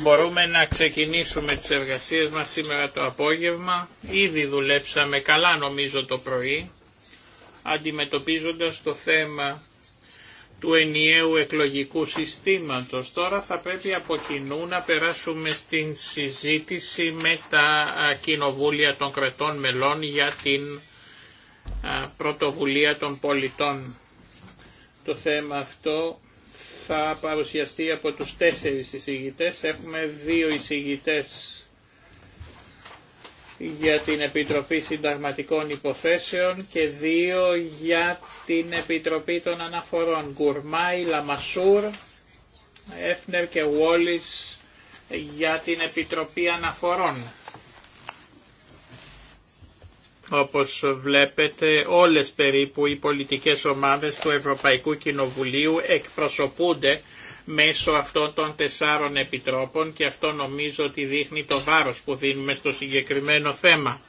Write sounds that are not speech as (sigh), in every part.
Μπορούμε να ξεκινήσουμε τις εργασίες μας σήμερα το απόγευμα. Ήδη δουλέψαμε καλά νομίζω το πρωί, αντιμετωπίζοντας το θέμα του ενιαίου εκλογικού συστήματος. Τώρα θα πρέπει από κοινού να περάσουμε στην συζήτηση με τα κοινοβούλια των κρατών μελών για την πρωτοβουλία των πολιτών. Το θέμα αυτό θα παρουσιαστεί από τους τέσσερις εισηγητές. Έχουμε δύο εισηγητές για την Επιτροπή Συνταγματικών Υποθέσεων και δύο για την Επιτροπή των Αναφορών. Γκουρμάι, Λαμασούρ, Έφνερ και Βόλις για την Επιτροπή Αναφορών. Όπως βλέπετε όλες περίπου οι πολιτικές ομάδες του Ευρωπαϊκού Κοινοβουλίου εκπροσωπούνται μέσω αυτών των τεσσάρων επιτρόπων και αυτό νομίζω ότι δείχνει το βάρος που δίνουμε στο συγκεκριμένο θέμα.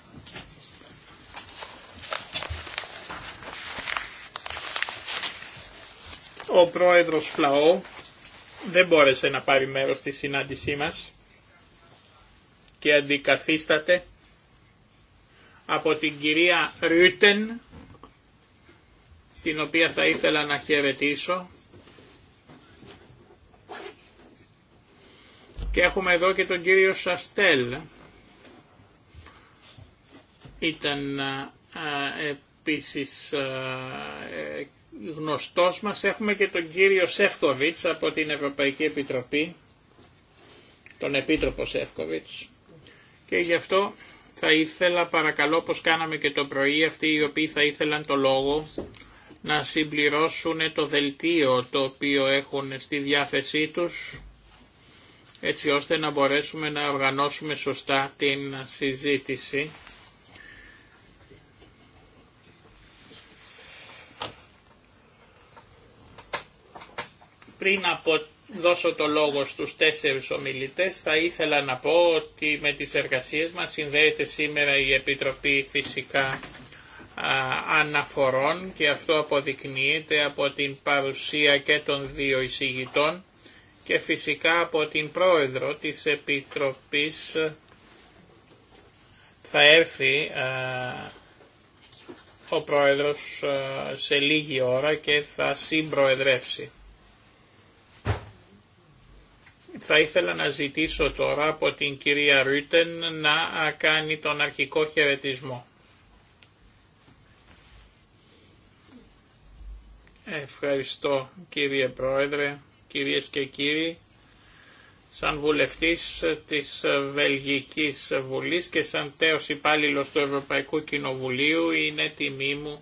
Ο πρόεδρος Φλαό δεν μπόρεσε να πάρει μέρος στη συνάντησή μας και αντικαθίσταται από την κυρία Ρούτεν, την οποία θα ήθελα να χαιρετήσω. Και έχουμε εδώ και τον κύριο Σαστέλ. Ήταν α, ε, επίσης ε, γνωστός μας. Έχουμε και τον κύριο Σεύκοβιτς από την Ευρωπαϊκή Επιτροπή, τον Επίτροπο Σεύκοβιτς. Και γι' αυτό θα ήθελα παρακαλώ όπως κάναμε και το πρωί αυτοί οι οποίοι θα ήθελαν το λόγο να συμπληρώσουν το δελτίο το οποίο έχουν στη διάθεσή τους έτσι ώστε να μπορέσουμε να οργανώσουμε σωστά την συζήτηση. Πριν από δώσω το λόγο στους τέσσερις ομιλητές, θα ήθελα να πω ότι με τις εργασίες μας συνδέεται σήμερα η Επιτροπή Φυσικά Αναφορών και αυτό αποδεικνύεται από την παρουσία και των δύο εισηγητών και φυσικά από την πρόεδρο της Επιτροπής θα έρθει ο πρόεδρος σε λίγη ώρα και θα συμπροεδρεύσει. Θα ήθελα να ζητήσω τώρα από την κυρία Ρούτεν να κάνει τον αρχικό χαιρετισμό. Ευχαριστώ κύριε Πρόεδρε, κυρίες και κύριοι. Σαν βουλευτής της Βελγικής Βουλής και σαν τέος υπάλληλος του Ευρωπαϊκού Κοινοβουλίου είναι τιμή μου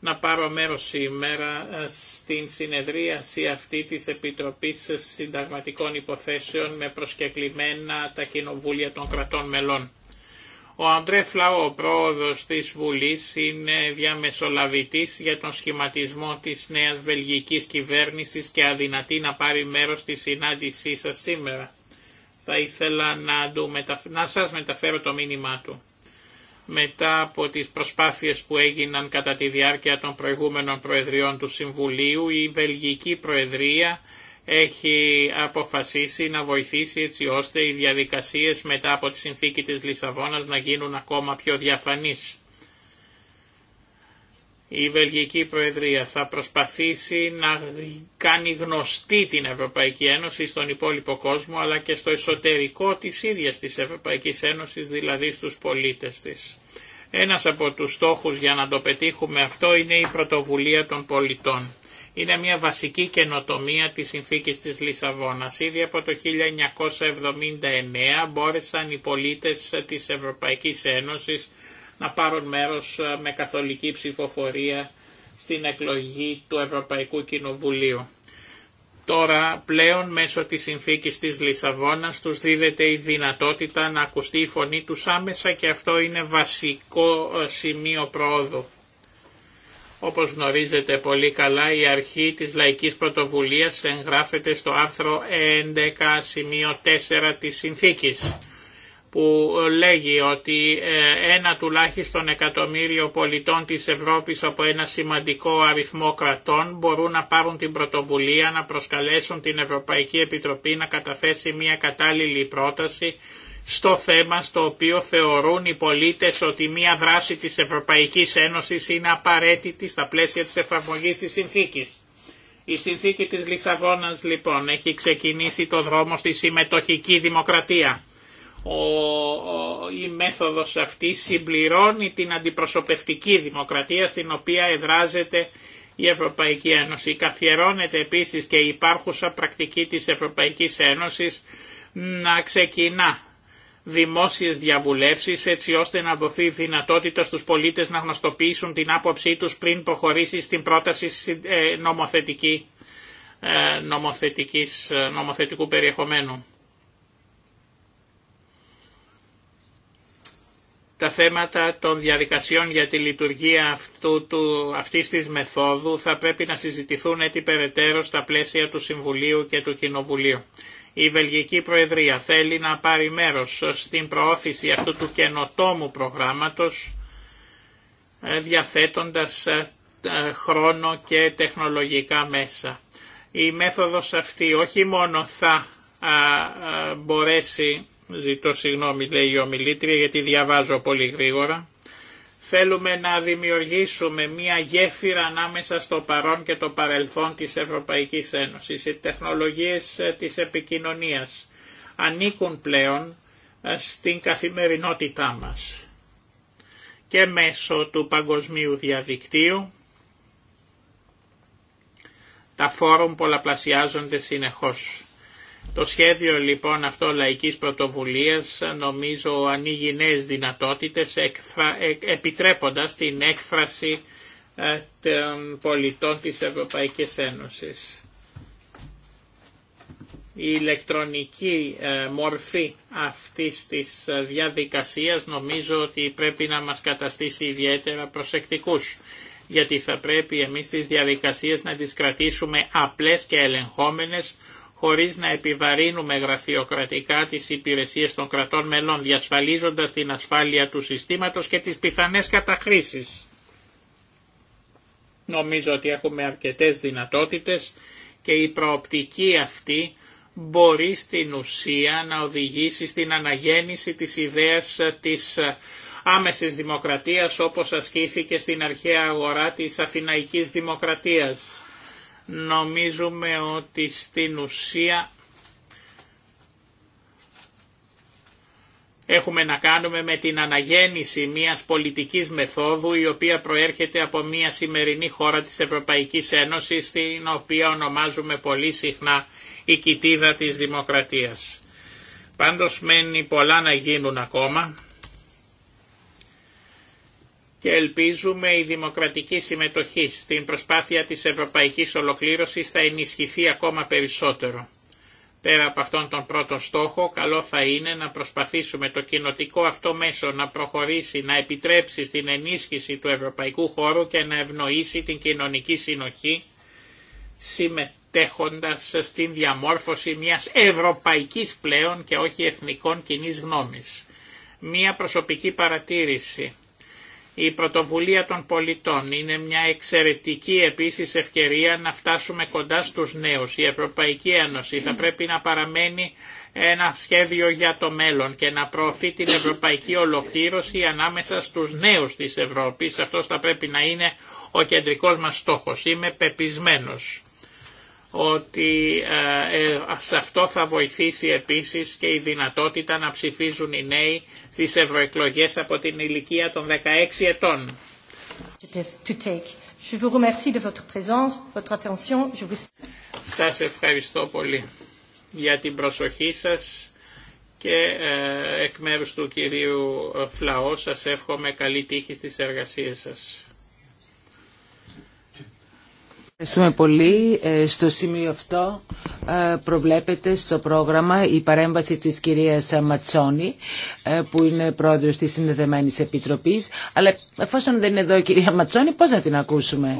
να πάρω μέρος σήμερα ε, στην συνεδρίαση αυτή της Επιτροπής Συνταγματικών Υποθέσεων με προσκεκλημένα τα κοινοβούλια των κρατών μελών. Ο Αντρέ ο πρόοδος της Βουλής, είναι διαμεσολαβητής για τον σχηματισμό της νέας βελγικής κυβέρνησης και αδυνατή να πάρει μέρος στη συνάντησή σας σήμερα. Θα ήθελα να, του να σας μεταφέρω το μήνυμά του μετά από τις προσπάθειες που έγιναν κατά τη διάρκεια των προηγούμενων προεδριών του Συμβουλίου, η Βελγική Προεδρία έχει αποφασίσει να βοηθήσει έτσι ώστε οι διαδικασίες μετά από τη συνθήκη της Λισαβόνας να γίνουν ακόμα πιο διαφανείς η Βελγική Προεδρία θα προσπαθήσει να κάνει γνωστή την Ευρωπαϊκή Ένωση στον υπόλοιπο κόσμο αλλά και στο εσωτερικό της ίδιας της Ευρωπαϊκής Ένωσης, δηλαδή στους πολίτες της. Ένας από τους στόχους για να το πετύχουμε αυτό είναι η πρωτοβουλία των πολιτών. Είναι μια βασική καινοτομία της συνθήκης της Λισαβόνας. Ήδη από το 1979 μπόρεσαν οι πολίτες της Ευρωπαϊκής Ένωσης να πάρουν μέρος ε, με καθολική ψηφοφορία στην εκλογή του Ευρωπαϊκού Κοινοβουλίου. Τώρα πλέον μέσω της συνθήκης της Λισαβόνας τους δίδεται η δυνατότητα να ακουστεί η φωνή τους άμεσα και αυτό είναι βασικό ε, σημείο πρόοδου. Όπως γνωρίζετε πολύ καλά η αρχή της λαϊκής πρωτοβουλίας εγγράφεται στο άρθρο 11 σημείο 4 της συνθήκης που λέγει ότι ε, ένα τουλάχιστον εκατομμύριο πολιτών της Ευρώπης από ένα σημαντικό αριθμό κρατών μπορούν να πάρουν την πρωτοβουλία να προσκαλέσουν την Ευρωπαϊκή Επιτροπή να καταθέσει μια κατάλληλη πρόταση στο θέμα στο οποίο θεωρούν οι πολίτες ότι μια δράση της Ευρωπαϊκής Ένωσης είναι απαραίτητη στα πλαίσια της εφαρμογής της συνθήκης. Η συνθήκη της Λισαβόνας λοιπόν έχει ξεκινήσει το δρόμο στη συμμετοχική δημοκρατία η μέθοδος αυτή συμπληρώνει την αντιπροσωπευτική δημοκρατία στην οποία εδράζεται η Ευρωπαϊκή Ένωση. Καθιερώνεται επίσης και η υπάρχουσα πρακτική της Ευρωπαϊκής Ένωσης να ξεκινά δημόσιες διαβουλεύσεις έτσι ώστε να δοθεί δυνατότητα στους πολίτες να γνωστοποιήσουν την άποψή τους πριν προχωρήσει στην πρόταση ε, νομοθετική, ε, νομοθετικής, ε, νομοθετικού περιεχομένου. Τα θέματα των διαδικασιών για τη λειτουργία αυτού του, αυτής της μεθόδου θα πρέπει να συζητηθούν έτσι περαιτέρω στα πλαίσια του Συμβουλίου και του Κοινοβουλίου. Η Βελγική Προεδρία θέλει να πάρει μέρος στην προώθηση αυτού του καινοτόμου προγράμματος ε, διαθέτοντας ε, ε, χρόνο και τεχνολογικά μέσα. Η μέθοδος αυτή όχι μόνο θα μπορέσει Ζητώ συγγνώμη λέει η ομιλήτρια γιατί διαβάζω πολύ γρήγορα. Θέλουμε να δημιουργήσουμε μια γέφυρα ανάμεσα στο παρόν και το παρελθόν της Ευρωπαϊκής Ένωσης. Οι τεχνολογίες ε, της επικοινωνίας ανήκουν πλέον ε, στην καθημερινότητά μας και μέσω του παγκοσμίου διαδικτύου τα φόρουμ πολλαπλασιάζονται συνεχώς. Το σχέδιο λοιπόν αυτό λαϊκής πρωτοβουλίας νομίζω ανοίγει νέε δυνατότητες επιτρέποντας την έκφραση ε, των πολιτών της Ευρωπαϊκής Ένωσης. Η ηλεκτρονική ε, μορφή αυτής της ε, διαδικασίας νομίζω ότι πρέπει να μας καταστήσει ιδιαίτερα προσεκτικούς γιατί θα πρέπει εμείς τις διαδικασίες να τις κρατήσουμε απλές και ελεγχόμενες χωρίς να επιβαρύνουμε γραφειοκρατικά τις υπηρεσίες των κρατών μελών, διασφαλίζοντας την ασφάλεια του συστήματος και τις πιθανές καταχρήσεις. Νομίζω ότι έχουμε αρκετές δυνατότητες και η προοπτική αυτή μπορεί στην ουσία να οδηγήσει στην αναγέννηση της ιδέας της άμεσης δημοκρατίας όπως ασκήθηκε στην αρχαία αγορά της αθηναϊκής δημοκρατίας Νομίζουμε ότι στην ουσία έχουμε να κάνουμε με την αναγέννηση μιας πολιτικής μεθόδου η οποία προέρχεται από μια σημερινή χώρα της Ευρωπαϊκής Ένωσης την οποία ονομάζουμε πολύ συχνά η κοιτίδα της δημοκρατίας. Πάντως μένει πολλά να γίνουν ακόμα και ελπίζουμε η δημοκρατική συμμετοχή στην προσπάθεια της ευρωπαϊκής ολοκλήρωσης θα ενισχυθεί ακόμα περισσότερο. Πέρα από αυτόν τον πρώτο στόχο, καλό θα είναι να προσπαθήσουμε το κοινοτικό αυτό μέσο να προχωρήσει, να επιτρέψει στην ενίσχυση του ευρωπαϊκού χώρου και να ευνοήσει την κοινωνική συνοχή, συμμετέχοντας στην διαμόρφωση μιας ευρωπαϊκής πλέον και όχι εθνικών κοινή γνώμης. Μία προσωπική παρατήρηση η πρωτοβουλία των πολιτών είναι μια εξαιρετική επίσης ευκαιρία να φτάσουμε κοντά στους νέους. Η Ευρωπαϊκή Ένωση θα πρέπει να παραμένει ένα σχέδιο για το μέλλον και να προωθεί την ευρωπαϊκή ολοκλήρωση ανάμεσα στους νέους της Ευρώπης. Αυτός θα πρέπει να είναι ο κεντρικός μας στόχος. Είμαι πεπισμένος ότι ε, ε, σε αυτό θα βοηθήσει επίσης και η δυνατότητα να ψηφίζουν οι νέοι στις ευρωεκλογέ από την ηλικία των 16 ετών. Σας ευχαριστώ πολύ για την προσοχή σας και ε, εκ μέρους του κυρίου Φλαό σας εύχομαι καλή τύχη στις εργασίες σας. Ευχαριστούμε πολύ. Ε, στο σημείο αυτό ε, προβλέπεται στο πρόγραμμα η παρέμβαση της κυρίας Ματσόνη ε, που είναι πρόεδρος της Συνδεδεμένης Επιτροπής. Αλλά εφόσον δεν είναι εδώ η κυρία Ματσόνη πώς να την ακούσουμε.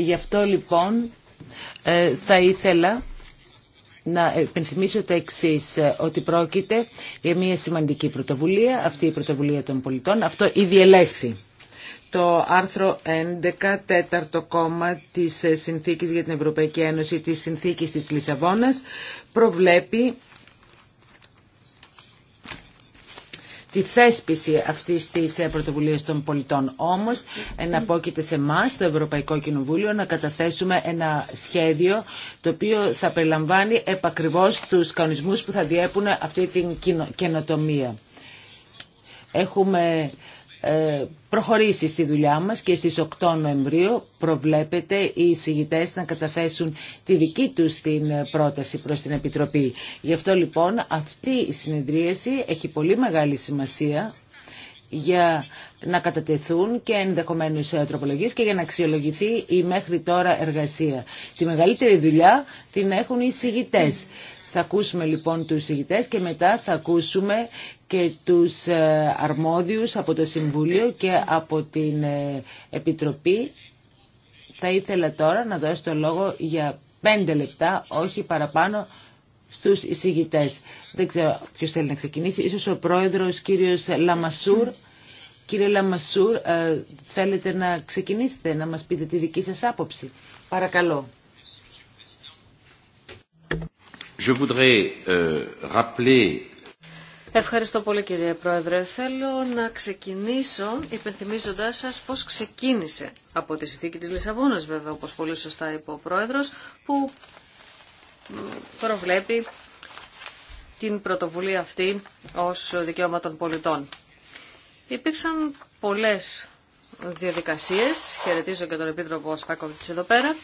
Γι' αυτό λοιπόν θα ήθελα να επενθυμίσω το εξή, ότι πρόκειται για μια σημαντική πρωτοβουλία, αυτή η πρωτοβουλία των πολιτών. Αυτό ήδη ελέγχθη το άρθρο 11 τέταρτο κόμμα της ε, Συνθήκης για την Ευρωπαϊκή Ένωση της Συνθήκης της Λισαβόνας προβλέπει τη θέσπιση αυτής της ε, πρωτοβουλίας των πολιτών. Όμως, εναπόκειται σε εμά το Ευρωπαϊκό Κοινοβούλιο, να καταθέσουμε ένα σχέδιο το οποίο θα περιλαμβάνει επακριβώς τους κανονισμούς που θα διέπουν αυτή την καινοτομία. Έχουμε ε, προχωρήσει στη δουλειά μας και στις 8 Νοεμβρίου προβλέπεται οι εισηγητές να καταθέσουν τη δική τους την πρόταση προς την Επιτροπή. Γι' αυτό λοιπόν αυτή η συνεδρίαση έχει πολύ μεγάλη σημασία για να κατατεθούν και ενδεχομένω τροπολογίε και για να αξιολογηθεί η μέχρι τώρα εργασία. Τη μεγαλύτερη δουλειά την έχουν οι συγητέ. Θα ακούσουμε λοιπόν τους συγητές και μετά θα ακούσουμε και τους ε, αρμόδιους από το Συμβουλίο και από την ε, Επιτροπή. Θα ήθελα τώρα να δώσω το λόγο για πέντε λεπτά, όχι παραπάνω, στους εισηγητές. Δεν ξέρω ποιος θέλει να ξεκινήσει. Ίσως ο πρόεδρος κύριος Λαμασούρ. Κύριε Λαμασούρ, ε, θέλετε να ξεκινήσετε, να μας πείτε τη δική σας άποψη. Παρακαλώ. Je voudrais, euh, Ευχαριστώ πολύ κύριε Πρόεδρε. Θέλω να ξεκινήσω υπενθυμίζοντάς σας πώς ξεκίνησε από τη συνθήκη της Λισαβόνας βέβαια, όπως πολύ σωστά είπε ο Πρόεδρος, που προβλέπει την πρωτοβουλία αυτή ως δικαίωμα των πολιτών. Υπήρξαν πολλές διαδικασίες, χαιρετίζω και τον Επίτροπο Σπάκοβιτς εδώ πέρα,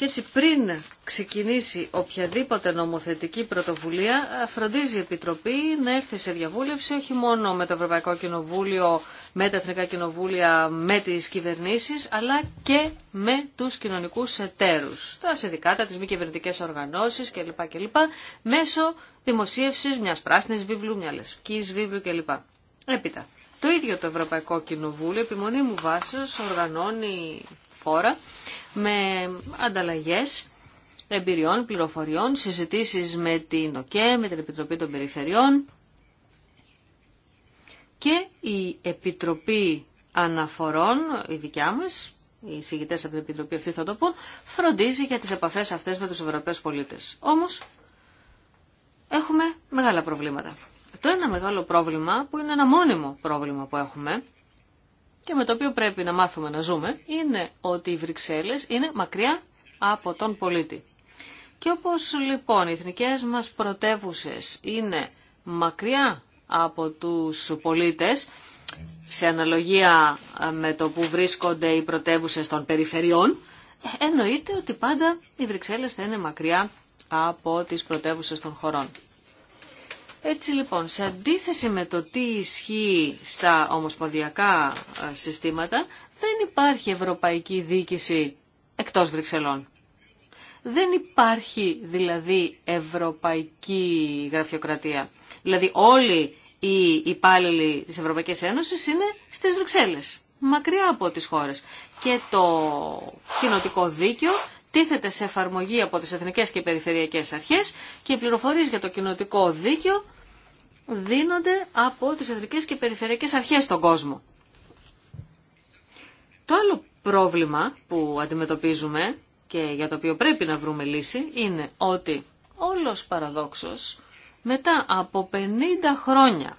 και έτσι πριν ξεκινήσει οποιαδήποτε νομοθετική πρωτοβουλία, φροντίζει η Επιτροπή να έρθει σε διαβούλευση όχι μόνο με το Ευρωπαϊκό Κοινοβούλιο, με τα Εθνικά Κοινοβούλια, με τις κυβερνήσεις, αλλά και με τους κοινωνικούς εταίρους, τα συνδικάτα, τις μη κυβερνητικές οργανώσεις κλπ. κλπ μέσω δημοσίευσης μιας πράσινης βίβλου, μια λευκής βίβλου κλπ. Έπειτα, το ίδιο το Ευρωπαϊκό Κοινοβούλιο, επιμονή μου βάσεως, οργανώνει φόρα με ανταλλαγές εμπειριών, πληροφοριών, συζητήσεις με την ΟΚΕ, με την Επιτροπή των Περιφερειών και η Επιτροπή Αναφορών, η δικιά μας, οι συγητές από την Επιτροπή αυτή θα το πούν, φροντίζει για τις επαφές αυτές με τους Ευρωπαίους πολίτες. Όμως έχουμε μεγάλα προβλήματα. Το ένα μεγάλο πρόβλημα που είναι ένα μόνιμο πρόβλημα που έχουμε και με το οποίο πρέπει να μάθουμε να ζούμε είναι ότι οι Βρυξέλλες είναι μακριά από τον πολίτη. Και όπως λοιπόν οι εθνικές μας πρωτεύουσες είναι μακριά από τους πολίτες, σε αναλογία με το που βρίσκονται οι πρωτεύουσες των περιφερειών, εννοείται ότι πάντα οι Βρυξέλλες θα είναι μακριά από τις πρωτεύουσες των χωρών. Έτσι λοιπόν, σε αντίθεση με το τι ισχύει στα ομοσπονδιακά συστήματα, δεν υπάρχει ευρωπαϊκή δίκηση εκτός Βρυξελών. Δεν υπάρχει δηλαδή ευρωπαϊκή γραφειοκρατία. Δηλαδή όλοι οι υπάλληλοι της Ευρωπαϊκής Ένωσης είναι στις Βρυξέλλες, μακριά από τις χώρες. Και το κοινοτικό δίκαιο τίθεται σε εφαρμογή από τις εθνικές και περιφερειακές αρχές και οι πληροφορίες για το κοινοτικό δίκαιο δίνονται από τις εθνικές και περιφερειακές αρχές στον κόσμο. Το άλλο πρόβλημα που αντιμετωπίζουμε και για το οποίο πρέπει να βρούμε λύση είναι ότι όλος παραδόξως μετά από 50 χρόνια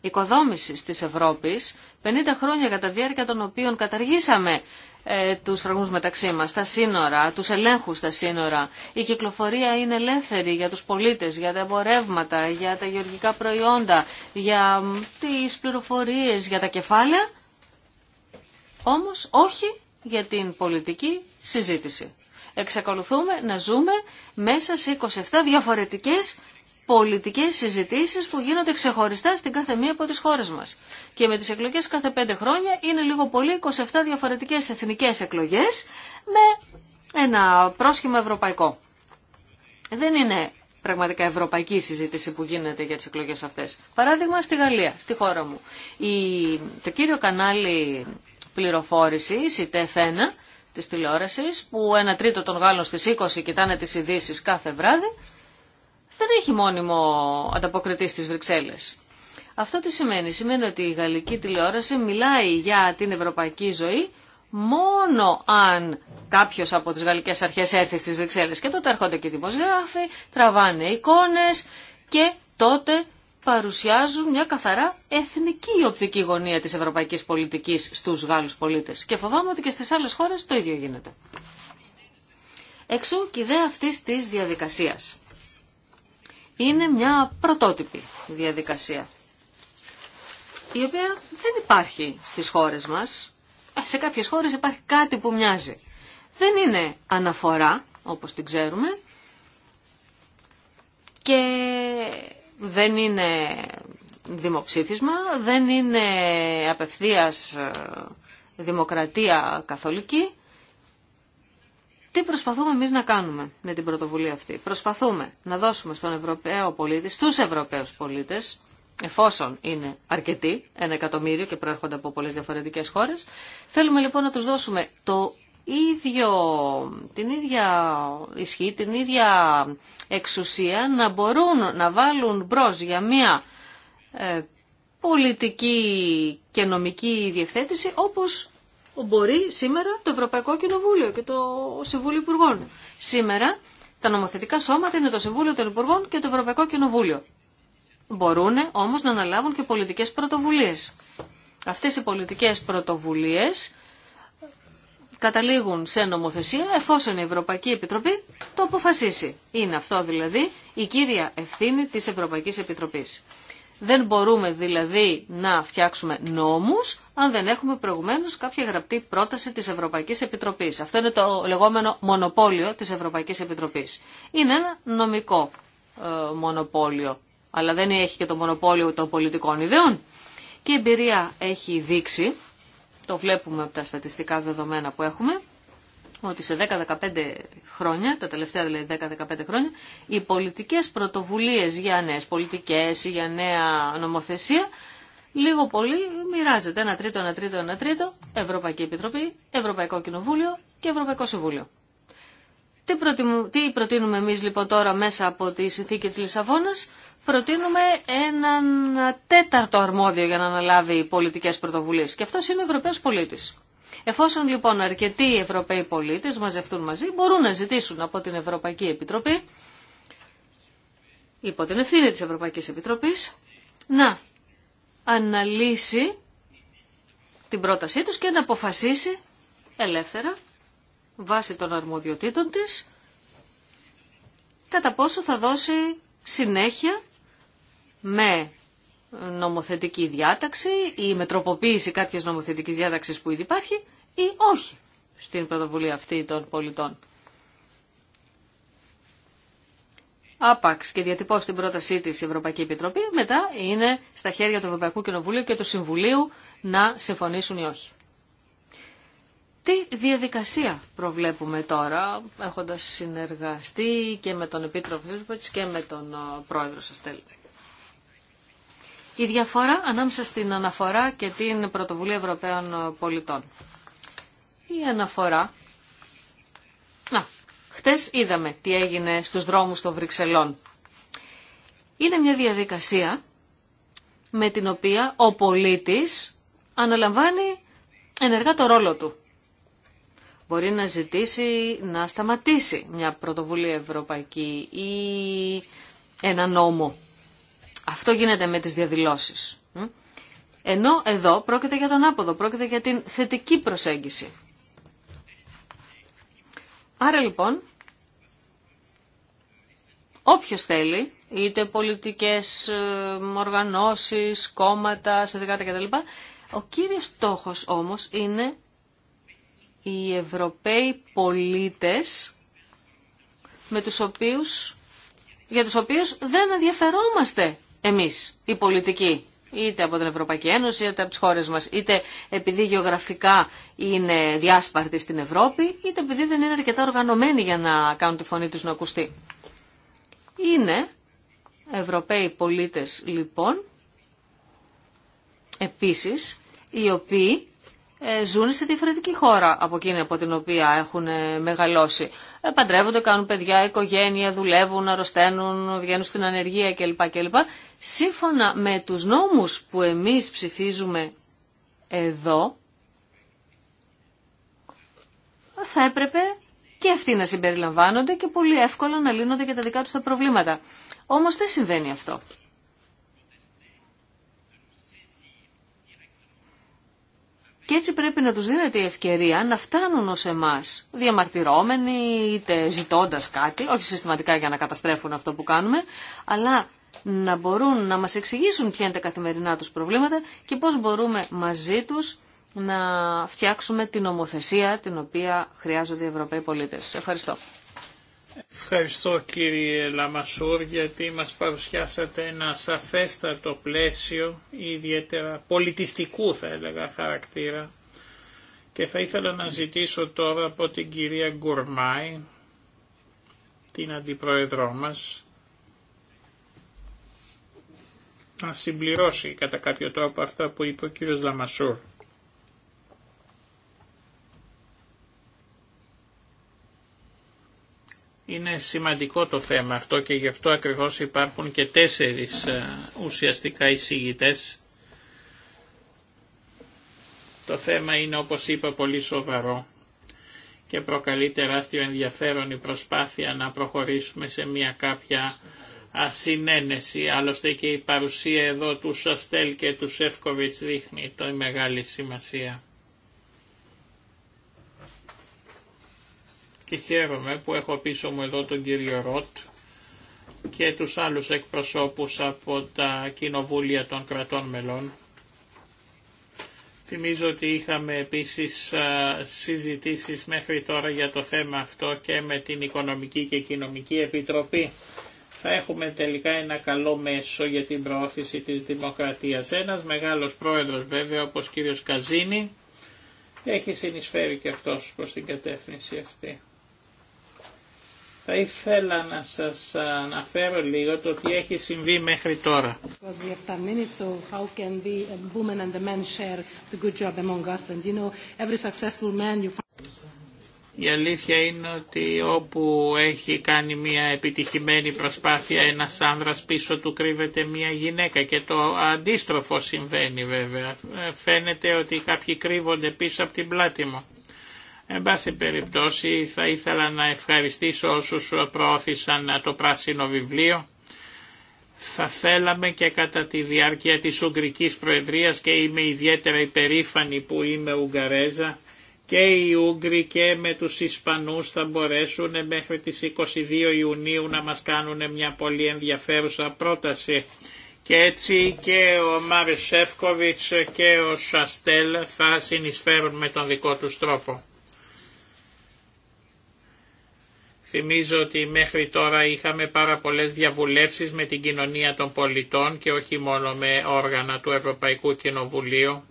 οικοδόμησης της Ευρώπης, 50 χρόνια κατά διάρκεια των οποίων καταργήσαμε ε, τους φραγμούς μεταξύ μας, τα σύνορα, τους ελέγχους στα σύνορα. Η κυκλοφορία είναι ελεύθερη για τους πολίτες, για τα εμπορεύματα, για τα γεωργικά προϊόντα, για τις πληροφορίες, για τα κεφάλαια. Όμως όχι για την πολιτική συζήτηση. Εξακολουθούμε να ζούμε μέσα σε 27 διαφορετικές πολιτικές συζητήσεις που γίνονται ξεχωριστά στην κάθε μία από τις χώρες μας. Και με τις εκλογές κάθε πέντε χρόνια είναι λίγο πολύ 27 διαφορετικές εθνικές εκλογές με ένα πρόσχημα ευρωπαϊκό. Δεν είναι πραγματικά ευρωπαϊκή συζήτηση που γίνεται για τις εκλογές αυτές. Παράδειγμα στη Γαλλία, στη χώρα μου. Η, το κύριο κανάλι πληροφόρησης, η TF1, της τηλεόρασης, που ένα τρίτο των Γάλλων στις 20 κοιτάνε τις ειδήσει κάθε βράδυ, δεν έχει μόνιμο ανταποκριτή στις Βρυξέλλες. Αυτό τι σημαίνει. Σημαίνει ότι η γαλλική τηλεόραση μιλάει για την ευρωπαϊκή ζωή μόνο αν κάποιος από τις γαλλικές αρχές έρθει στις Βρυξέλλες. Και τότε έρχονται και οι δημοσιογράφοι, τραβάνε εικόνες και τότε παρουσιάζουν μια καθαρά εθνική οπτική γωνία της ευρωπαϊκής πολιτικής στους Γάλλους πολίτες. Και φοβάμαι ότι και στις άλλες χώρες το ίδιο γίνεται. Εξού και ιδέα αυτής της διαδικασίας είναι μια πρωτότυπη διαδικασία η οποία δεν υπάρχει στις χώρες μας. Ε, σε κάποιες χώρες υπάρχει κάτι που μοιάζει. Δεν είναι αναφορά, όπως την ξέρουμε, και δεν είναι δημοψήφισμα, δεν είναι απευθείας ε, δημοκρατία καθολική, τι προσπαθούμε εμεί να κάνουμε με την πρωτοβουλία αυτή. Προσπαθούμε να δώσουμε στον Ευρωπαίο πολίτη, στους Ευρωπαίους πολίτες, εφόσον είναι αρκετοί, ένα εκατομμύριο και προέρχονται από πολλέ διαφορετικές χώρες, θέλουμε λοιπόν να τους δώσουμε το ίδιο, την ίδια ισχύ, την ίδια εξουσία να μπορούν να βάλουν μπρο για μια ε, πολιτική και νομική διευθέτηση όπως μπορεί σήμερα το Ευρωπαϊκό Κοινοβούλιο και το Συμβούλιο Υπουργών. Σήμερα τα νομοθετικά σώματα είναι το Συμβούλιο των Υπουργών και το Ευρωπαϊκό Κοινοβούλιο. Μπορούν όμως να αναλάβουν και πολιτικές πρωτοβουλίες. Αυτές οι πολιτικές πρωτοβουλίες καταλήγουν σε νομοθεσία εφόσον η Ευρωπαϊκή Επιτροπή το αποφασίσει. Είναι αυτό δηλαδή η κύρια ευθύνη της Ευρωπαϊκής Επιτροπής. Δεν μπορούμε δηλαδή να φτιάξουμε νόμους αν δεν έχουμε προηγουμένως κάποια γραπτή πρόταση της Ευρωπαϊκής Επιτροπής. Αυτό είναι το λεγόμενο μονοπόλιο της Ευρωπαϊκής Επιτροπής. Είναι ένα νομικό ε, μονοπόλιο, αλλά δεν έχει και το μονοπόλιο των πολιτικών ιδεών. Και η εμπειρία έχει δείξει, το βλέπουμε από τα στατιστικά δεδομένα που έχουμε, ότι σε 10-15 χρόνια, τα τελευταία δηλαδή 10-15 χρόνια, οι πολιτικές πρωτοβουλίες για νέες πολιτικές ή για νέα νομοθεσία, λίγο πολύ μοιράζεται ένα τρίτο, ένα τρίτο, ένα τρίτο, Ευρωπαϊκή Επιτροπή, Ευρωπαϊκό Κοινοβούλιο και Ευρωπαϊκό Συμβούλιο. Τι, τι προτείνουμε εμείς λοιπόν τώρα μέσα από τη συνθήκη της Λισαβόνας, προτείνουμε έναν τέταρτο αρμόδιο για να αναλάβει πολιτικές πρωτοβουλίες και αυτός είναι ο Ευρωπαίος πολίτης. Εφόσον λοιπόν αρκετοί Ευρωπαίοι πολίτες μαζευτούν μαζί, μπορούν να ζητήσουν από την Ευρωπαϊκή Επιτροπή, υπό την ευθύνη της Ευρωπαϊκής Επιτροπής, να αναλύσει την πρότασή τους και να αποφασίσει ελεύθερα, βάσει των αρμοδιοτήτων της, κατά πόσο θα δώσει συνέχεια με νομοθετική διάταξη ή μετροποποίηση τροποποίηση κάποιας νομοθετικής που ήδη υπάρχει ή όχι στην πρωτοβουλία αυτή των πολιτών. Άπαξ και διατυπώ στην πρότασή της η Ευρωπαϊκή Επιτροπή, μετά είναι στα χέρια του Ευρωπαϊκού Κοινοβουλίου και του Συμβουλίου να συμφωνήσουν ή όχι. Τι διαδικασία προβλέπουμε τώρα, έχοντας συνεργαστεί και με τον Επίτροπο και με τον ε, Πρόεδρο η διαφορά ανάμεσα στην αναφορά και την πρωτοβουλία Ευρωπαίων πολιτών. Η αναφορά... Να, χτες είδαμε τι έγινε στους δρόμους των Βρυξελών. Είναι μια διαδικασία με την οποία ο πολίτης αναλαμβάνει ενεργά το ρόλο του. Μπορεί να ζητήσει να σταματήσει μια πρωτοβουλία ευρωπαϊκή ή ένα νόμο αυτό γίνεται με τις διαδηλώσεις. Ενώ εδώ πρόκειται για τον άποδο, πρόκειται για την θετική προσέγγιση. Άρα λοιπόν, όποιος θέλει, είτε πολιτικές ε, οργανώσεις, κόμματα, συνδικάτα κτλ. Ο κύριος στόχος όμως είναι οι Ευρωπαίοι πολίτες με τους οποίους, για τους οποίους δεν ενδιαφερόμαστε εμείς, οι πολιτικοί, είτε από την Ευρωπαϊκή Ένωση, είτε από τις χώρες μας, είτε επειδή γεωγραφικά είναι διάσπαρτοι στην Ευρώπη, είτε επειδή δεν είναι αρκετά οργανωμένοι για να κάνουν τη φωνή τους να ακουστεί. Είναι Ευρωπαίοι πολίτες λοιπόν, επίσης, οι οποίοι ε, ζουν σε διαφορετική χώρα από εκείνη από την οποία έχουν ε, μεγαλώσει. Ε, παντρεύονται, κάνουν παιδιά, οικογένεια, δουλεύουν, αρρωσταίνουν, βγαίνουν στην ανεργία κλπ. Σύμφωνα με τους νόμους που εμείς ψηφίζουμε εδώ, θα έπρεπε και αυτοί να συμπεριλαμβάνονται και πολύ εύκολα να λύνονται και τα δικά τους τα προβλήματα. Όμως δεν συμβαίνει αυτό. Και έτσι πρέπει να τους δίνεται η ευκαιρία να φτάνουν ως εμάς, διαμαρτυρώμενοι, είτε ζητώντας κάτι, όχι συστηματικά για να καταστρέφουν αυτό που κάνουμε, αλλά να μπορούν να μας εξηγήσουν ποια είναι τα καθημερινά τους προβλήματα και πώς μπορούμε μαζί τους να φτιάξουμε την ομοθεσία την οποία χρειάζονται οι Ευρωπαίοι πολίτες. Ευχαριστώ. Ευχαριστώ κύριε Λαμασούρ γιατί μας παρουσιάσατε ένα σαφέστατο πλαίσιο ιδιαίτερα πολιτιστικού θα έλεγα χαρακτήρα και θα ήθελα να ζητήσω τώρα από την κυρία Γκουρμάη την αντιπρόεδρό μας να συμπληρώσει κατά κάποιο τρόπο αυτά που είπε ο κύριος Λαμασούρ. Είναι σημαντικό το θέμα αυτό και γι' αυτό ακριβώς υπάρχουν και τέσσερις ε, ουσιαστικά εισηγητές. Το θέμα είναι όπως είπα πολύ σοβαρό και προκαλεί τεράστιο ενδιαφέρον η προσπάθεια να προχωρήσουμε σε μια κάποια ασυνένεση. Άλλωστε και η παρουσία εδώ του Σαστέλ και του Σεύκοβιτς δείχνει το μεγάλη σημασία. Και χαίρομαι που έχω πίσω μου εδώ τον κύριο Ροτ και τους άλλους εκπροσώπους από τα κοινοβούλια των κρατών μελών. Θυμίζω ότι είχαμε επίσης συζητήσεις μέχρι τώρα για το θέμα αυτό και με την Οικονομική και Κοινωνική Επιτροπή θα έχουμε τελικά ένα καλό μέσο για την προώθηση της δημοκρατίας. Ένας μεγάλος πρόεδρος βέβαια όπως κύριος Καζίνη έχει συνεισφέρει και αυτός προς την κατεύθυνση αυτή. Θα ήθελα να σας αναφέρω λίγο το τι έχει συμβεί μέχρι τώρα. Η αλήθεια είναι ότι όπου έχει κάνει μια επιτυχημένη προσπάθεια ένας άνδρας πίσω του κρύβεται μια γυναίκα και το αντίστροφο συμβαίνει βέβαια. Ε, φαίνεται ότι κάποιοι κρύβονται πίσω από την πλάτη μου. Εν πάση περιπτώσει θα ήθελα να ευχαριστήσω όσους προώθησαν το πράσινο βιβλίο. Θα θέλαμε και κατά τη διάρκεια της Ουγγρικής Προεδρίας και είμαι ιδιαίτερα υπερήφανη που είμαι Ουγγαρέζα και οι Ούγγροι και με τους Ισπανούς θα μπορέσουν μέχρι τις 22 Ιουνίου να μας κάνουν μια πολύ ενδιαφέρουσα πρόταση. Και έτσι και ο Μάρις και ο Σαστέλ θα συνεισφέρουν με τον δικό τους τρόπο. Θυμίζω ότι μέχρι τώρα είχαμε πάρα πολλές διαβουλεύσεις με την κοινωνία των πολιτών και όχι μόνο με όργανα του Ευρωπαϊκού Κοινοβουλίου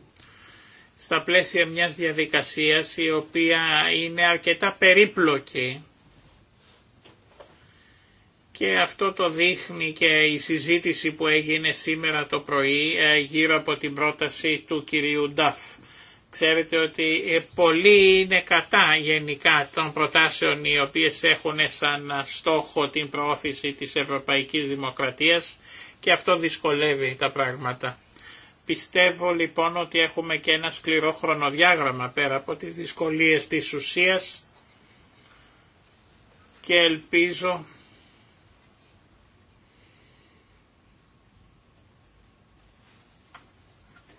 στα πλαίσια μιας διαδικασίας η οποία είναι αρκετά περίπλοκη και αυτό το δείχνει και η συζήτηση που έγινε σήμερα το πρωί ε, γύρω από την πρόταση του κυρίου Νταφ. Ξέρετε ότι ε, πολλοί είναι κατά γενικά των προτάσεων οι οποίες έχουν σαν στόχο την προώθηση της ευρωπαϊκής δημοκρατίας και αυτό δυσκολεύει τα πράγματα. Πιστεύω λοιπόν ότι έχουμε και ένα σκληρό χρονοδιάγραμμα πέρα από τις δυσκολίες της ουσίας και ελπίζω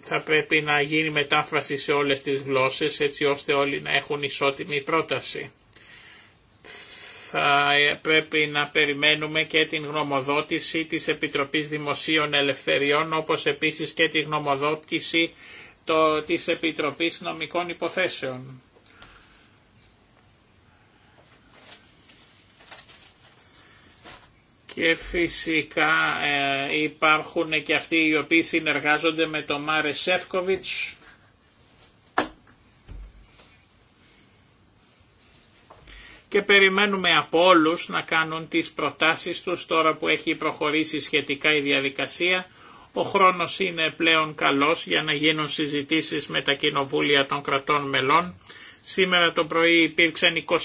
θα πρέπει να γίνει μετάφραση σε όλες τις γλώσσες έτσι ώστε όλοι να έχουν ισότιμη πρόταση θα πρέπει να περιμένουμε και την γνωμοδότηση της Επιτροπής Δημοσίων Ελευθεριών όπως επίσης και τη γνωμοδότηση το, της Επιτροπής Νομικών Υποθέσεων. Και φυσικά ε, υπάρχουν και αυτοί οι οποίοι συνεργάζονται με τον Μάρε Σεύκοβιτς και περιμένουμε από όλου να κάνουν τις προτάσεις τους τώρα που έχει προχωρήσει σχετικά η διαδικασία. Ο χρόνος είναι πλέον καλός για να γίνουν συζητήσεις με τα κοινοβούλια των κρατών μελών. Σήμερα το πρωί υπήρξαν 26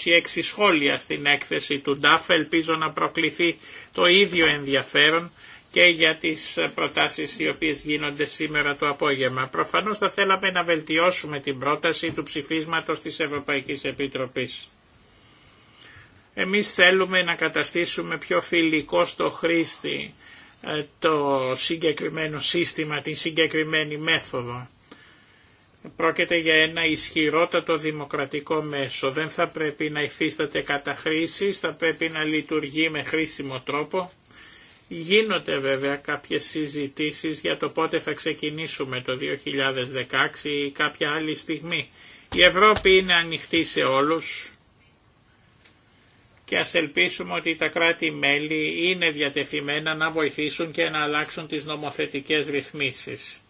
σχόλια στην έκθεση του ΝΤΑΦ. Ελπίζω να προκληθεί το ίδιο ενδιαφέρον και για τις προτάσεις οι οποίες γίνονται σήμερα το απόγευμα. Προφανώς θα θέλαμε να βελτιώσουμε την πρόταση του ψηφίσματος της Ευρωπαϊκής Επιτροπής. Εμείς θέλουμε να καταστήσουμε πιο φιλικό στο χρήστη ε, το συγκεκριμένο σύστημα, την συγκεκριμένη μέθοδο. Πρόκειται για ένα ισχυρότατο δημοκρατικό μέσο. Δεν θα πρέπει να υφίσταται κατά χρήση, θα πρέπει να λειτουργεί με χρήσιμο τρόπο. Γίνονται βέβαια κάποιες συζητήσεις για το πότε θα ξεκινήσουμε το 2016 ή κάποια άλλη στιγμή. Η Ευρώπη είναι ανοιχτή σε όλους και ας ελπίσουμε ότι τα κράτη-μέλη είναι διατεθειμένα να βοηθήσουν και να αλλάξουν τις νομοθετικές ρυθμίσεις.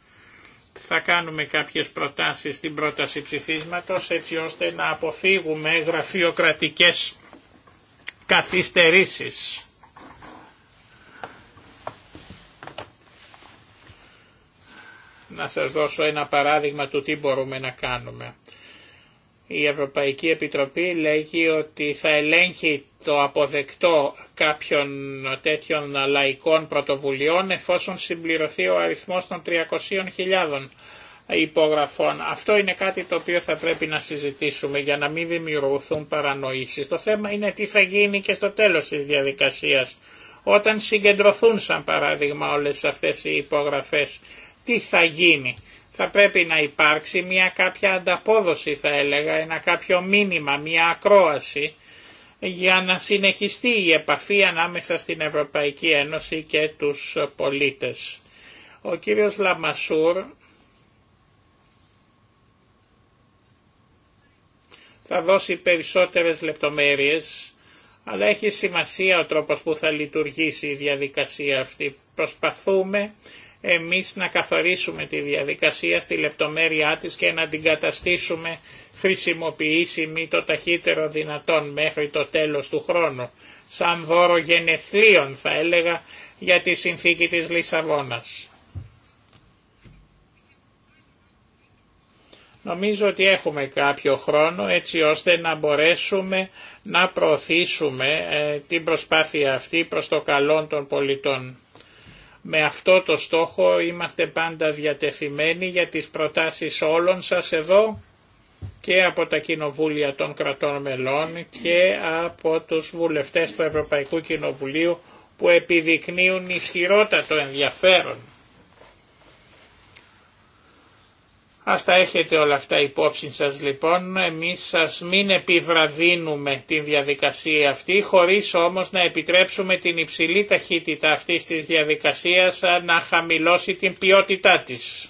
Θα κάνουμε κάποιες προτάσεις στην πρόταση ψηφίσματος έτσι ώστε να αποφύγουμε γραφειοκρατικές καθυστερήσεις. Να σας δώσω ένα παράδειγμα του τι μπορούμε να κάνουμε η Ευρωπαϊκή Επιτροπή λέγει ότι θα ελέγχει το αποδεκτό κάποιων τέτοιων λαϊκών πρωτοβουλειών εφόσον συμπληρωθεί ο αριθμός των 300.000 υπογραφών. Αυτό είναι κάτι το οποίο θα πρέπει να συζητήσουμε για να μην δημιουργηθούν παρανοήσεις. Το θέμα είναι τι θα γίνει και στο τέλος της διαδικασίας. Όταν συγκεντρωθούν σαν παράδειγμα όλες αυτές οι υπογραφές, τι θα γίνει θα πρέπει να υπάρξει μια κάποια ανταπόδοση θα έλεγα, ένα κάποιο μήνυμα, μια ακρόαση για να συνεχιστεί η επαφή ανάμεσα στην Ευρωπαϊκή Ένωση και τους πολίτες. Ο κύριος Λαμασούρ θα δώσει περισσότερες λεπτομέρειες, αλλά έχει σημασία ο τρόπος που θα λειτουργήσει η διαδικασία αυτή. Προσπαθούμε εμείς να καθορίσουμε τη διαδικασία στη λεπτομέρειά της και να την καταστήσουμε χρησιμοποιήσιμη το ταχύτερο δυνατόν μέχρι το τέλος του χρόνου, σαν δώρο γενεθλίων θα έλεγα για τη συνθήκη της Λισαβόνας. Νομίζω ότι έχουμε κάποιο χρόνο έτσι ώστε να μπορέσουμε να προωθήσουμε ε, την προσπάθεια αυτή προς το καλό των πολιτών. Με αυτό το στόχο είμαστε πάντα διατεθειμένοι για τις προτάσεις όλων σας εδώ και από τα κοινοβούλια των κρατών μελών και από τους βουλευτές του Ευρωπαϊκού Κοινοβουλίου που επιδεικνύουν ισχυρότατο ενδιαφέρον Ας τα έχετε όλα αυτά υπόψη σας λοιπόν, εμείς σας μην επιβραδύνουμε την διαδικασία αυτή, χωρίς όμως να επιτρέψουμε την υψηλή ταχύτητα αυτής της διαδικασίας να χαμηλώσει την ποιότητά της.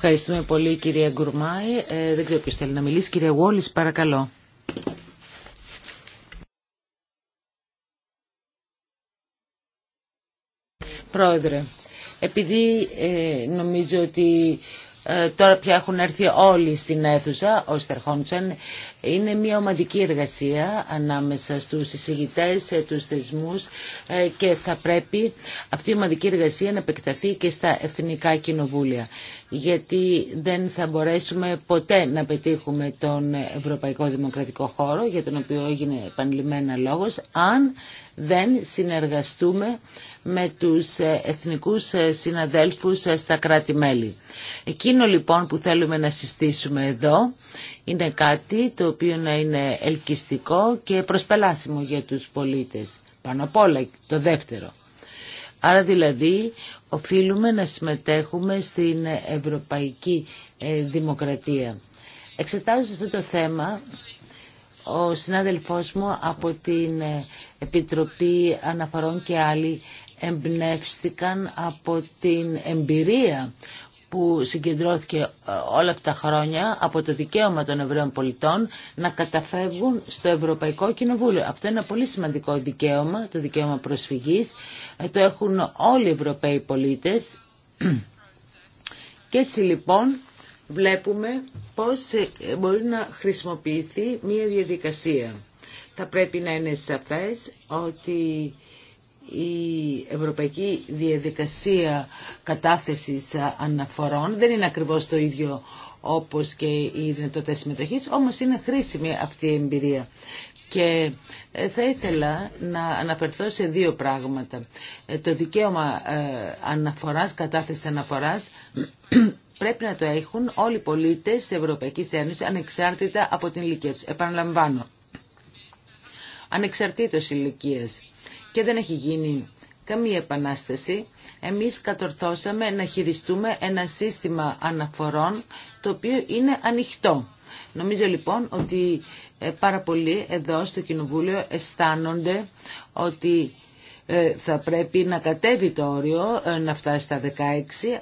Ευχαριστούμε πολύ κυρία Γκουρμάη. Ε, δεν ξέρω ποιος θέλει να μιλήσει. Κυρία Γουόλης παρακαλώ. Πρόεδρε, επειδή ε, νομίζω ότι ε, τώρα πια έχουν έρθει όλοι στην αίθουσα, ο Στερχόντσεν, είναι μια ομαδική εργασία ανάμεσα στους εισηγητές, ε, τους θεσμούς και θα πρέπει αυτή η ομαδική εργασία να επεκταθεί και στα εθνικά κοινοβούλια γιατί δεν θα μπορέσουμε ποτέ να πετύχουμε τον Ευρωπαϊκό Δημοκρατικό Χώρο, για τον οποίο έγινε επανειλημμένα λόγος, αν δεν συνεργαστούμε με τους εθνικούς συναδέλφους στα κράτη-μέλη. Εκείνο λοιπόν που θέλουμε να συστήσουμε εδώ είναι κάτι το οποίο να είναι ελκυστικό και προσπελάσιμο για τους πολίτες. Πάνω απ' όλα το δεύτερο. Άρα δηλαδή οφείλουμε να συμμετέχουμε στην ευρωπαϊκή ε, δημοκρατία. Εξετάζω αυτό το θέμα ο συνάδελφός μου από την ε, Επιτροπή Αναφορών και άλλοι εμπνεύστηκαν από την εμπειρία που συγκεντρώθηκε ε, όλα αυτά τα χρόνια από το δικαίωμα των Εβραίων πολιτών να καταφεύγουν στο Ευρωπαϊκό Κοινοβούλιο. Αυτό είναι ένα πολύ σημαντικό δικαίωμα, το δικαίωμα προσφυγής. Ε, το έχουν όλοι οι Ευρωπαίοι πολίτες. Και έτσι λοιπόν βλέπουμε πώς ε, μπορεί να χρησιμοποιηθεί μία διαδικασία. Θα πρέπει να είναι σαφές ότι η ευρωπαϊκή διαδικασία κατάθεσης αναφορών δεν είναι ακριβώς το ίδιο όπως και οι δυνατότητε συμμετοχή, όμως είναι χρήσιμη αυτή η εμπειρία. Και ε, θα ήθελα να αναφερθώ σε δύο πράγματα. Ε, το δικαίωμα ε, αναφοράς, κατάθεσης αναφοράς, (clears throat) πρέπει να το έχουν όλοι οι πολίτες της Ευρωπαϊκής Ένωσης, ανεξάρτητα από την ηλικία τους. Επαναλαμβάνω, ανεξαρτήτως ηλικίας και δεν έχει γίνει καμία επανάσταση. Εμείς κατορθώσαμε να χειριστούμε ένα σύστημα αναφορών το οποίο είναι ανοιχτό. Νομίζω λοιπόν ότι ε, πάρα πολλοί εδώ στο Κοινοβούλιο αισθάνονται ότι ε, θα πρέπει να κατέβει το όριο, ε, να φτάσει στα 16,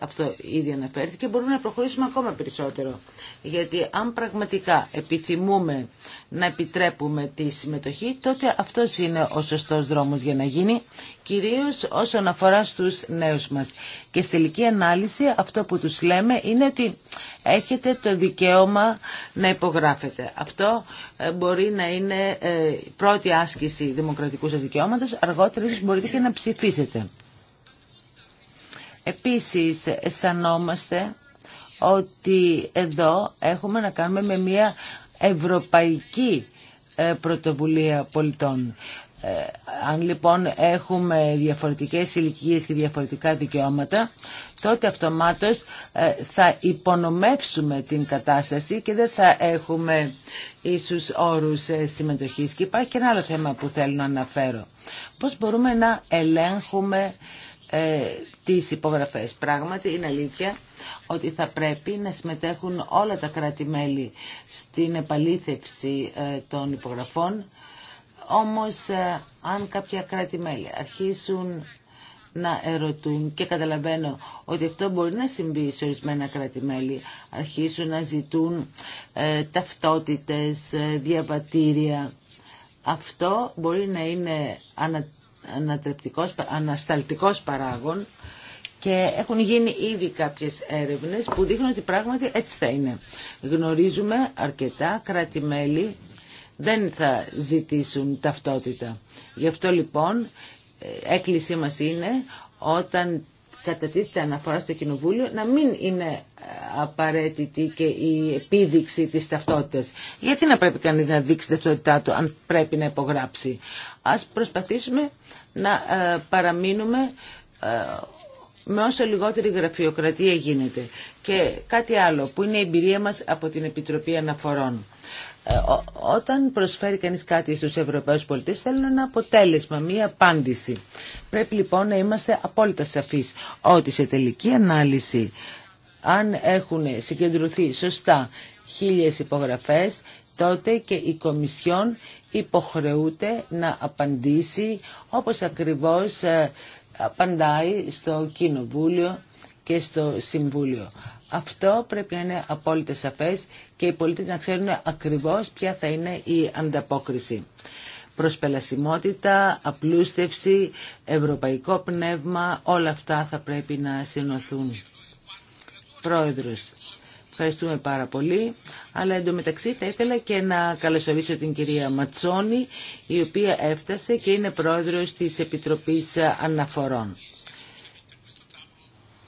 αυτό ήδη αναφέρθηκε, μπορούμε να προχωρήσουμε ακόμα περισσότερο. Γιατί αν πραγματικά επιθυμούμε να επιτρέπουμε τη συμμετοχή, τότε αυτός είναι ο σωστός δρόμος για να γίνει, κυρίως όσον αφορά στους νέους μας. Και στη τελική ανάλυση αυτό που τους λέμε είναι ότι έχετε το δικαίωμα να υπογράφετε. Αυτό ε, μπορεί να είναι ε, πρώτη άσκηση δημοκρατικού σας δικαιώματος, αργότερα μπορείτε και να ψηφίσετε. Επίσης αισθανόμαστε ότι εδώ έχουμε να κάνουμε με μια ευρωπαϊκή ε, πρωτοβουλία πολιτών. Ε, αν λοιπόν έχουμε διαφορετικές ηλικίε και διαφορετικά δικαιώματα, τότε αυτομάτως ε, θα υπονομεύσουμε την κατάσταση και δεν θα έχουμε ίσους όρους συμμετοχής. Και υπάρχει και ένα άλλο θέμα που θέλω να αναφέρω. Πώς μπορούμε να ελέγχουμε τις υπογραφές. Πράγματι είναι αλήθεια ότι θα πρέπει να συμμετέχουν όλα τα κράτη-μέλη στην επαλήθευση ε, των υπογραφών. Όμως, ε, αν κάποια κράτη-μέλη αρχίσουν να ερωτούν και καταλαβαίνω ότι αυτό μπορεί να συμβεί σε ορισμένα κράτη-μέλη, αρχίσουν να ζητούν ε, ταυτότητες, ε, διαβατήρια. Αυτό μπορεί να είναι ανα, ανατρεπτικός, ανασταλτικός παράγον και έχουν γίνει ήδη κάποιες έρευνες που δείχνουν ότι πράγματι έτσι θα είναι. Γνωρίζουμε αρκετά κράτη-μέλη δεν θα ζητήσουν ταυτότητα. Γι' αυτό λοιπόν ε, έκκλησή μας είναι όταν κατατίθεται αναφορά στο Κοινοβούλιο να μην είναι ε, απαραίτητη και η επίδειξη της ταυτότητας. Γιατί να πρέπει κανείς να δείξει ταυτότητά του αν πρέπει να υπογράψει. Ας προσπαθήσουμε να ε, παραμείνουμε με όσο λιγότερη γραφειοκρατία γίνεται. Και κάτι άλλο που είναι η εμπειρία μας από την Επιτροπή Αναφορών. Ε, όταν προσφέρει κανείς κάτι στους Ευρωπαίους πολιτές θέλουν ένα αποτέλεσμα, μία απάντηση. Πρέπει λοιπόν να είμαστε απόλυτα σαφείς ότι σε τελική ανάλυση αν έχουν συγκεντρωθεί σωστά χίλιες υπογραφές τότε και η Κομισιόν υποχρεούται να απαντήσει όπως ακριβώς ε, απαντάει στο Κοινοβούλιο και στο Συμβούλιο. Αυτό πρέπει να είναι απόλυτα σαφές και οι πολίτες να ξέρουν ακριβώς ποια θα είναι η ανταπόκριση. Προσπελασιμότητα, απλούστευση, ευρωπαϊκό πνεύμα, όλα αυτά θα πρέπει να συνοθούν. Πρόεδρος, Ευχαριστούμε πάρα πολύ. Αλλά εντωμεταξύ θα ήθελα και να καλωσορίσω την κυρία Ματσόνη, η οποία έφτασε και είναι πρόεδρος της Επιτροπής Αναφορών.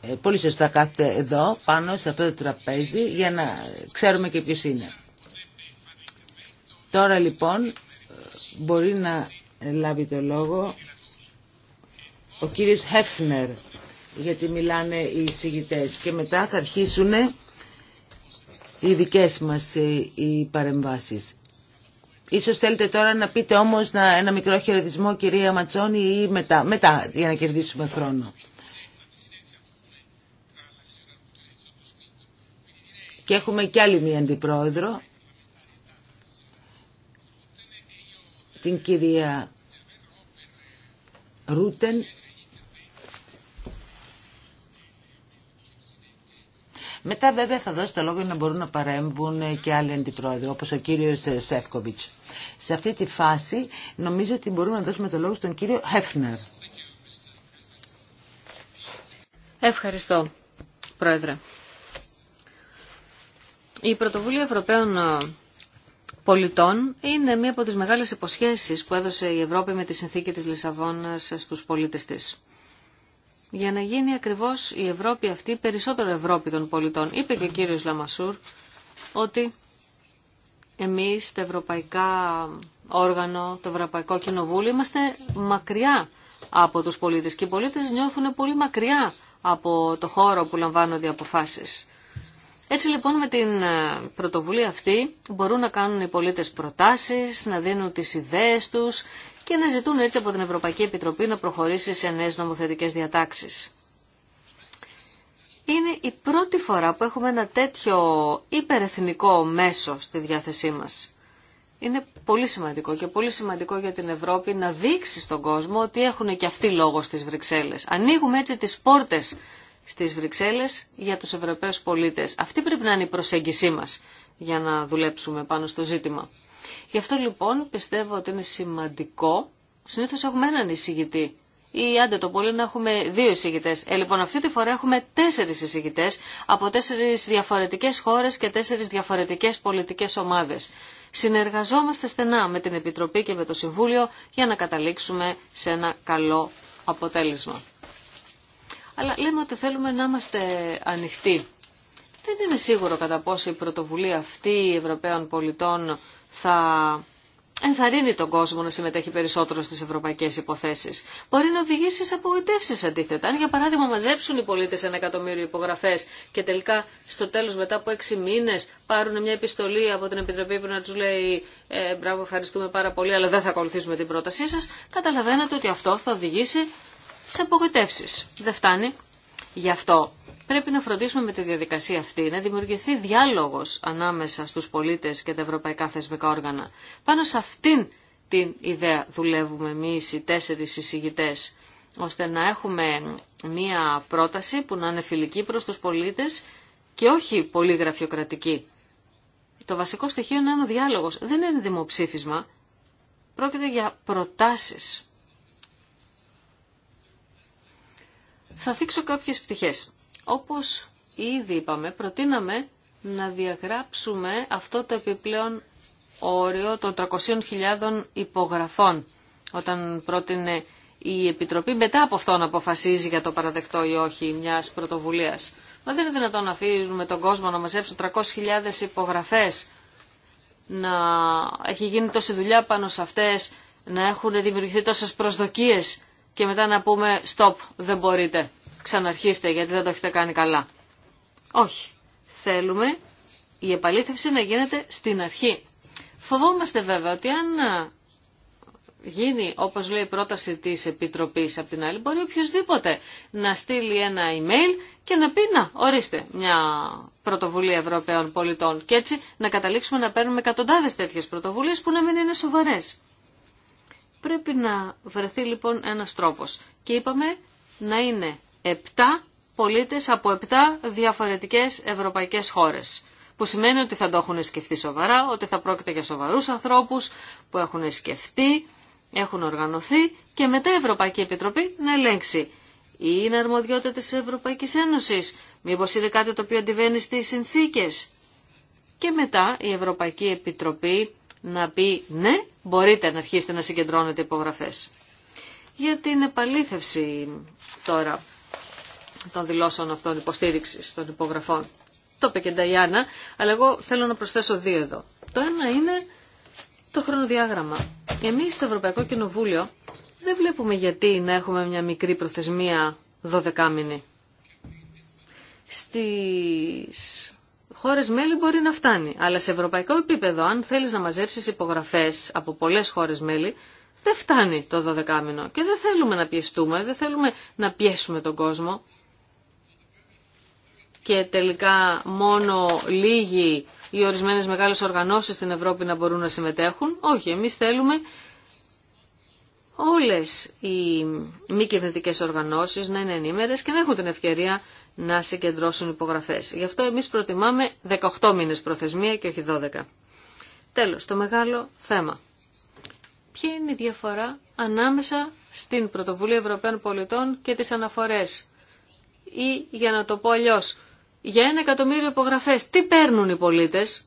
Ε, πολύ σωστά κάθεται εδώ, πάνω σε αυτό το τραπέζι, για να ξέρουμε και ποιος είναι. Τώρα λοιπόν μπορεί να λάβει το λόγο ο κύριος Χέφνερ, γιατί μιλάνε οι συγητές. Και μετά θα αρχίσουν οι δικές μας ε, οι παρεμβάσεις. Ίσως θέλετε τώρα να πείτε όμως ένα μικρό χαιρετισμό κυρία Ματσόνη ή μετά, μετά για να κερδίσουμε χρόνο. Και έχουμε κι άλλη μία αντιπρόεδρο, την κυρία Ρούτεν. Μετά βέβαια θα δώσω το λόγο να μπορούν να παρέμβουν και άλλοι αντιπρόεδροι, όπως ο κύριος Σεύκοβιτς. Σε αυτή τη φάση νομίζω ότι μπορούμε να δώσουμε το λόγο στον κύριο Χέφνερ. Ευχαριστώ, Πρόεδρε. Η πρωτοβουλία Ευρωπαίων ε, πολιτών είναι μία από τις μεγάλες υποσχέσεις που έδωσε η Ευρώπη με τη συνθήκη της Λισαβόνας στους πολίτες της για να γίνει ακριβώς η Ευρώπη αυτή περισσότερο Ευρώπη των πολιτών. Είπε και ο κύριος Λαμασούρ ότι εμείς τα ευρωπαϊκά όργανο, το Ευρωπαϊκό Κοινοβούλιο, είμαστε μακριά από τους πολίτες και οι πολίτες νιώθουν πολύ μακριά από το χώρο που λαμβάνονται οι αποφάσεις. Έτσι λοιπόν με την ε, πρωτοβουλία αυτή μπορούν να κάνουν οι πολίτες προτάσεις, να δίνουν τις ιδέες τους και να ζητούν έτσι από την Ευρωπαϊκή Επιτροπή να προχωρήσει σε νέες νομοθετικές διατάξεις. Είναι η πρώτη φορά που έχουμε ένα τέτοιο υπερεθνικό μέσο στη διάθεσή μας. Είναι πολύ σημαντικό και πολύ σημαντικό για την Ευρώπη να δείξει στον κόσμο ότι έχουν και αυτοί λόγο στις Βρυξέλλες. Ανοίγουμε έτσι τις πόρτες στις Βρυξέλλες για τους Ευρωπαίους πολίτες. Αυτή πρέπει να είναι η προσέγγισή μας για να δουλέψουμε πάνω στο ζήτημα. Γι' αυτό λοιπόν πιστεύω ότι είναι σημαντικό. Συνήθω έχουμε έναν εισηγητή ή άντε το πολύ να έχουμε δύο εισηγητέ. Ε, λοιπόν, αυτή τη φορά έχουμε τέσσερι εισηγητέ από τέσσερι διαφορετικέ χώρε και τέσσερι διαφορετικέ πολιτικέ ομάδε. Συνεργαζόμαστε στενά με την Επιτροπή και με το Συμβούλιο για να καταλήξουμε σε ένα καλό αποτέλεσμα. Αλλά λέμε ότι θέλουμε να είμαστε ανοιχτοί. Δεν είναι σίγουρο κατά πόσο η πρωτοβουλία αυτή Ευρωπαίων πολιτών θα ενθαρρύνει τον κόσμο να συμμετέχει περισσότερο στις ευρωπαϊκές υποθέσεις. Μπορεί να οδηγήσει σε απογοητεύσεις αντίθετα. Αν για παράδειγμα μαζέψουν οι πολίτες ένα εκατομμύριο υπογραφές και τελικά στο τέλος μετά από έξι μήνες πάρουν μια επιστολή από την Επιτροπή που να τους λέει ε, μπράβο ευχαριστούμε πάρα πολύ αλλά δεν θα ακολουθήσουμε την πρότασή σας, καταλαβαίνετε ότι αυτό θα οδηγήσει σε απογοητεύσεις. Δεν φτάνει. Γι' αυτό Πρέπει να φροντίσουμε με τη διαδικασία αυτή να δημιουργηθεί διάλογος ανάμεσα στους πολίτες και τα ευρωπαϊκά θεσμικά όργανα. Πάνω σε αυτήν την ιδέα δουλεύουμε εμείς οι τέσσερις εισηγητές, ώστε να έχουμε μία πρόταση που να είναι φιλική προς τους πολίτες και όχι πολύ γραφειοκρατική. Το βασικό στοιχείο είναι ο διάλογος. Δεν είναι δημοψήφισμα. Πρόκειται για προτάσεις. Θα δείξω κάποιες πτυχές. Όπως ήδη είπαμε, προτείναμε να διαγράψουμε αυτό το επιπλέον όριο των 300.000 υπογραφών, όταν πρότεινε η Επιτροπή μετά από αυτό να αποφασίζει για το παραδεκτό ή όχι μιας πρωτοβουλίας. Μα δεν είναι δυνατόν να αφήσουμε τον κόσμο να μαζέψουν 300.000 υπογραφές, να έχει γίνει τόση δουλειά πάνω σε αυτές, να έχουν δημιουργηθεί τόσες προσδοκίες και μετά να πούμε «Stop, δεν μπορείτε» ξαναρχίστε γιατί δεν το έχετε κάνει καλά. Όχι. Θέλουμε η επαλήθευση να γίνεται στην αρχή. Φοβόμαστε βέβαια ότι αν γίνει όπως λέει η πρόταση της Επιτροπής από την άλλη, μπορεί οποιοδήποτε να στείλει ένα email και να πει να ορίστε μια πρωτοβουλία Ευρωπαίων πολιτών και έτσι να καταλήξουμε να παίρνουμε εκατοντάδες τέτοιες πρωτοβουλίες που να μην είναι σοβαρές. Πρέπει να βρεθεί λοιπόν ένας τρόπος και είπαμε να είναι 7 πολίτες από 7 διαφορετικές ευρωπαϊκές χώρες. Που σημαίνει ότι θα το έχουν σκεφτεί σοβαρά, ότι θα πρόκειται για σοβαρούς ανθρώπους που έχουν σκεφτεί, έχουν οργανωθεί και μετά η Ευρωπαϊκή Επιτροπή να ελέγξει. Είναι αρμοδιότητα της Ευρωπαϊκής Ένωσης. Μήπως είναι κάτι το οποίο αντιβαίνει στις συνθήκες. Και μετά η Ευρωπαϊκή Επιτροπή να πει ναι, μπορείτε να αρχίσετε να συγκεντρώνετε υπογραφές. Για την επαλήθευση τώρα των δηλώσεων αυτών υποστήριξη των υπογραφών. Το είπε και η Νταϊάννα, αλλά εγώ θέλω να προσθέσω δύο εδώ. Το ένα είναι το χρονοδιάγραμμα. Εμεί στο Ευρωπαϊκό Κοινοβούλιο δεν βλέπουμε γιατί να έχουμε μια μικρή προθεσμία 12 μήνη. Στις χώρες μέλη μπορεί να φτάνει, αλλά σε ευρωπαϊκό επίπεδο αν θέλεις να μαζέψεις υπογραφές από πολλές χώρες μέλη, δεν φτάνει το 12 μήνο και δεν θέλουμε να πιεστούμε, δεν θέλουμε να πιέσουμε τον κόσμο και τελικά μόνο λίγοι ή ορισμένες μεγάλες οργανώσεις στην Ευρώπη να μπορούν να συμμετέχουν. Όχι, εμείς θέλουμε όλες οι μη κυβερνητικέ οργανώσεις να είναι ενήμερες και να έχουν την ευκαιρία να συγκεντρώσουν υπογραφές. Γι' αυτό εμείς προτιμάμε 18 μήνες προθεσμία και όχι 12. Τέλος, το μεγάλο θέμα. Ποια είναι η διαφορά ανάμεσα στην Πρωτοβουλία Ευρωπαίων Πολιτών και τις αναφορές. Ή, για να το πω αλλιώς, για ένα εκατομμύριο υπογραφές. Τι παίρνουν οι πολίτες,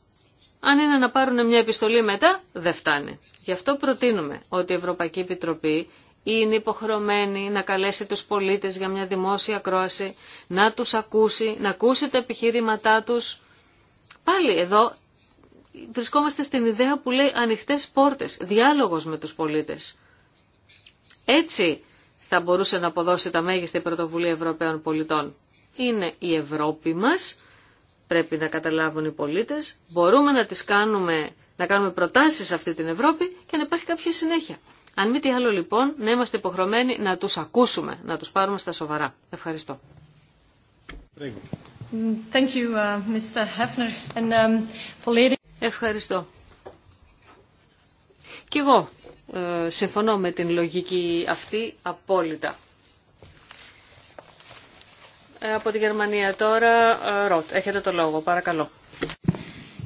αν είναι να πάρουν μια επιστολή μετά, δεν φτάνει. Γι' αυτό προτείνουμε ότι η Ευρωπαϊκή Επιτροπή είναι υποχρεωμένη να καλέσει τους πολίτες για μια δημόσια κρόαση, να τους ακούσει, να ακούσει τα επιχείρηματά τους. Πάλι εδώ βρισκόμαστε στην ιδέα που λέει ανοιχτές πόρτες, διάλογος με τους πολίτες. Έτσι θα μπορούσε να αποδώσει τα μέγιστη πρωτοβουλία Ευρωπαίων πολιτών είναι η Ευρώπη μας, πρέπει να καταλάβουν οι πολίτες, μπορούμε να τις κάνουμε, να κάνουμε προτάσεις σε αυτή την Ευρώπη και να υπάρχει κάποια συνέχεια. Αν μη τι άλλο λοιπόν, να είμαστε υποχρεωμένοι να τους ακούσουμε, να τους πάρουμε στα σοβαρά. Ευχαριστώ. Thank you, uh, Mr. And, um, Ευχαριστώ. Κι εγώ ε, συμφωνώ με την λογική αυτή απόλυτα. Από τη Γερμανία τώρα, ε, Ροτ, έχετε το λόγο, παρακαλώ.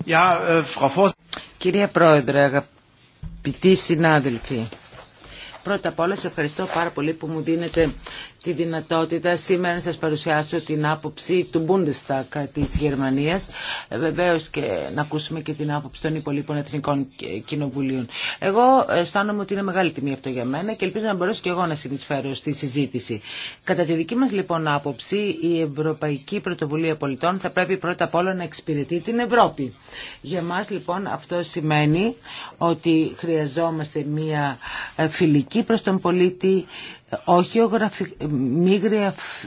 Ε, Κυρία Πρόεδρε, αγαπητοί συνάδελφοι, πρώτα απ' όλα σε ευχαριστώ πάρα πολύ που μου δίνετε τη δυνατότητα σήμερα να σας παρουσιάσω την άποψη του Bundestag της Γερμανίας. Ε, βεβαίως και να ακούσουμε και την άποψη των υπολείπων εθνικών κοινοβουλίων. Εγώ αισθάνομαι ότι είναι μεγάλη τιμή αυτό για μένα και ελπίζω να μπορέσω και εγώ να συνεισφέρω στη συζήτηση. Κατά τη δική μας λοιπόν άποψη, η Ευρωπαϊκή Πρωτοβουλία Πολιτών θα πρέπει πρώτα απ' όλα να εξυπηρετεί την Ευρώπη. Για μας λοιπόν αυτό σημαίνει ότι χρειαζόμαστε μια ε, φιλική προς τον πολίτη, όχι μη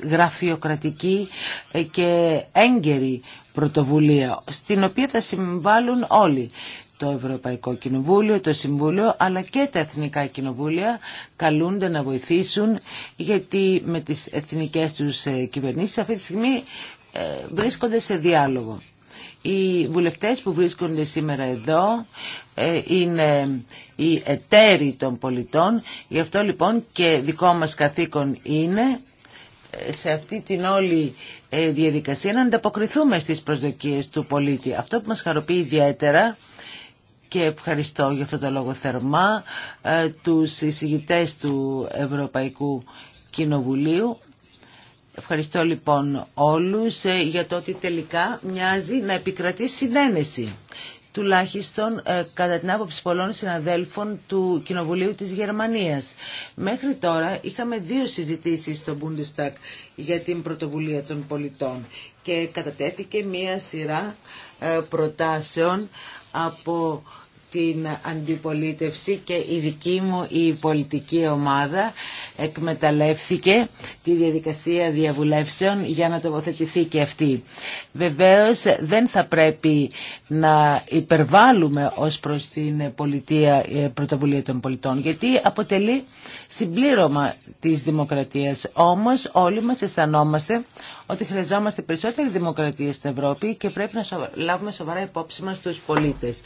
γραφειοκρατική ε, και έγκαιρη πρωτοβουλία, στην οποία θα συμβάλλουν όλοι. Το Ευρωπαϊκό Κοινοβούλιο, το Συμβούλιο, αλλά και τα Εθνικά Κοινοβούλια καλούνται να βοηθήσουν, γιατί με τις εθνικές τους ε, κυβερνήσεις αυτή τη στιγμή ε, βρίσκονται σε διάλογο οι βουλευτές που βρίσκονται σήμερα εδώ ε, είναι οι εταίροι των πολιτών. Γι' αυτό λοιπόν και δικό μας καθήκον είναι ε, σε αυτή την όλη ε, διαδικασία να ανταποκριθούμε στις προσδοκίες του πολίτη. Αυτό που μας χαροποιεί ιδιαίτερα και ευχαριστώ για αυτό το λόγο θερμά τους εισηγητές του Ευρωπαϊκού Κοινοβουλίου Ευχαριστώ λοιπόν όλους ε, για το ότι τελικά μοιάζει να επικρατεί συνένεση τουλάχιστον ε, κατά την άποψη πολλών συναδέλφων του Κοινοβουλίου της Γερμανίας. Μέχρι τώρα είχαμε δύο συζητήσεις στο Bundestag για την πρωτοβουλία των πολιτών και κατατέθηκε μία σειρά ε, προτάσεων από την αντιπολίτευση και η δική μου η πολιτική ομάδα εκμεταλλεύθηκε τη διαδικασία διαβουλεύσεων για να τοποθετηθεί και αυτή. Βεβαίως δεν θα πρέπει να υπερβάλλουμε ως προς την πολιτεία ε, πρωτοβουλία των πολιτών γιατί αποτελεί συμπλήρωμα της δημοκρατίας. Όμως όλοι μας αισθανόμαστε ότι χρειαζόμαστε περισσότερη δημοκρατία στην Ευρώπη και πρέπει να λάβουμε σοβαρά υπόψη μας τους πολίτες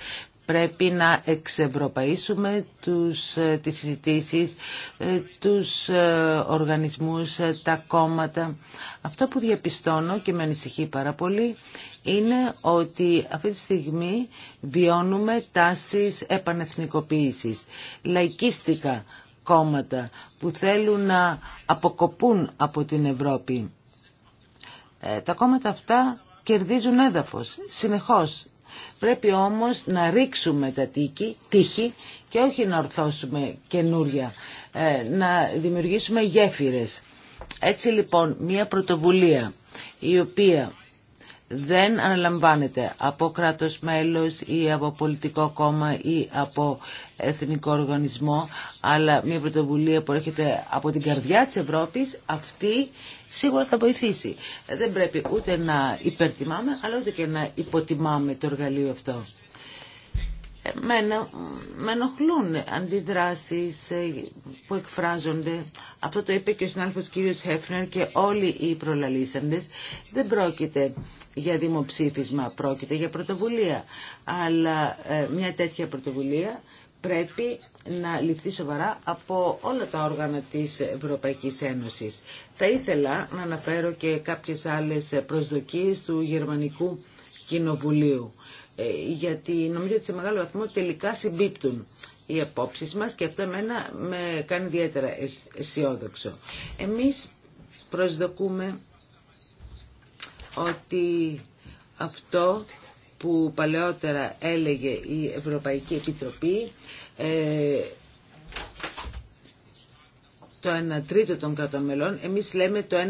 πρέπει να εξευρωπαίσουμε τους, ε, τις συζητήσεις, ε, τους ε, οργανισμούς, τα κόμματα. Αυτό που διαπιστώνω και με ανησυχεί πάρα πολύ είναι ότι αυτή τη στιγμή βιώνουμε τάσεις επανεθνικοποίησης. Λαϊκίστικα κόμματα που θέλουν να αποκοπούν από την Ευρώπη. Τα κόμματα αυτά κερδίζουν έδαφος συνεχώς Πρέπει όμως να ρίξουμε τα τύχη, τύχη και όχι να ορθώσουμε καινούρια, ε, να δημιουργήσουμε γέφυρες. Έτσι λοιπόν μια πρωτοβουλία η οποία δεν αναλαμβάνεται από κράτος μέλος ή από πολιτικό κόμμα ή από εθνικό οργανισμό αλλά μια πρωτοβουλία που έρχεται από την καρδιά της Ευρώπης αυτή σίγουρα θα βοηθήσει. Ε, δεν πρέπει ούτε να υπερτιμάμε, αλλά ούτε και να υποτιμάμε το εργαλείο αυτό. Εμένα, με ενοχλούν αντιδράσεις ε, που εκφράζονται. Αυτό το είπε και ο συνάδελφος κύριος Χέφνερ και όλοι οι προλαλήσαντες. Δεν πρόκειται για δημοψήφισμα, πρόκειται για πρωτοβουλία. Αλλά ε, μια τέτοια πρωτοβουλία πρέπει να ληφθεί σοβαρά από όλα τα όργανα της Ευρωπαϊκής Ένωσης. Θα ήθελα να αναφέρω και κάποιες άλλες προσδοκίες του Γερμανικού Κοινοβουλίου, ε, γιατί νομίζω ότι σε μεγάλο βαθμό τελικά συμπίπτουν οι απόψεις μας και αυτό εμένα με κάνει ιδιαίτερα αισιόδοξο. Εμείς προσδοκούμε ότι αυτό που παλαιότερα έλεγε η Ευρωπαϊκή Επιτροπή ε, το 1 τρίτο των κρατών μελών, εμείς λέμε το 1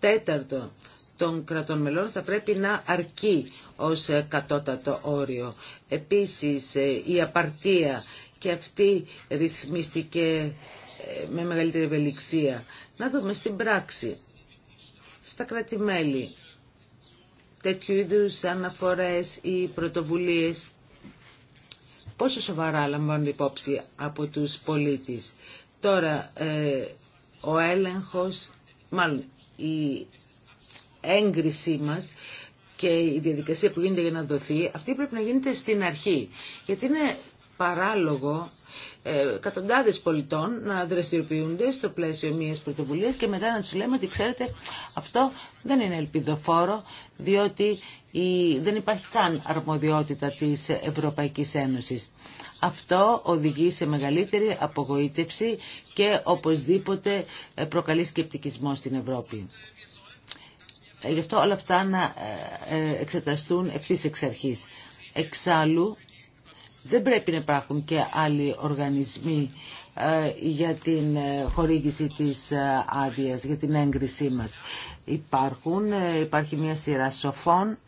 τέταρτο των κρατών μελών θα πρέπει να αρκεί ως ε, κατώτατο όριο. Επίσης ε, η απαρτία και αυτή ρυθμιστήκε με μεγαλύτερη ευελιξία. Να δούμε στην πράξη, στα κρατημέλη, τέτοιου είδους αναφορές ή πρωτοβουλίες πόσο σοβαρά λαμβάνουν υπόψη από τους πολίτες. Τώρα, ε, ο έλεγχος, μάλλον η έγκρισή μας και η διαδικασία που γίνεται για να δοθεί, αυτή πρέπει να γίνεται στην αρχή. Γιατί είναι παράλογο ε, εκατοντάδε πολιτών να δραστηριοποιούνται στο πλαίσιο μιας πρωτοβουλία και μετά να τους λέμε ότι ξέρετε αυτό δεν είναι ελπιδοφόρο διότι η, δεν υπάρχει καν αρμοδιότητα της Ευρωπαϊκής Ένωσης. Αυτό οδηγεί σε μεγαλύτερη απογοήτευση και οπωσδήποτε ε, προκαλεί σκεπτικισμό στην Ευρώπη. Ε, γι' αυτό όλα αυτά να εξεταστούν ευθύ εξ αρχής. Εξάλλου, δεν πρέπει να υπάρχουν και άλλοι οργανισμοί ε, για την ε, χορήγηση της ε, άδειας, για την έγκρισή μας. Υπάρχουν, υπάρχει μια σειρά σοφών,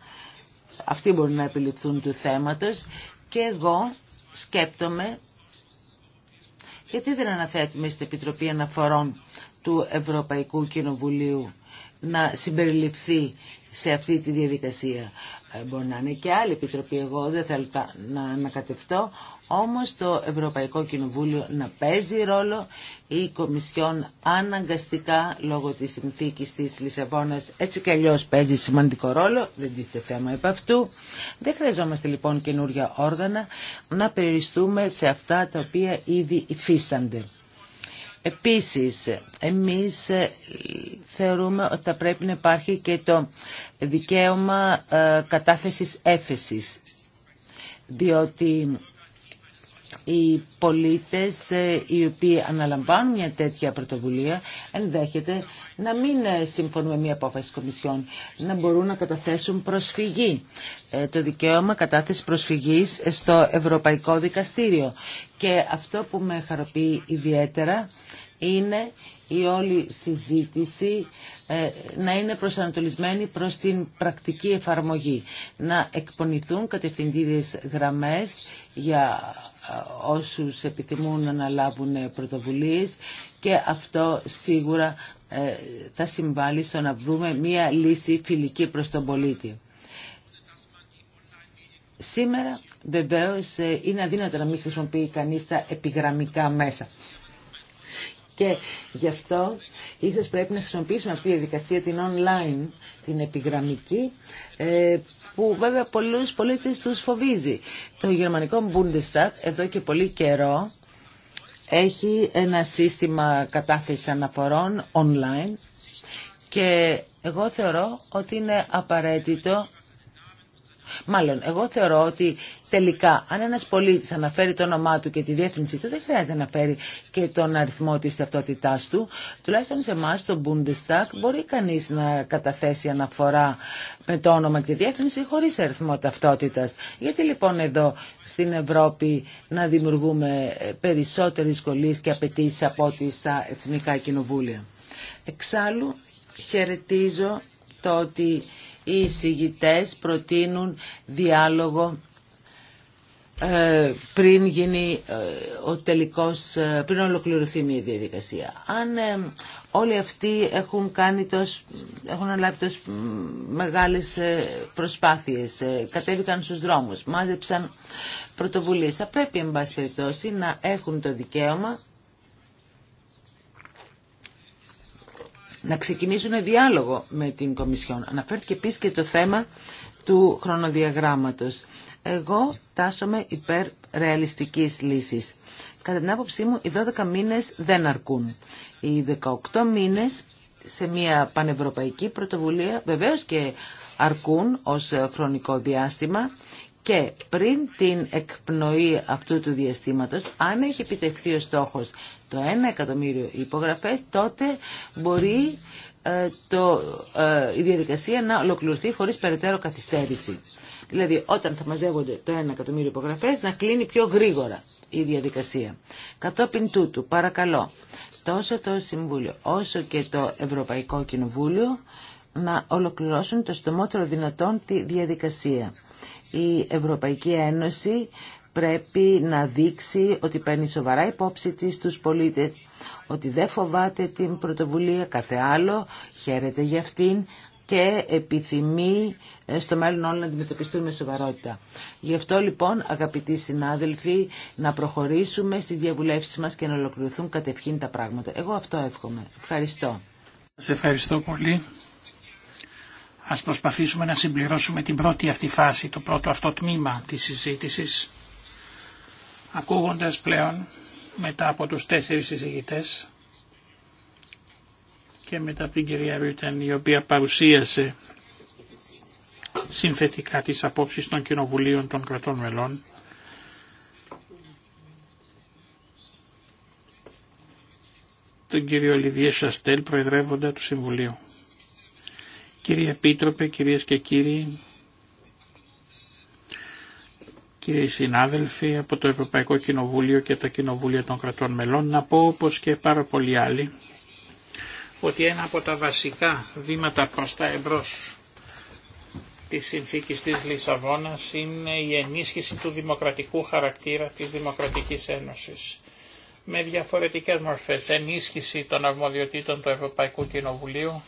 αυτοί μπορούν να επιληφθούν του θέματος και εγώ σκέπτομαι γιατί δεν αναθέτουμε στην Επιτροπή Αναφορών του Ευρωπαϊκού Κοινοβουλίου να συμπεριληφθεί σε αυτή τη διαδικασία. Ε, μπορεί να είναι και άλλη επιτροπή, εγώ δεν θέλω να ανακατευτώ, όμως το Ευρωπαϊκό Κοινοβούλιο να παίζει ρόλο η Κομισιόν αναγκαστικά λόγω της συνθήκης της Λισαβόνας έτσι και αλλιώς παίζει σημαντικό ρόλο, δεν δείτε θέμα επ' αυτού. Δεν χρειαζόμαστε λοιπόν καινούργια όργανα να περιοριστούμε σε αυτά τα οποία ήδη υφίστανται. Επίσης, εμείς ε, θεωρούμε ότι θα πρέπει να υπάρχει και το δικαίωμα ε, κατάθεσης έφεσης, διότι οι πολίτες ε, οι οποίοι αναλαμβάνουν μια τέτοια πρωτοβουλία ενδέχεται να μην ε, συμφωνούν με μια απόφαση της Κομισιόν, να μπορούν να καταθέσουν προσφυγή. Ε, το δικαίωμα κατάθεση προσφυγής ε, στο Ευρωπαϊκό Δικαστήριο. Και αυτό που με χαροποιεί ιδιαίτερα είναι η όλη συζήτηση να είναι προσανατολισμένη προς την πρακτική εφαρμογή. Να εκπονηθούν κατευθυντήριες γραμμές για όσους επιθυμούν να αναλάβουν πρωτοβουλίες και αυτό σίγουρα ε, θα συμβάλλει στο να βρούμε μία λύση φιλική προς τον πολίτη. Σήμερα βεβαίως ε, είναι αδύνατο να μην χρησιμοποιεί κανείς τα επιγραμμικά μέσα. Και γι' αυτό ίσως πρέπει να χρησιμοποιήσουμε αυτή τη διαδικασία την online, την επιγραμμική, ε, που βέβαια πολλούς πολίτες τους φοβίζει. Το γερμανικό Bundestag εδώ και πολύ καιρό έχει ένα σύστημα κατάθεσης αναφορών online και εγώ θεωρώ ότι είναι απαραίτητο Μάλλον, εγώ θεωρώ ότι τελικά, αν ένα πολίτη αναφέρει το όνομά του και τη διεύθυνσή του, δεν χρειάζεται να αναφέρει και τον αριθμό τη ταυτότητά του. Τουλάχιστον σε εμά το Bundestag, μπορεί κανεί να καταθέσει αναφορά με το όνομα και τη διεύθυνση χωρί αριθμό ταυτότητα. Γιατί λοιπόν εδώ στην Ευρώπη να δημιουργούμε ε, περισσότερε δυσκολίες και απαιτήσει από ό,τι στα εθνικά κοινοβούλια. Εξάλλου, χαιρετίζω το ότι οι εισηγητές προτείνουν διάλογο ε, πριν γίνει ε, ο τελικός, ε, πριν ολοκληρωθεί μια διαδικασία. Αν όλοι αυτοί έχουν, κάνει τόσ, έχουν αναλάβει μεγάλες προσπάθειες, κατέβηκαν στους δρόμους, μάζεψαν πρωτοβουλίες, θα πρέπει, εν πάση περιπτώσει, να έχουν το δικαίωμα να ξεκινήσουν διάλογο με την Κομισιόν. Αναφέρθηκε επίσης και το θέμα του χρονοδιαγράμματος. Εγώ τάσομαι υπέρ ρεαλιστικής λύσης. Κατά την άποψή μου, οι 12 μήνες δεν αρκούν. Οι 18 μήνες σε μια πανευρωπαϊκή πρωτοβουλία βεβαίως και αρκούν ως χρονικό διάστημα και πριν την εκπνοή αυτού του διαστήματος, αν έχει επιτευχθεί ο στόχος το 1 εκατομμύριο υπογραφές, τότε μπορεί ε, το, ε, η διαδικασία να ολοκληρωθεί χωρίς περαιτέρω καθυστέρηση. Δηλαδή όταν θα μαζεύονται το 1 εκατομμύριο υπογραφές να κλείνει πιο γρήγορα η διαδικασία. Κατόπιν τούτου, παρακαλώ, τόσο το Συμβούλιο όσο και το Ευρωπαϊκό Κοινοβούλιο να ολοκληρώσουν το στομότερο δυνατόν τη διαδικασία. Η Ευρωπαϊκή Ένωση πρέπει να δείξει ότι παίρνει σοβαρά υπόψη της τους πολίτες, ότι δεν φοβάται την πρωτοβουλία, κάθε άλλο χαίρεται για αυτήν και επιθυμεί ε, στο μέλλον όλων να αντιμετωπιστούν με σοβαρότητα. Γι' αυτό λοιπόν αγαπητοί συνάδελφοι να προχωρήσουμε στις διαβουλεύσεις μας και να ολοκληρωθούν κατευχήν τα πράγματα. Εγώ αυτό εύχομαι. Ευχαριστώ. Σε ευχαριστώ πολύ. Ας προσπαθήσουμε να συμπληρώσουμε την πρώτη αυτή φάση, το πρώτο αυτό τμήμα της συζήτησης. Ακούγοντας πλέον μετά από τους τέσσερις συζητητές και μετά από την κυρία Ρίτεν, η οποία παρουσίασε συμφετικά τις απόψεις των κοινοβουλίων των κρατών μελών τον κύριο Ολιβιέ Σαστέλ, Προεδρεύοντα του Συμβουλίου. Κύριε Επίτροπε, κυρίες και κύριοι, και οι συνάδελφοι από το Ευρωπαϊκό Κοινοβούλιο και τα Κοινοβούλια των Κρατών Μελών να πω όπως και πάρα πολλοί άλλοι ότι ένα από τα βασικά βήματα προς τα εμπρός της συνθήκης της Λισαβόνας είναι η ενίσχυση του δημοκρατικού χαρακτήρα της Δημοκρατικής Ένωσης με διαφορετικές μορφές ενίσχυση των αρμοδιοτήτων του Ευρωπαϊκού Κοινοβουλίου,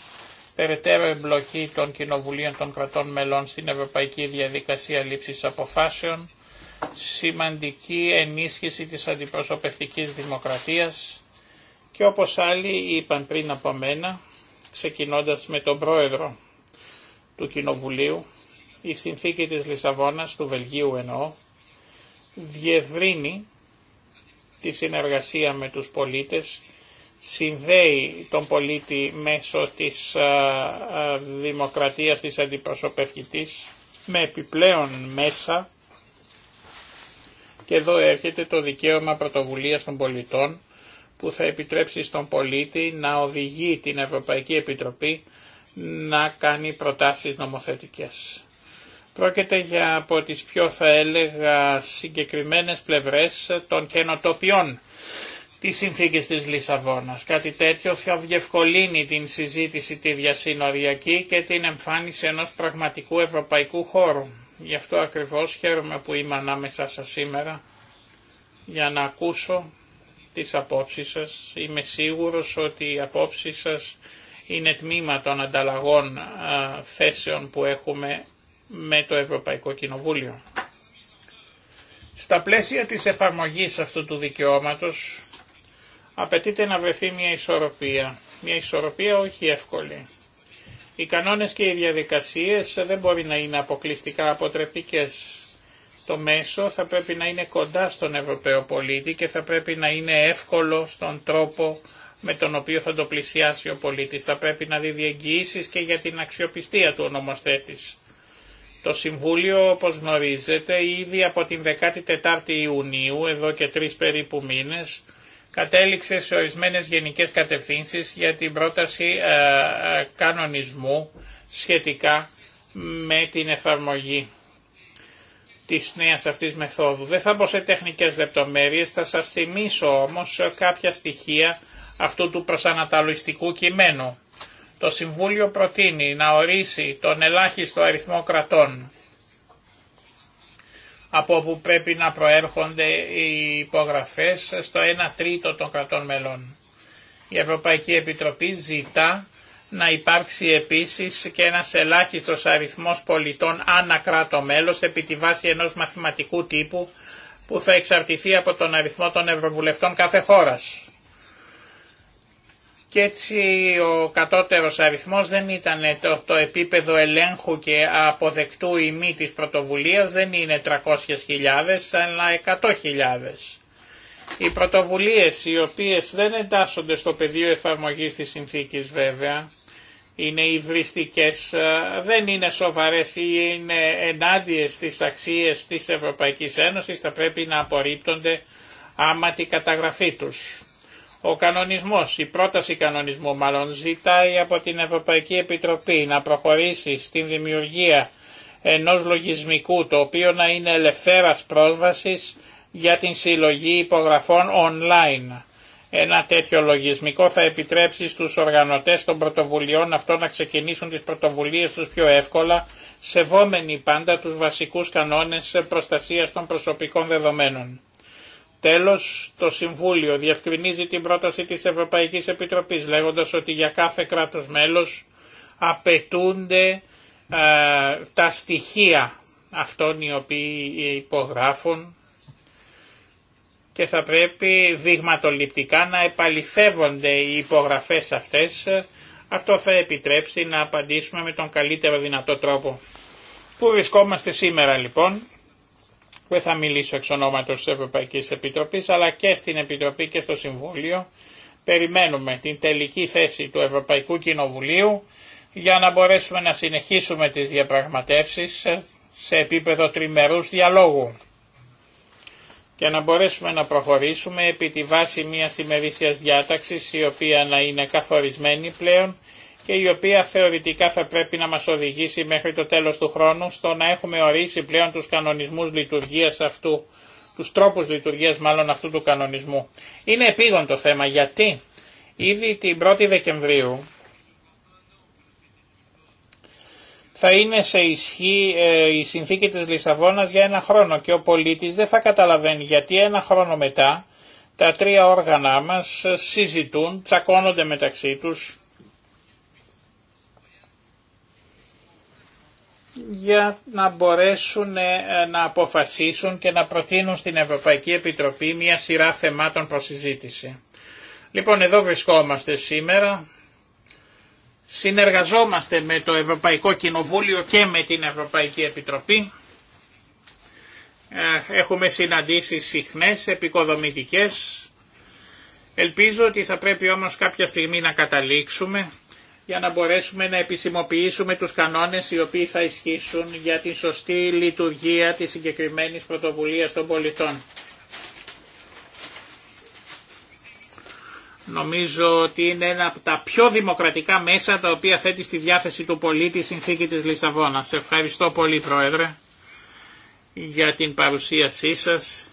περαιτέρω εμπλοκή των κοινοβουλίων των κρατών μελών στην Ευρωπαϊκή Διαδικασία Λήψης Αποφάσεων, σημαντική ενίσχυση της αντιπροσωπευτικής δημοκρατίας και όπως άλλοι είπαν πριν από μένα, ξεκινώντας με τον πρόεδρο του Κοινοβουλίου, η συνθήκη της Λισαβόνας, του Βελγίου εννοώ, διευρύνει τη συνεργασία με τους πολίτες, συνδέει τον πολίτη μέσω της δημοκρατίας της αντιπροσωπευτικής με επιπλέον μέσα και εδώ έρχεται το δικαίωμα πρωτοβουλίας των πολιτών που θα επιτρέψει στον πολίτη να οδηγεί την Ευρωπαϊκή Επιτροπή να κάνει προτάσεις νομοθετικές. Πρόκειται για από τις πιο θα έλεγα συγκεκριμένες πλευρές των καινοτοπιών της συνθήκης της Λισαβόνας. Κάτι τέτοιο θα διευκολύνει την συζήτηση τη διασυνοριακή και την εμφάνιση ενός πραγματικού ευρωπαϊκού χώρου. Γι' αυτό ακριβώς χαίρομαι που είμαι ανάμεσά σας σήμερα για να ακούσω τις απόψεις σας. Είμαι σίγουρος ότι οι απόψεις σας είναι τμήμα των ανταλλαγών θέσεων που έχουμε με το Ευρωπαϊκό Κοινοβούλιο. Στα πλαίσια της εφαρμογής αυτού του δικαιώματος απαιτείται να βρεθεί μια ισορροπία. Μια ισορροπία όχι εύκολη. Οι κανόνες και οι διαδικασίες δεν μπορεί να είναι αποκλειστικά αποτρεπτικές. Το μέσο θα πρέπει να είναι κοντά στον Ευρωπαίο πολίτη και θα πρέπει να είναι εύκολο στον τρόπο με τον οποίο θα το πλησιάσει ο πολίτης. Θα πρέπει να δει διεγγυήσεις και για την αξιοπιστία του ονομοθέτης. Το Συμβούλιο, όπως γνωρίζετε, ήδη από την 14η Ιουνίου, εδώ και τρεις περίπου μήνες, κατέληξε σε ορισμένες γενικές κατευθύνσεις για την πρόταση ε, ε, κανονισμού σχετικά με την εφαρμογή της νέας αυτής μεθόδου. Δεν θα μπω σε τεχνικές λεπτομέρειες, θα σας θυμίσω όμως κάποια στοιχεία αυτού του προσανατολιστικού κειμένου. Το Συμβούλιο προτείνει να ορίσει τον ελάχιστο αριθμό κρατών από όπου πρέπει να προέρχονται οι υπογραφές στο 1 τρίτο των κρατών μελών. Η Ευρωπαϊκή Επιτροπή ζητά να υπάρξει επίσης και ένας ελάχιστος αριθμός πολιτών ανά κράτο μέλος επί τη βάση ενός μαθηματικού τύπου που θα εξαρτηθεί από τον αριθμό των ευρωβουλευτών κάθε χώρας και έτσι ο κατώτερος αριθμός δεν ήταν το, το επίπεδο ελέγχου και αποδεκτού ημί της πρωτοβουλίας δεν είναι 300.000 αλλά 100.000. Οι πρωτοβουλίες οι οποίες δεν εντάσσονται στο πεδίο εφαρμογής της συνθήκης βέβαια είναι υβριστικές, δεν είναι σοβαρές ή είναι ενάντιες στις αξίες της Ευρωπαϊκής Ένωσης, θα πρέπει να απορρίπτονται άμα τη καταγραφή τους. Ο κανονισμός, η πρόταση κανονισμού μάλλον ζητάει από την Ευρωπαϊκή Επιτροπή να προχωρήσει στην δημιουργία ενός λογισμικού το οποίο να είναι ελευθέρας πρόσβασης για την συλλογή υπογραφών online. Ένα τέτοιο λογισμικό θα επιτρέψει στους οργανωτές των πρωτοβουλειών αυτό να ξεκινήσουν τις πρωτοβουλίες τους πιο εύκολα, σεβόμενοι πάντα τους βασικούς κανόνες προστασίας των προσωπικών δεδομένων. Τέλος, το Συμβούλιο διευκρινίζει την πρόταση της Ευρωπαϊκής Επιτροπής λέγοντας ότι για κάθε κράτος μέλος απαιτούνται ε, τα στοιχεία αυτών οι οποίοι υπογράφουν και θα πρέπει δειγματοληπτικά να επαληθεύονται οι υπογραφές αυτές. Αυτό θα επιτρέψει να απαντήσουμε με τον καλύτερο δυνατό τρόπο. Πού βρισκόμαστε σήμερα λοιπόν δεν θα μιλήσω εξ ονόματος της Ευρωπαϊκής Επιτροπής, αλλά και στην Επιτροπή και στο Συμβούλιο, περιμένουμε την τελική θέση του Ευρωπαϊκού Κοινοβουλίου για να μπορέσουμε να συνεχίσουμε τις διαπραγματεύσεις σε επίπεδο τριμερούς διαλόγου και να μπορέσουμε να προχωρήσουμε επί τη βάση μιας ημερήσιας διάταξης η οποία να είναι καθορισμένη πλέον και η οποία θεωρητικά θα πρέπει να μας οδηγήσει μέχρι το τέλος του χρόνου στο να έχουμε ορίσει πλέον τους κανονισμούς λειτουργίας αυτού, τους τρόπους λειτουργίας μάλλον αυτού του κανονισμού. Είναι επίγον το θέμα γιατί ήδη την 1η Δεκεμβρίου θα είναι σε ισχύ ε, η συνθήκη της Λισαβόνας για ένα χρόνο και ο πολίτης δεν θα καταλαβαίνει γιατί ένα χρόνο μετά τα τρία όργανα μας συζητούν, τσακώνονται μεταξύ τους για να μπορέσουν ε, να αποφασίσουν και να προτείνουν στην Ευρωπαϊκή Επιτροπή μια σειρά θεμάτων προσυζήτηση. Λοιπόν, εδώ βρισκόμαστε σήμερα. Συνεργαζόμαστε με το Ευρωπαϊκό Κοινοβούλιο και με την Ευρωπαϊκή Επιτροπή. Ε, έχουμε συναντήσεις συχνές, επικοδομητικές. Ελπίζω ότι θα πρέπει όμως κάποια στιγμή να καταλήξουμε για να μπορέσουμε να επισημοποιήσουμε τους κανόνες οι οποίοι θα ισχύσουν για τη σωστή λειτουργία της συγκεκριμένης πρωτοβουλίας των πολιτών. Νομίζω ότι είναι ένα από τα πιο δημοκρατικά μέσα τα οποία θέτει στη διάθεση του πολίτη η συνθήκη της Λισαβόνας. Σε ευχαριστώ πολύ Πρόεδρε για την παρουσίασή σας.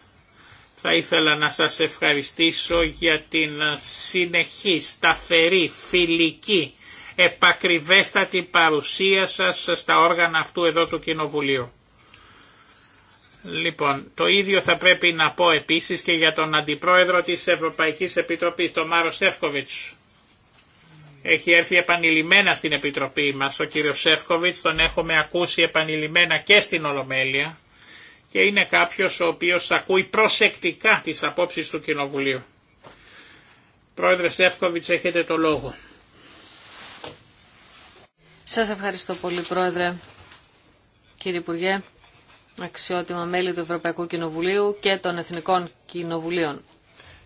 Θα ήθελα να σας ευχαριστήσω για την συνεχή, σταθερή, φιλική επακριβέστατη παρουσία σας στα όργανα αυτού εδώ του Κοινοβουλίου. Λοιπόν, το ίδιο θα πρέπει να πω επίσης και για τον Αντιπρόεδρο της Ευρωπαϊκής Επιτροπής, τον Μάρο Σεύκοβιτς. Έχει έρθει επανειλημμένα στην Επιτροπή μας ο κύριος Σεύκοβιτς, τον έχουμε ακούσει επανειλημμένα και στην Ολομέλεια και είναι κάποιος ο οποίος ακούει προσεκτικά τις απόψεις του Κοινοβουλίου. Πρόεδρε Σεύκοβιτς, έχετε το λόγο. Σας ευχαριστώ πολύ Πρόεδρε, κύριε Υπουργέ, αξιότιμα μέλη του Ευρωπαϊκού Κοινοβουλίου και των Εθνικών Κοινοβουλίων.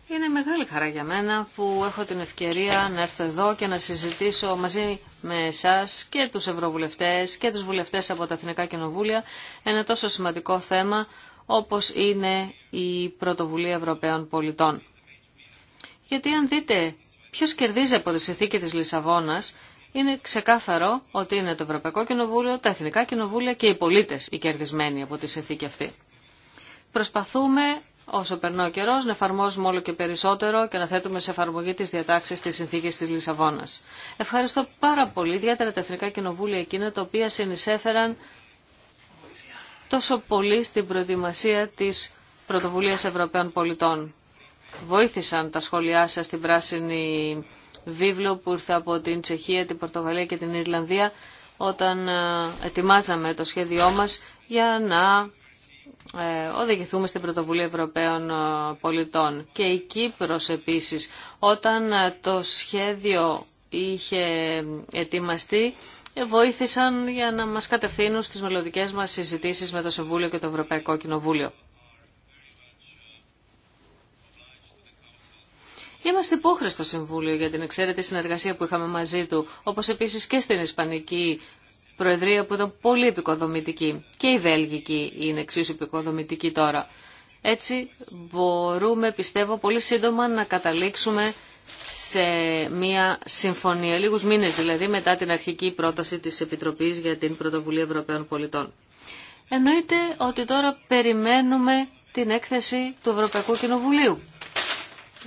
Είναι μεγάλη χαρά για μένα που έχω την ευκαιρία να έρθω εδώ και να συζητήσω μαζί με εσάς και τους Ευρωβουλευτές και τους βουλευτές από τα Εθνικά Κοινοβούλια ένα τόσο σημαντικό θέμα όπως είναι η Πρωτοβουλία Ευρωπαίων Πολιτών. Γιατί αν δείτε ποιος κερδίζει από τη συνθήκη της Λισαβόνας, είναι ξεκάθαρο ότι είναι το Ευρωπαϊκό Κοινοβούλιο, τα Εθνικά Κοινοβούλια και οι πολίτες οι κερδισμένοι από τη συνθήκη αυτή. Προσπαθούμε όσο περνά ο καιρό να εφαρμόζουμε όλο και περισσότερο και να θέτουμε σε εφαρμογή τι διατάξει τη συνθήκη τη Λισαβόνα. Ευχαριστώ πάρα πολύ, ιδιαίτερα τα Εθνικά Κοινοβούλια εκείνα τα οποία συνεισέφεραν τόσο πολύ στην προετοιμασία τη πρωτοβουλία Ευρωπαίων Πολιτών. Βοήθησαν τα σχόλιά σα στην πράσινη βίβλο που ήρθε από την Τσεχία, την Πορτογαλία και την Ιρλανδία όταν ε, ετοιμάζαμε το σχέδιό μας για να ε, οδηγηθούμε στην πρωτοβουλία Ευρωπαίων ε, πολιτών. Και η Κύπρος επίσης, όταν το σχέδιο είχε ετοιμαστεί, βοήθησαν για να μας κατευθύνουν στις μελλοντικέ μας συζητήσεις με το Συμβούλιο και το Ευρωπαϊκό Κοινοβούλιο. Είμαστε υπόχρεστο στο Συμβούλιο για την εξαίρετη συνεργασία που είχαμε μαζί του, όπως επίσης και στην Ισπανική Προεδρία που ήταν πολύ επικοδομητική. Και η Βέλγικη είναι εξίσου επικοδομητική τώρα. Έτσι μπορούμε, πιστεύω, πολύ σύντομα να καταλήξουμε σε μια συμφωνία, λίγους μήνες δηλαδή, μετά την αρχική πρόταση της Επιτροπής για την Πρωτοβουλία Ευρωπαίων Πολιτών. Εννοείται ότι τώρα περιμένουμε την έκθεση του Ευρωπαϊκού Κοινοβουλίου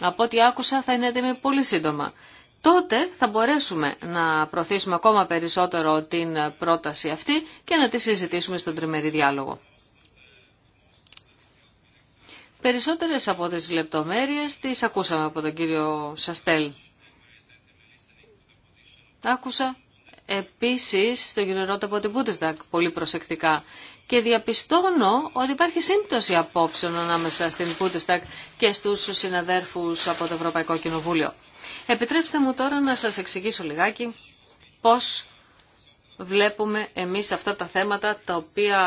από ό,τι άκουσα θα είναι έτοιμη πολύ σύντομα. Τότε θα μπορέσουμε να προωθήσουμε ακόμα περισσότερο την πρόταση αυτή και να τη συζητήσουμε στον τριμερή διάλογο. Περισσότερες από τις λεπτομέρειες τις ακούσαμε από τον κύριο Σαστέλ. Άκουσα επίσης τον κύριο Ρώτα από την Bundestag πολύ προσεκτικά και διαπιστώνω ότι υπάρχει σύμπτωση απόψεων ανάμεσα στην Πούτεστακ και στους συναδέρφους από το Ευρωπαϊκό Κοινοβούλιο. Επιτρέψτε μου τώρα να σας εξηγήσω λιγάκι πώς βλέπουμε εμείς αυτά τα θέματα τα οποία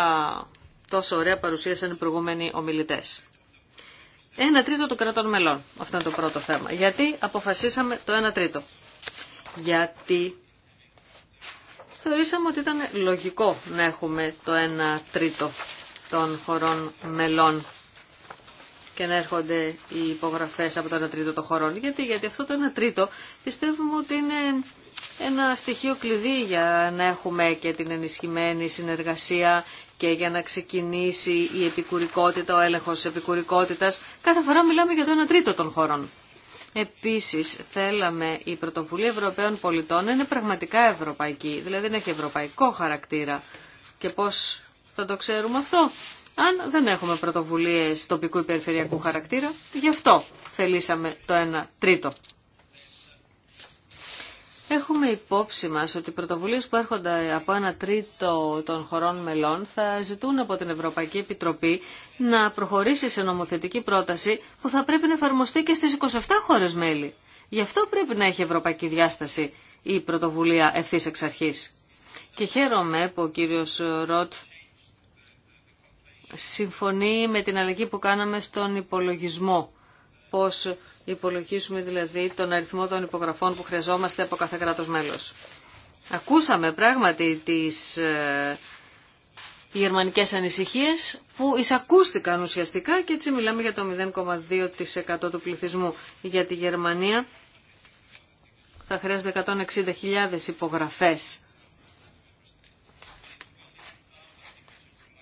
τόσο ωραία παρουσίασαν οι προηγούμενοι ομιλητές. Ένα τρίτο των κρατών μελών. Αυτό είναι το πρώτο θέμα. Γιατί αποφασίσαμε το ένα τρίτο. Γιατί θεωρήσαμε ότι ήταν λογικό να έχουμε το 1 τρίτο των χωρών μελών και να έρχονται οι υπογραφές από το 1 τρίτο των χωρών. Γιατί, γιατί αυτό το 1 τρίτο πιστεύουμε ότι είναι ένα στοιχείο κλειδί για να έχουμε και την ενισχυμένη συνεργασία και για να ξεκινήσει η επικουρικότητα, ο έλεγχος της επικουρικότητας. Κάθε φορά μιλάμε για το 1 τρίτο των χωρών. Επίσης, θέλαμε η πρωτοβουλία Ευρωπαίων πολιτών να είναι πραγματικά ευρωπαϊκή, δηλαδή να έχει ευρωπαϊκό χαρακτήρα. Και πώς θα το ξέρουμε αυτό, αν δεν έχουμε πρωτοβουλίες τοπικού ή περιφερειακού χαρακτήρα, γι' αυτό θελήσαμε το 1 τρίτο Έχουμε υπόψη μας ότι οι πρωτοβουλίες που έρχονται από ένα τρίτο των χωρών μελών θα ζητούν από την Ευρωπαϊκή Επιτροπή να προχωρήσει σε νομοθετική πρόταση που θα πρέπει να εφαρμοστεί και στις 27 χώρες μέλη. Γι' αυτό πρέπει να έχει ευρωπαϊκή διάσταση η πρωτοβουλία ευθύ εξ αρχής. Και χαίρομαι που ο κύριος Ροτ συμφωνεί με την αλλαγή που κάναμε στον υπολογισμό πώς υπολογίσουμε δηλαδή τον αριθμό των υπογραφών που χρειαζόμαστε από κάθε κράτος μέλος. Ακούσαμε πράγματι τις ε, γερμανικές ανησυχίες που εισακούστηκαν ουσιαστικά και έτσι μιλάμε για το 0,2% του πληθυσμού για τη Γερμανία. Θα χρειάζεται 160.000 υπογραφές.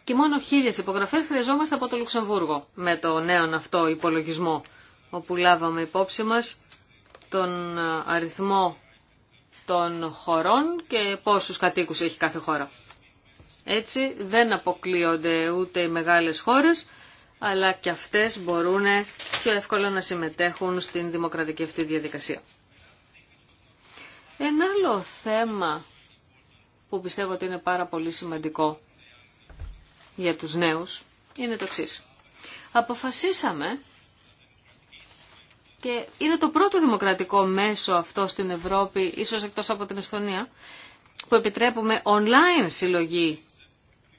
Και μόνο χίλιες υπογραφές χρειαζόμαστε από το Λουξεμβούργο με το νέο αυτό υπολογισμό όπου λάβαμε υπόψη μας τον ε, αριθμό των χωρών και πόσους κατοίκους έχει κάθε χώρα. Έτσι δεν αποκλείονται ούτε οι μεγάλες χώρες, αλλά και αυτές μπορούν πιο εύκολα να συμμετέχουν στην δημοκρατική αυτή διαδικασία. Ένα άλλο θέμα που πιστεύω ότι είναι πάρα πολύ σημαντικό για τους νέους είναι το εξή. Αποφασίσαμε και είναι το πρώτο δημοκρατικό μέσο αυτό στην Ευρώπη, ίσως εκτός από την Εστονία, που επιτρέπουμε online συλλογή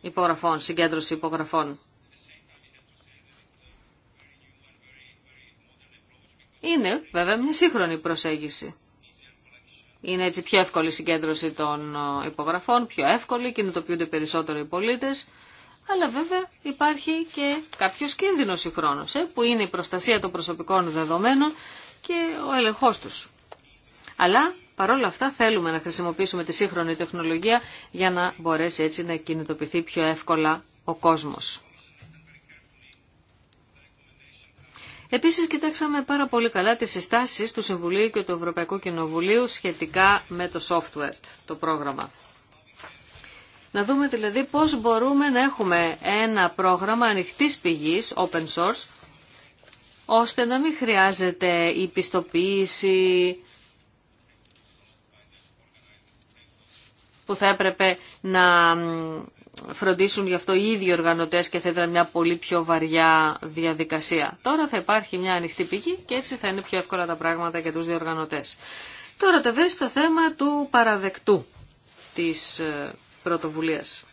υπογραφών, συγκέντρωση υπογραφών. Είναι βέβαια μια σύγχρονη προσέγγιση. Είναι έτσι πιο εύκολη η συγκέντρωση των ε, υπογραφών, πιο εύκολη, κινητοποιούνται περισσότερο οι πολίτες αλλά βέβαια υπάρχει και κάποιος κίνδυνος συγχρόνως, ε, που είναι η προστασία των προσωπικών δεδομένων και ο ελεγχός τους. Αλλά παρόλα αυτά θέλουμε να χρησιμοποιήσουμε τη σύγχρονη τεχνολογία για να μπορέσει έτσι να κινητοποιηθεί πιο εύκολα ο κόσμος. Επίσης κοιτάξαμε πάρα πολύ καλά τις συστάσεις του Συμβουλίου και του Ευρωπαϊκού Κοινοβουλίου σχετικά με το software, το πρόγραμμα. Να δούμε δηλαδή πώς μπορούμε να έχουμε ένα πρόγραμμα ανοιχτής πηγής, open source, ώστε να μην χρειάζεται η πιστοποίηση που θα έπρεπε να φροντίσουν γι' αυτό οι ίδιοι οργανωτές και θα ήταν μια πολύ πιο βαριά διαδικασία. Τώρα θα υπάρχει μια ανοιχτή πηγή και έτσι θα είναι πιο εύκολα τα πράγματα για τους διοργανωτές. Τώρα το στο θέμα του παραδεκτού της ε, πρωτοβουλίας.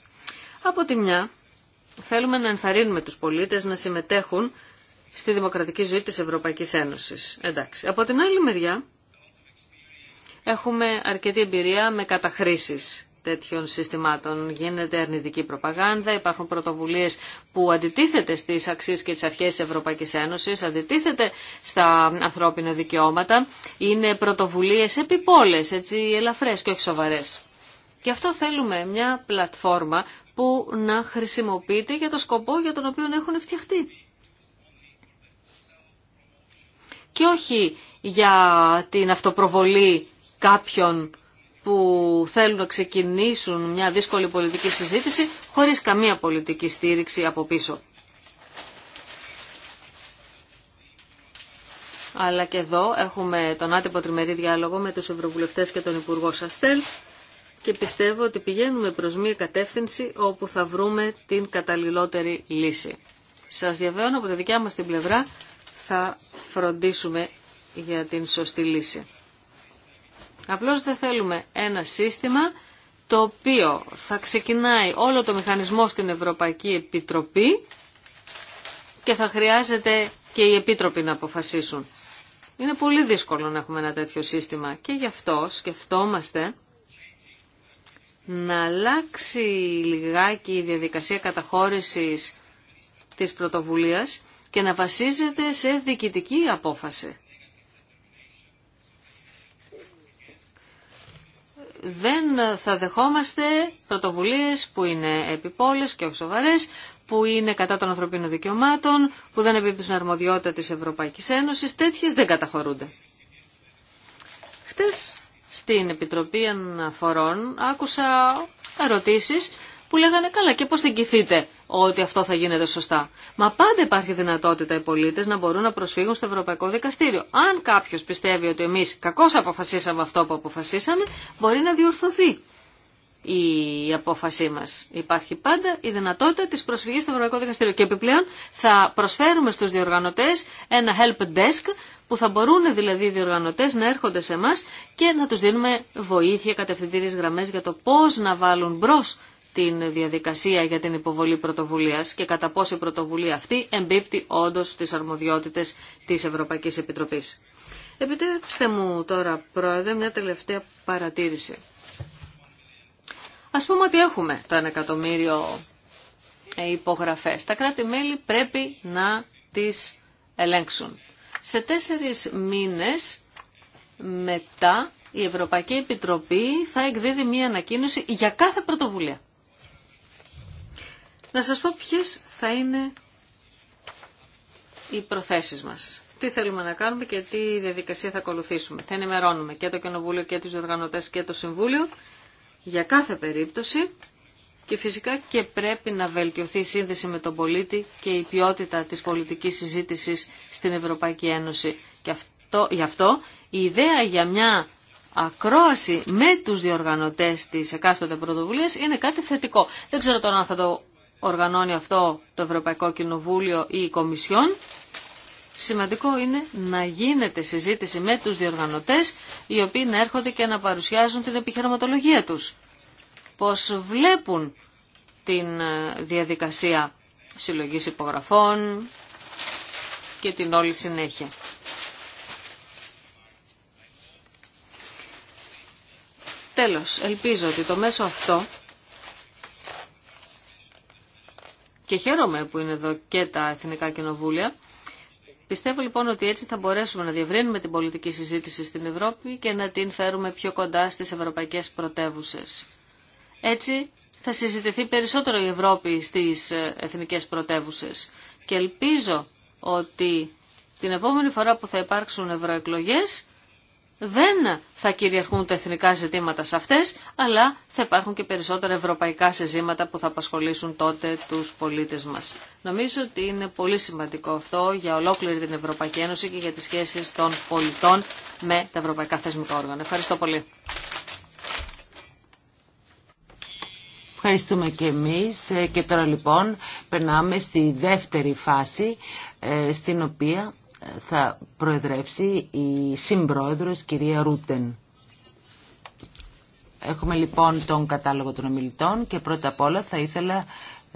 Από τη μια, θέλουμε να ενθαρρύνουμε τους πολίτες να συμμετέχουν στη δημοκρατική ζωή της Ευρωπαϊκής Ένωσης. Εντάξει. Από την άλλη μεριά, έχουμε αρκετή εμπειρία με καταχρήσεις τέτοιων συστημάτων. Γίνεται αρνητική προπαγάνδα, υπάρχουν πρωτοβουλίε που αντιτίθεται στι αξίε και τι αρχέ τη Ευρωπαϊκή Ένωση, αντιτίθεται στα ανθρώπινα δικαιώματα. Είναι πρωτοβουλίε επιπόλε, έτσι ελαφρέ και όχι Γι' αυτό θέλουμε μια πλατφόρμα που να χρησιμοποιείται για το σκοπό για τον οποίο έχουν φτιαχτεί. Και όχι για την αυτοπροβολή κάποιων που θέλουν να ξεκινήσουν μια δύσκολη πολιτική συζήτηση χωρίς καμία πολιτική στήριξη από πίσω. Αλλά και εδώ έχουμε τον άτυπο τριμερή διάλογο με τους Ευρωβουλευτές και τον Υπουργό Σαστέλ και πιστεύω ότι πηγαίνουμε προς μία κατεύθυνση όπου θα βρούμε την καταλληλότερη λύση. Σας διαβαίνω από τη δικιά μας την πλευρά θα φροντίσουμε για την σωστή λύση. Απλώς δεν θέλουμε ένα σύστημα το οποίο θα ξεκινάει όλο το μηχανισμό στην Ευρωπαϊκή Επιτροπή και θα χρειάζεται και οι επίτροποι να αποφασίσουν. Είναι πολύ δύσκολο να έχουμε ένα τέτοιο σύστημα και γι' αυτό σκεφτόμαστε να αλλάξει λιγάκι η διαδικασία καταχώρησης της πρωτοβουλίας και να βασίζεται σε διοικητική απόφαση. Δεν θα δεχόμαστε πρωτοβουλίες που είναι επιπόλες και όχι που είναι κατά των ανθρωπίνων δικαιωμάτων, που δεν επίπτωσαν αρμοδιότητα της Ευρωπαϊκής Ένωσης, τέτοιες δεν καταχωρούνται. Χτες στην Επιτροπή Αναφορών άκουσα ερωτήσεις που λέγανε καλά και πώς θα ότι αυτό θα γίνεται σωστά. Μα πάντα υπάρχει δυνατότητα οι πολίτες να μπορούν να προσφύγουν στο Ευρωπαϊκό Δικαστήριο. Αν κάποιος πιστεύει ότι εμείς κακώς αποφασίσαμε αυτό που αποφασίσαμε, μπορεί να διορθωθεί η απόφασή μας. Υπάρχει πάντα η δυνατότητα της προσφυγής στο Ευρωπαϊκό Δικαστήριο και επιπλέον θα προσφέρουμε στους διοργανωτές ένα help desk που θα μπορούν δηλαδή οι διοργανωτέ να έρχονται σε εμά και να τους δίνουμε βοήθεια, κατευθυντήριες γραμμές για το πώς να βάλουν μπρο την διαδικασία για την υποβολή πρωτοβουλία και κατά πόσο η πρωτοβουλία αυτή εμπίπτει όντως στις αρμοδιότητες της Ευρωπαϊκής Επιτροπής. Επιτρέψτε μου τώρα, Πρόεδρε, μια τελευταία παρατήρηση. Ας πούμε ότι έχουμε το 1 εκατομμύριο υπογραφές. Τα κράτη-μέλη πρέπει να τις ελέγξουν. Σε τέσσερις μήνες μετά η Ευρωπαϊκή Επιτροπή θα εκδίδει μία ανακοίνωση για κάθε πρωτοβουλία. Να σας πω ποιες θα είναι οι προθέσεις μας. Τι θέλουμε να κάνουμε και τι διαδικασία θα ακολουθήσουμε. Θα ενημερώνουμε και το Κοινοβούλιο και τις οργανωτές και το Συμβούλιο για κάθε περίπτωση και φυσικά και πρέπει να βελτιωθεί η σύνδεση με τον πολίτη και η ποιότητα της πολιτικής συζήτησης στην Ευρωπαϊκή Ένωση. Και αυτό, γι' αυτό η ιδέα για μια ακρόαση με τους διοργανωτές της εκάστοτε Πρωτοβουλία είναι κάτι θετικό. Δεν ξέρω τώρα αν θα το οργανώνει αυτό το Ευρωπαϊκό Κοινοβούλιο ή η Κομισιόν. Σημαντικό είναι να γίνεται συζήτηση με τους διοργανωτές οι οποίοι να έρχονται και να παρουσιάζουν την επιχειρηματολογία τους πως βλέπουν την ε, διαδικασία συλλογής υπογραφών και την όλη συνέχεια. Τέλος, ελπίζω ότι το μέσο αυτό και χαίρομαι που είναι εδώ και τα Εθνικά Κοινοβούλια. Πιστεύω λοιπόν ότι έτσι θα μπορέσουμε να διευρύνουμε την πολιτική συζήτηση στην Ευρώπη και να την φέρουμε πιο κοντά στις ευρωπαϊκές πρωτεύουσες. Έτσι θα συζητηθεί περισσότερο η Ευρώπη στις εθνικές πρωτεύουσε. Και ελπίζω ότι την επόμενη φορά που θα υπάρξουν ευρωεκλογέ δεν θα κυριαρχούν τα εθνικά ζητήματα σε αυτές, αλλά θα υπάρχουν και περισσότερα ευρωπαϊκά συζήματα που θα απασχολήσουν τότε τους πολίτες μας. Νομίζω ότι είναι πολύ σημαντικό αυτό για ολόκληρη την Ευρωπαϊκή Ένωση και για τις σχέσεις των πολιτών με τα ευρωπαϊκά θεσμικά όργανα. Ευχαριστώ πολύ. Ευχαριστούμε και εμείς ε, και τώρα λοιπόν περνάμε στη δεύτερη φάση ε, στην οποία ε, θα προεδρεύσει η συμπρόεδρος κυρία Ρούτεν. Έχουμε λοιπόν τον κατάλογο των ομιλητών και πρώτα απ' όλα θα ήθελα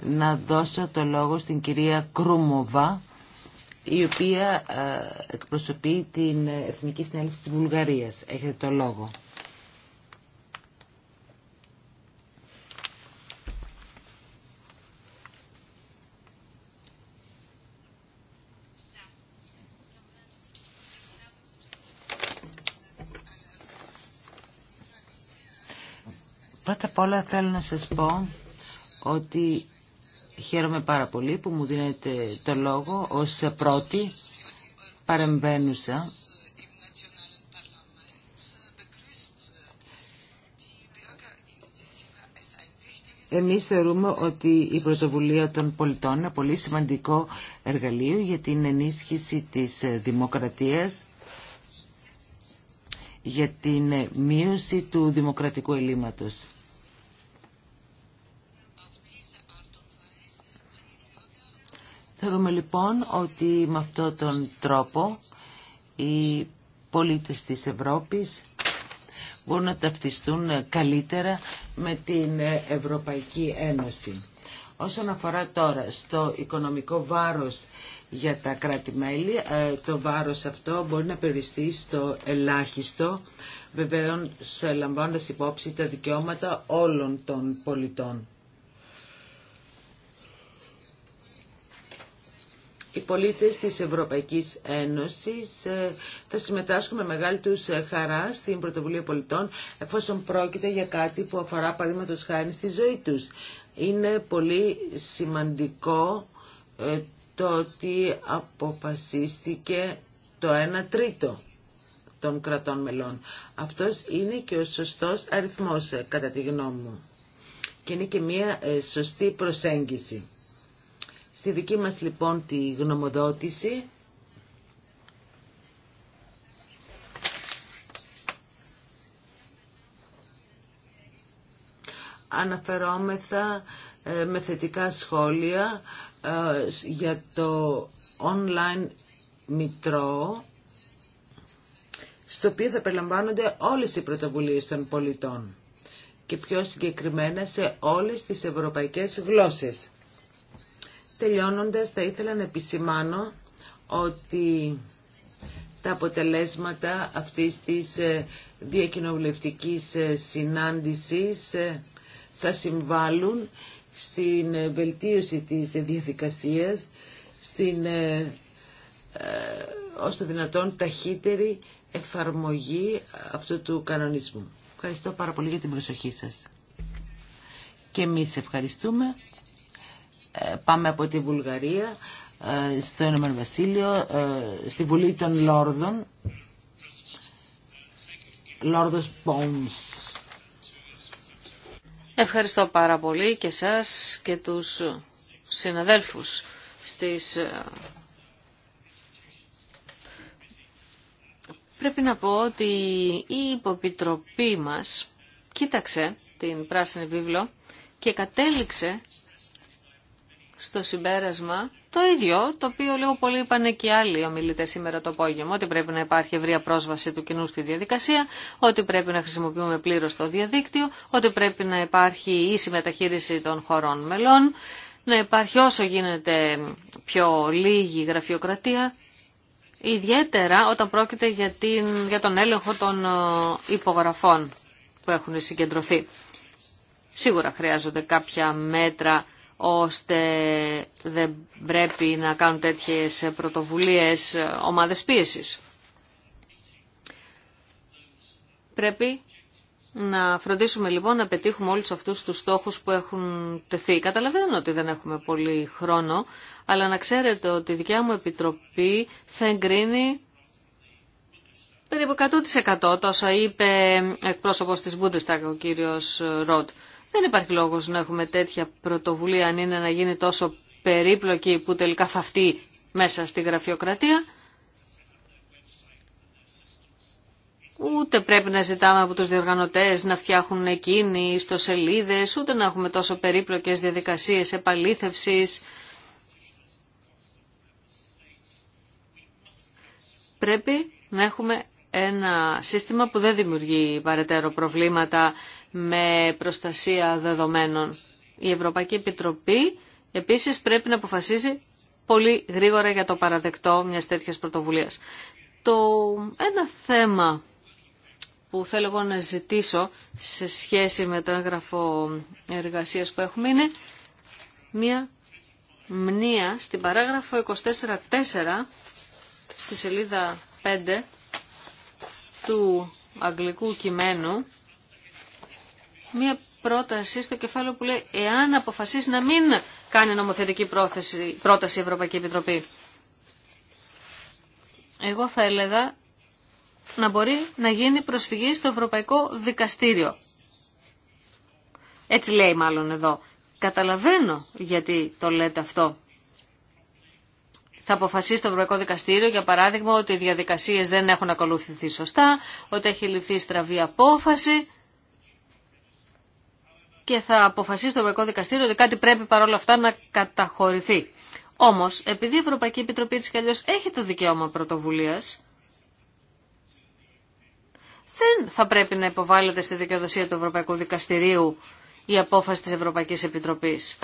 να δώσω το λόγο στην κυρία Κρούμοβα η οποία εκπροσωπεί την Εθνική Συνέλευση της Βουλγαρίας. Έχετε το λόγο. Πρώτα απ' όλα θέλω να σας πω ότι χαίρομαι πάρα πολύ που μου δίνετε το λόγο ως πρώτη παρεμβαίνουσα Εμείς θεωρούμε ότι η πρωτοβουλία των πολιτών είναι πολύ σημαντικό εργαλείο για την ενίσχυση της δημοκρατίας, για την μείωση του δημοκρατικού ελλείμματος. Θεωρούμε λοιπόν ότι με αυτόν τον τρόπο οι πολίτες της Ευρώπης μπορούν να ταυτιστούν καλύτερα με την Ευρωπαϊκή Ένωση. Όσον αφορά τώρα στο οικονομικό βάρος για τα κράτη-μέλη, ε, το βάρος αυτό μπορεί να περιστεί στο ελάχιστο, βεβαίως λαμβάνοντας υπόψη τα δικαιώματα όλων των πολιτών. οι πολίτες της Ευρωπαϊκής Ένωσης ε, θα συμμετάσχουν με μεγάλη τους ε, χαρά στην πρωτοβουλία πολιτών εφόσον πρόκειται για κάτι που αφορά παραδείγματος χάρη στη ζωή τους. Είναι πολύ σημαντικό ε, το ότι αποφασίστηκε το 1 τρίτο των κρατών μελών. Αυτός είναι και ο σωστός αριθμός κατά τη γνώμη μου. Και είναι και μια σωστή προσέγγιση. Στη δική μας λοιπόν τη γνωμοδότηση αναφερόμεθα ε, με θετικά σχόλια ε, για το online μητρό στο οποίο θα περιλαμβάνονται όλες οι πρωτοβουλίες των πολιτών και πιο συγκεκριμένα σε όλες τις ευρωπαϊκές γλώσσες. Τελειώνοντας, θα ήθελα να επισημάνω ότι τα αποτελέσματα αυτής της ε, διακοινοβουλευτικής ε, συνάντησης ε, θα συμβάλλουν στην βελτίωση της διαδικασίας, στην ώστε δυνατόν ταχύτερη εφαρμογή αυτού του κανονισμού. Ευχαριστώ πάρα πολύ για την προσοχή σας. Και εμείς ευχαριστούμε. Πάμε από τη Βουλγαρία ε, στο Ηνωμένο Βασίλειο, ε, στη Βουλή των Λόρδων, Λόρδος Πόμς. Ευχαριστώ πάρα πολύ και σας και τους συναδέλφους στις... Ε, Πρέπει να πω ότι η υποπιτροπή μας κοίταξε την πράσινη βίβλο και κατέληξε στο συμπέρασμα το ίδιο, το οποίο λίγο πολύ είπαν και άλλοι ομιλητέ σήμερα το απόγευμα, ότι πρέπει να υπάρχει ευρία πρόσβαση του κοινού στη διαδικασία, ότι πρέπει να χρησιμοποιούμε πλήρω το διαδίκτυο, ότι πρέπει να υπάρχει ίση μεταχείριση των χωρών μελών, να υπάρχει όσο γίνεται πιο λίγη γραφειοκρατία, ιδιαίτερα όταν πρόκειται για, την, για τον έλεγχο των ε, υπογραφών που έχουν συγκεντρωθεί. Σίγουρα χρειάζονται κάποια μέτρα ώστε δεν πρέπει να κάνουν τέτοιες πρωτοβουλίες ομάδες πίεσης. Πρέπει να φροντίσουμε λοιπόν να πετύχουμε όλους αυτούς τους στόχους που έχουν τεθεί. Καταλαβαίνω ότι δεν έχουμε πολύ χρόνο, αλλά να ξέρετε ότι η δικιά μου επιτροπή θα εγκρίνει περίπου 100% τόσο είπε εκπρόσωπος της Bundestag ο κύριος Ροτ. Δεν υπάρχει λόγος να έχουμε τέτοια πρωτοβουλία αν είναι να γίνει τόσο περίπλοκη που τελικά θα φτύει μέσα στη γραφειοκρατία. Ούτε πρέπει να ζητάμε από τους διοργανωτές να φτιάχνουν εκείνοι ιστοσελίδες, ούτε να έχουμε τόσο περίπλοκες διαδικασίες επαλήθευσης. Πρέπει να έχουμε ένα σύστημα που δεν δημιουργεί παρετέρω προβλήματα με προστασία δεδομένων. Η Ευρωπαϊκή Επιτροπή επίσης πρέπει να αποφασίζει πολύ γρήγορα για το παραδεκτό μιας τέτοιας πρωτοβουλίας. Το ένα θέμα που θέλω εγώ να ζητήσω σε σχέση με το έγγραφο εργασίας που έχουμε είναι μία μνήα στην παράγραφο 24.4 στη σελίδα 5 του αγγλικού κειμένου μία πρόταση στο κεφάλαιο που λέει εάν αποφασίσει να μην κάνει νομοθετική πρόθεση, πρόταση η Ευρωπαϊκή Επιτροπή. Εγώ θα έλεγα να μπορεί να γίνει προσφυγή στο Ευρωπαϊκό Δικαστήριο. Έτσι λέει μάλλον εδώ. Καταλαβαίνω γιατί το λέτε αυτό. Θα αποφασίσει το Ευρωπαϊκό Δικαστήριο, για παράδειγμα, ότι οι διαδικασίες δεν έχουν ακολουθηθεί σωστά, ότι έχει ληφθεί στραβή απόφαση και θα αποφασίσει το Ευρωπαϊκό Δικαστήριο ότι κάτι πρέπει παρόλα αυτά να καταχωρηθεί. Όμω, επειδή η Ευρωπαϊκή Επιτροπή της αλλιώ έχει το δικαίωμα πρωτοβουλία, δεν θα πρέπει να υποβάλλεται στη δικαιοδοσία του Ευρωπαϊκού Δικαστηρίου η απόφαση της Ευρωπαϊκής Επιτροπής.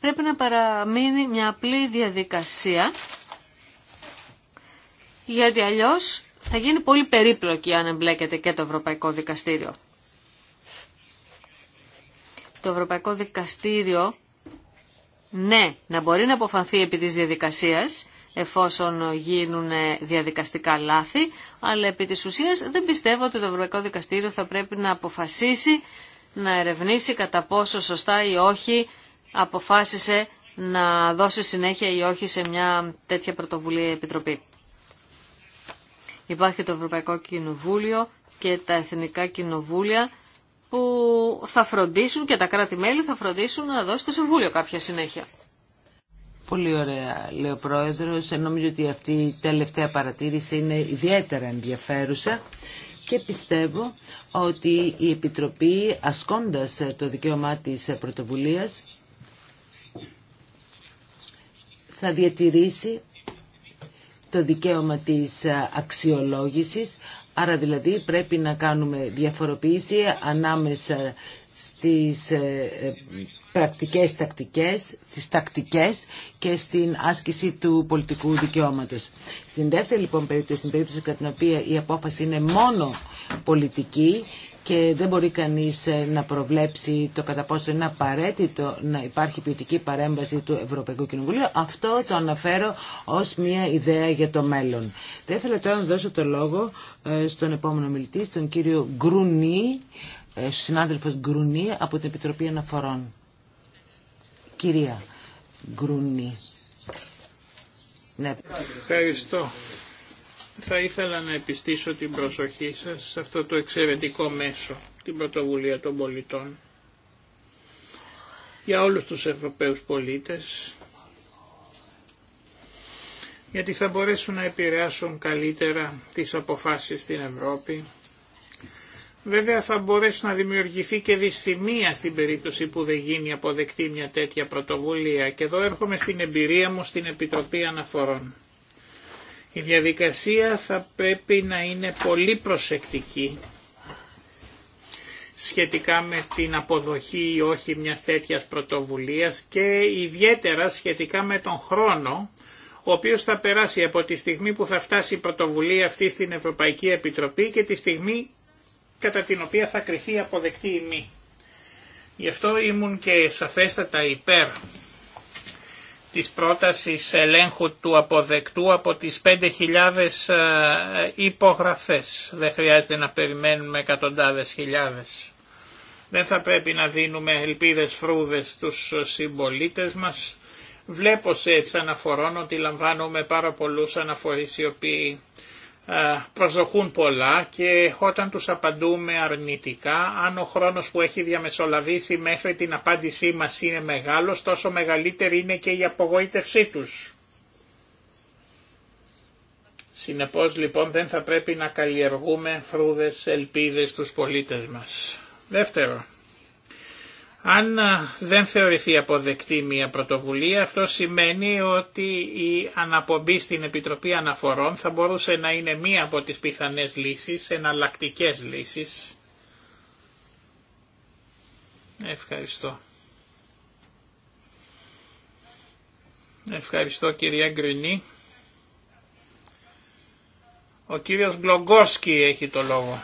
Πρέπει να παραμείνει μια απλή διαδικασία, γιατί αλλιώς θα γίνει πολύ περίπλοκη αν εμπλέκεται και το Ευρωπαϊκό Δικαστήριο το Ευρωπαϊκό Δικαστήριο ναι, να μπορεί να αποφανθεί επί της διαδικασίας, εφόσον γίνουν διαδικαστικά λάθη, αλλά επί της ουσίας δεν πιστεύω ότι το Ευρωπαϊκό Δικαστήριο θα πρέπει να αποφασίσει να ερευνήσει κατά πόσο σωστά ή όχι αποφάσισε να δώσει συνέχεια ή όχι σε μια τέτοια πρωτοβουλία επιτροπή. Υπάρχει το Ευρωπαϊκό Κοινοβούλιο και τα Εθνικά Κοινοβούλια που θα φροντίσουν και τα κράτη-μέλη θα φροντίσουν να δώσει το Συμβούλιο κάποια συνέχεια. Πολύ ωραία, λέει ο Πρόεδρος. Ε, νομίζω ότι αυτή η τελευταία παρατήρηση είναι ιδιαίτερα ενδιαφέρουσα και πιστεύω ότι η Επιτροπή, ασκώντας ε, το δικαίωμά της ε, πρωτοβουλίας, θα διατηρήσει το δικαίωμα της ε, αξιολόγησης, άρα δηλαδή πρέπει να κάνουμε διαφοροποίηση ανάμεσα στις ε, ε, πρακτικές τακτικές, στις τακτικές και στην άσκηση του πολιτικού δικαιώματος. Στην δεύτερη λοιπόν περίπτωση, στην περίπτωση κατά την οποία η απόφαση είναι μόνο πολιτική, και δεν μπορεί κανείς ε, να προβλέψει το κατά πόσο είναι απαραίτητο να υπάρχει ποιοτική παρέμβαση του Ευρωπαϊκού Κοινοβουλίου. Αυτό το αναφέρω ως μια ιδέα για το μέλλον. Θα ήθελα τώρα να δώσω το λόγο ε, στον επόμενο μιλητή, στον κύριο Γκρουνή, ε, συνάδελφος Γκρουνί από την Επιτροπή Αναφορών. Κυρία Γκρουνί. Ναι. Ευχαριστώ θα ήθελα να επιστήσω την προσοχή σας σε αυτό το εξαιρετικό μέσο, την πρωτοβουλία των πολιτών. Για όλους τους Ευρωπαίους πολίτες, γιατί θα μπορέσουν να επηρεάσουν καλύτερα τις αποφάσεις στην Ευρώπη. Βέβαια θα μπορέσουν να δημιουργηθεί και δυσθυμία στην περίπτωση που δεν γίνει αποδεκτή μια τέτοια πρωτοβουλία και εδώ έρχομαι στην εμπειρία μου στην Επιτροπή Αναφορών. Η διαδικασία θα πρέπει να είναι πολύ προσεκτική σχετικά με την αποδοχή ή όχι μιας τέτοιας πρωτοβουλίας και ιδιαίτερα σχετικά με τον χρόνο ο οποίος θα περάσει από τη στιγμή που θα φτάσει η πρωτοβουλία αυτή στην Ευρωπαϊκή Επιτροπή και τη στιγμή κατά την οποία θα κριθεί αποδεκτή η μη. Γι' αυτό ήμουν και σαφέστατα υπέρ της πρότασης ελέγχου του αποδεκτού από τις 5.000 ε, υπογραφές. Δεν χρειάζεται να περιμένουμε εκατοντάδες χιλιάδες. Δεν θα πρέπει να δίνουμε ελπίδες φρούδες στους συμπολίτε μας. Βλέπω σε εξαναφορών ότι λαμβάνουμε πάρα πολλούς αναφορείς οι οποίοι ε, προσδοκούν πολλά και όταν τους απαντούμε αρνητικά, αν ο χρόνος που έχει διαμεσολαβήσει μέχρι την απάντησή μας είναι μεγάλος, τόσο μεγαλύτερη είναι και η απογοήτευσή τους. Συνεπώς λοιπόν δεν θα πρέπει να καλλιεργούμε φρούδες ελπίδες στους πολίτες μας. Δεύτερο, αν δεν θεωρηθεί αποδεκτή μια πρωτοβουλία, αυτό σημαίνει ότι η αναπομπή στην Επιτροπή Αναφορών θα μπορούσε να είναι μία από τις πιθανές λύσεις, εναλλακτικέ λύσεις. Ευχαριστώ. Ευχαριστώ κυρία Γκρινή. Ο κύριος Γκλογκόσκι έχει το λόγο.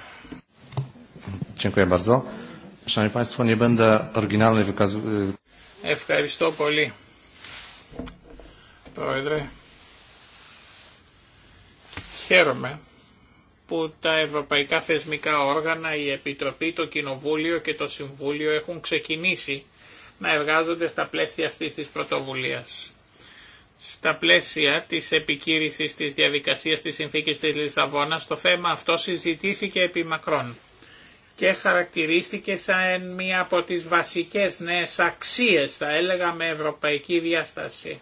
Ευχαριστώ πολύ, Πρόεδρε. Χαίρομαι που τα ευρωπαϊκά θεσμικά όργανα, η Επιτροπή, το Κοινοβούλιο και το Συμβούλιο έχουν ξεκινήσει να εργάζονται στα πλαίσια αυτής της πρωτοβουλίας. Στα πλαίσια της επικύρωσης της διαδικασίας της Συνθήκης της Λισαβόνας, το θέμα αυτό συζητήθηκε επί μακρόν και χαρακτηρίστηκε σαν μία από τις βασικές νέες αξίες, θα έλεγα, με ευρωπαϊκή διάσταση.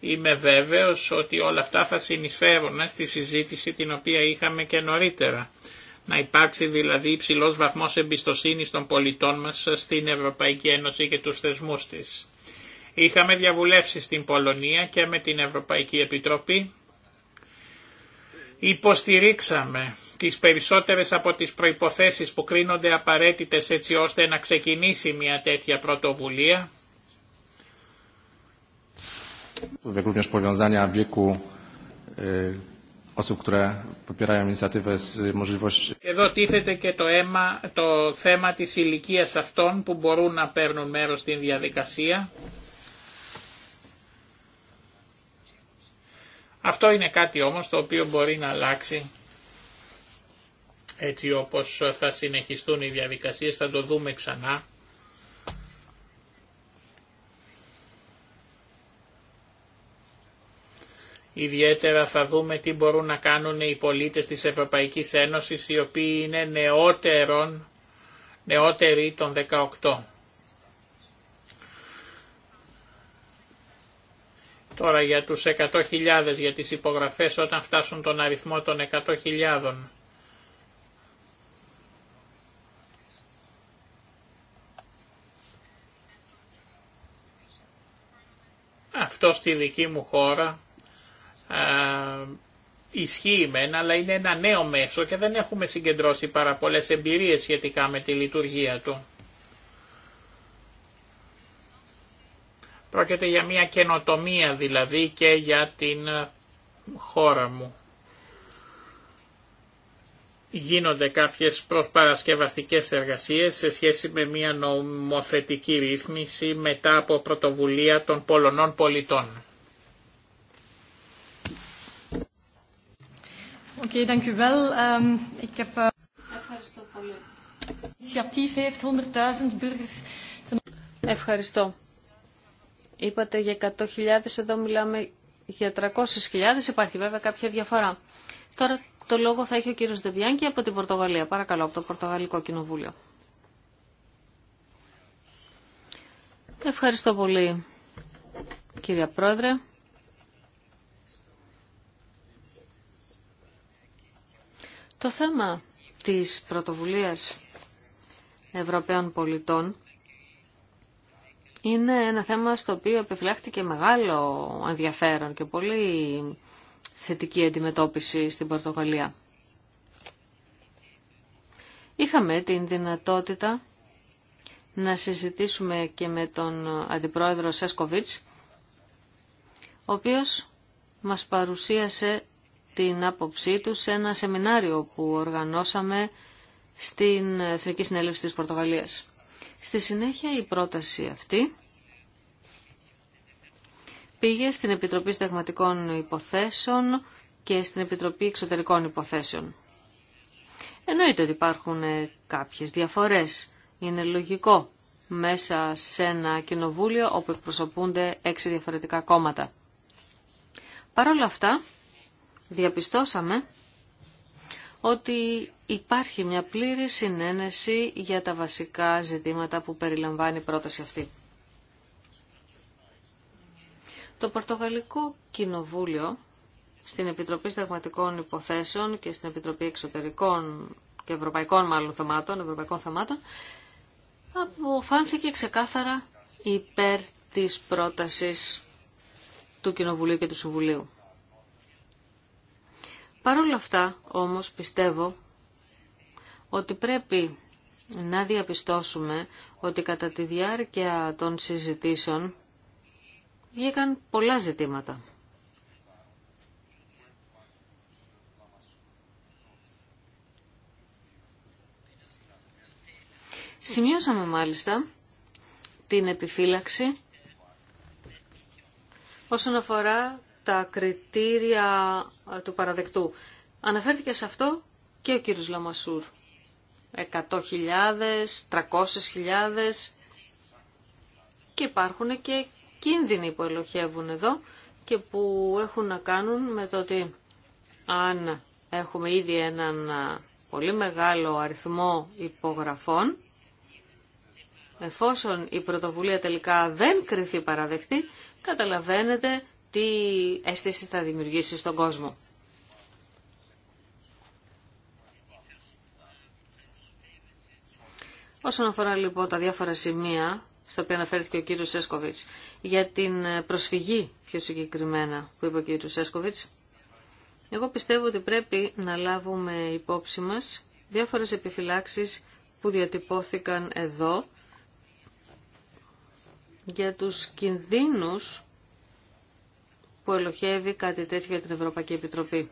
Είμαι βέβαιος ότι όλα αυτά θα συνεισφέρουν στη συζήτηση την οποία είχαμε και νωρίτερα. Να υπάρξει δηλαδή υψηλός βαθμός εμπιστοσύνης των πολιτών μας στην Ευρωπαϊκή Ένωση και τους θεσμούς της. Είχαμε διαβουλεύσει στην Πολωνία και με την Ευρωπαϊκή Επιτροπή. Υποστηρίξαμε τις περισσότερες από τις προϋποθέσεις που κρίνονται απαραίτητες έτσι ώστε να ξεκινήσει μια τέτοια πρωτοβουλία. E, Εδώ τίθεται και το, θέμα της ηλικία αυτών που μπορούν να παίρνουν μέρος στην διαδικασία. Αυτό είναι κάτι όμως το οποίο μπορεί να αλλάξει έτσι όπως θα συνεχιστούν οι διαδικασίες θα το δούμε ξανά. Ιδιαίτερα θα δούμε τι μπορούν να κάνουν οι πολίτες της Ευρωπαϊκής Ένωσης οι οποίοι είναι νεότερον, νεότεροι των 18. Τώρα για τους 100.000, για τις υπογραφές όταν φτάσουν τον αριθμό των 100.000. Αυτό στη δική μου χώρα ισχύει μεν, αλλά είναι ένα νέο μέσο και δεν έχουμε συγκεντρώσει πάρα πολλέ εμπειρίες σχετικά με τη λειτουργία του. Πρόκειται για μια καινοτομία δηλαδή και για την χώρα μου γίνονται κάποιες προσπαρασκευαστικές εργασίες σε σχέση με μια νομοθετική ρύθμιση μετά από πρωτοβουλία των Πολωνών πολιτών. Okay, dank u wel. Um, ik heb, uh... Ευχαριστώ 100.000 Ευχαριστώ. Είπατε για 100.000, εδώ μιλάμε για 300.000, υπάρχει βέβαια κάποια διαφορά. Τώρα το λόγο θα έχει ο κύριος Δεμπιάνκη από την Πορτογαλία. Παρακαλώ, από το Πορτογαλικό Κοινοβούλιο. Ευχαριστώ πολύ, κύριε Πρόεδρε. Το θέμα της πρωτοβουλίας Ευρωπαίων πολιτών είναι ένα θέμα στο οποίο επιφυλάχτηκε μεγάλο ενδιαφέρον και πολύ θετική αντιμετώπιση στην Πορτογαλία. Είχαμε την δυνατότητα να συζητήσουμε και με τον Αντιπρόεδρο Σέσκοβιτς, ο οποίος μας παρουσίασε την άποψή του σε ένα σεμινάριο που οργανώσαμε στην Εθνική Συνέλευση της Πορτογαλίας. Στη συνέχεια η πρόταση αυτή πήγε στην Επιτροπή Συνταγματικών Υποθέσεων και στην Επιτροπή Εξωτερικών Υποθέσεων. Εννοείται ότι υπάρχουν ε, κάποιες διαφορές. Είναι λογικό μέσα σε ένα κοινοβούλιο όπου εκπροσωπούνται έξι διαφορετικά κόμματα. Παρ' όλα αυτά, διαπιστώσαμε ότι υπάρχει μια πλήρη συνένεση για τα βασικά ζητήματα που περιλαμβάνει η πρόταση αυτή. Το Πορτογαλικό Κοινοβούλιο στην Επιτροπή Σταγματικών Υποθέσεων και στην Επιτροπή Εξωτερικών και Ευρωπαϊκών μάλλον θεμάτων, Ευρωπαϊκών θεμάτων, αποφάνθηκε ξεκάθαρα υπέρ της πρότασης του Κοινοβουλίου και του Συμβουλίου. Παρ' όλα αυτά, όμως, πιστεύω ότι πρέπει να διαπιστώσουμε ότι κατά τη διάρκεια των συζητήσεων βγήκαν πολλά ζητήματα. Σημειώσαμε μάλιστα την επιφύλαξη όσον αφορά τα κριτήρια του παραδεκτού. Αναφέρθηκε σε αυτό και ο κύριος Λαμασούρ. 100.000, 300.000 και υπάρχουν και κίνδυνοι που ελοχεύουν εδώ και που έχουν να κάνουν με το ότι αν έχουμε ήδη έναν πολύ μεγάλο αριθμό υπογραφών, εφόσον η πρωτοβουλία τελικά δεν κρυθεί παραδεκτή, καταλαβαίνετε τι αίσθηση θα δημιουργήσει στον κόσμο. Όσον αφορά λοιπόν τα διάφορα σημεία στο οποίο αναφέρθηκε ο κύριος Σέσκοβιτς, για την προσφυγή πιο συγκεκριμένα που είπε ο κύριος Σέσκοβιτς, εγώ πιστεύω ότι πρέπει να λάβουμε υπόψη μας διάφορες επιφυλάξεις που διατυπώθηκαν εδώ για τους κινδύνους που ελοχεύει κάτι τέτοιο για την Ευρωπαϊκή Επιτροπή.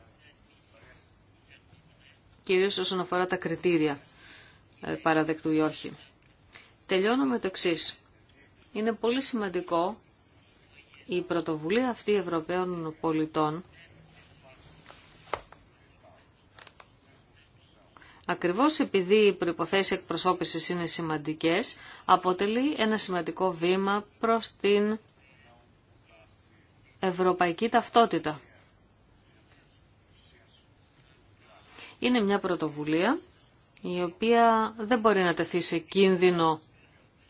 Κυρίως όσον αφορά τα κριτήρια ε, παραδεκτού ή όχι. Τελειώνω με το εξή. Είναι πολύ σημαντικό η πρωτοβουλία αυτή Ευρωπαίων πολιτών Ακριβώς επειδή οι προϋποθέσεις εκπροσώπησης είναι σημαντικές, αποτελεί ένα σημαντικό βήμα προς την ευρωπαϊκή ταυτότητα. Είναι μια πρωτοβουλία η οποία δεν μπορεί να τεθεί σε κίνδυνο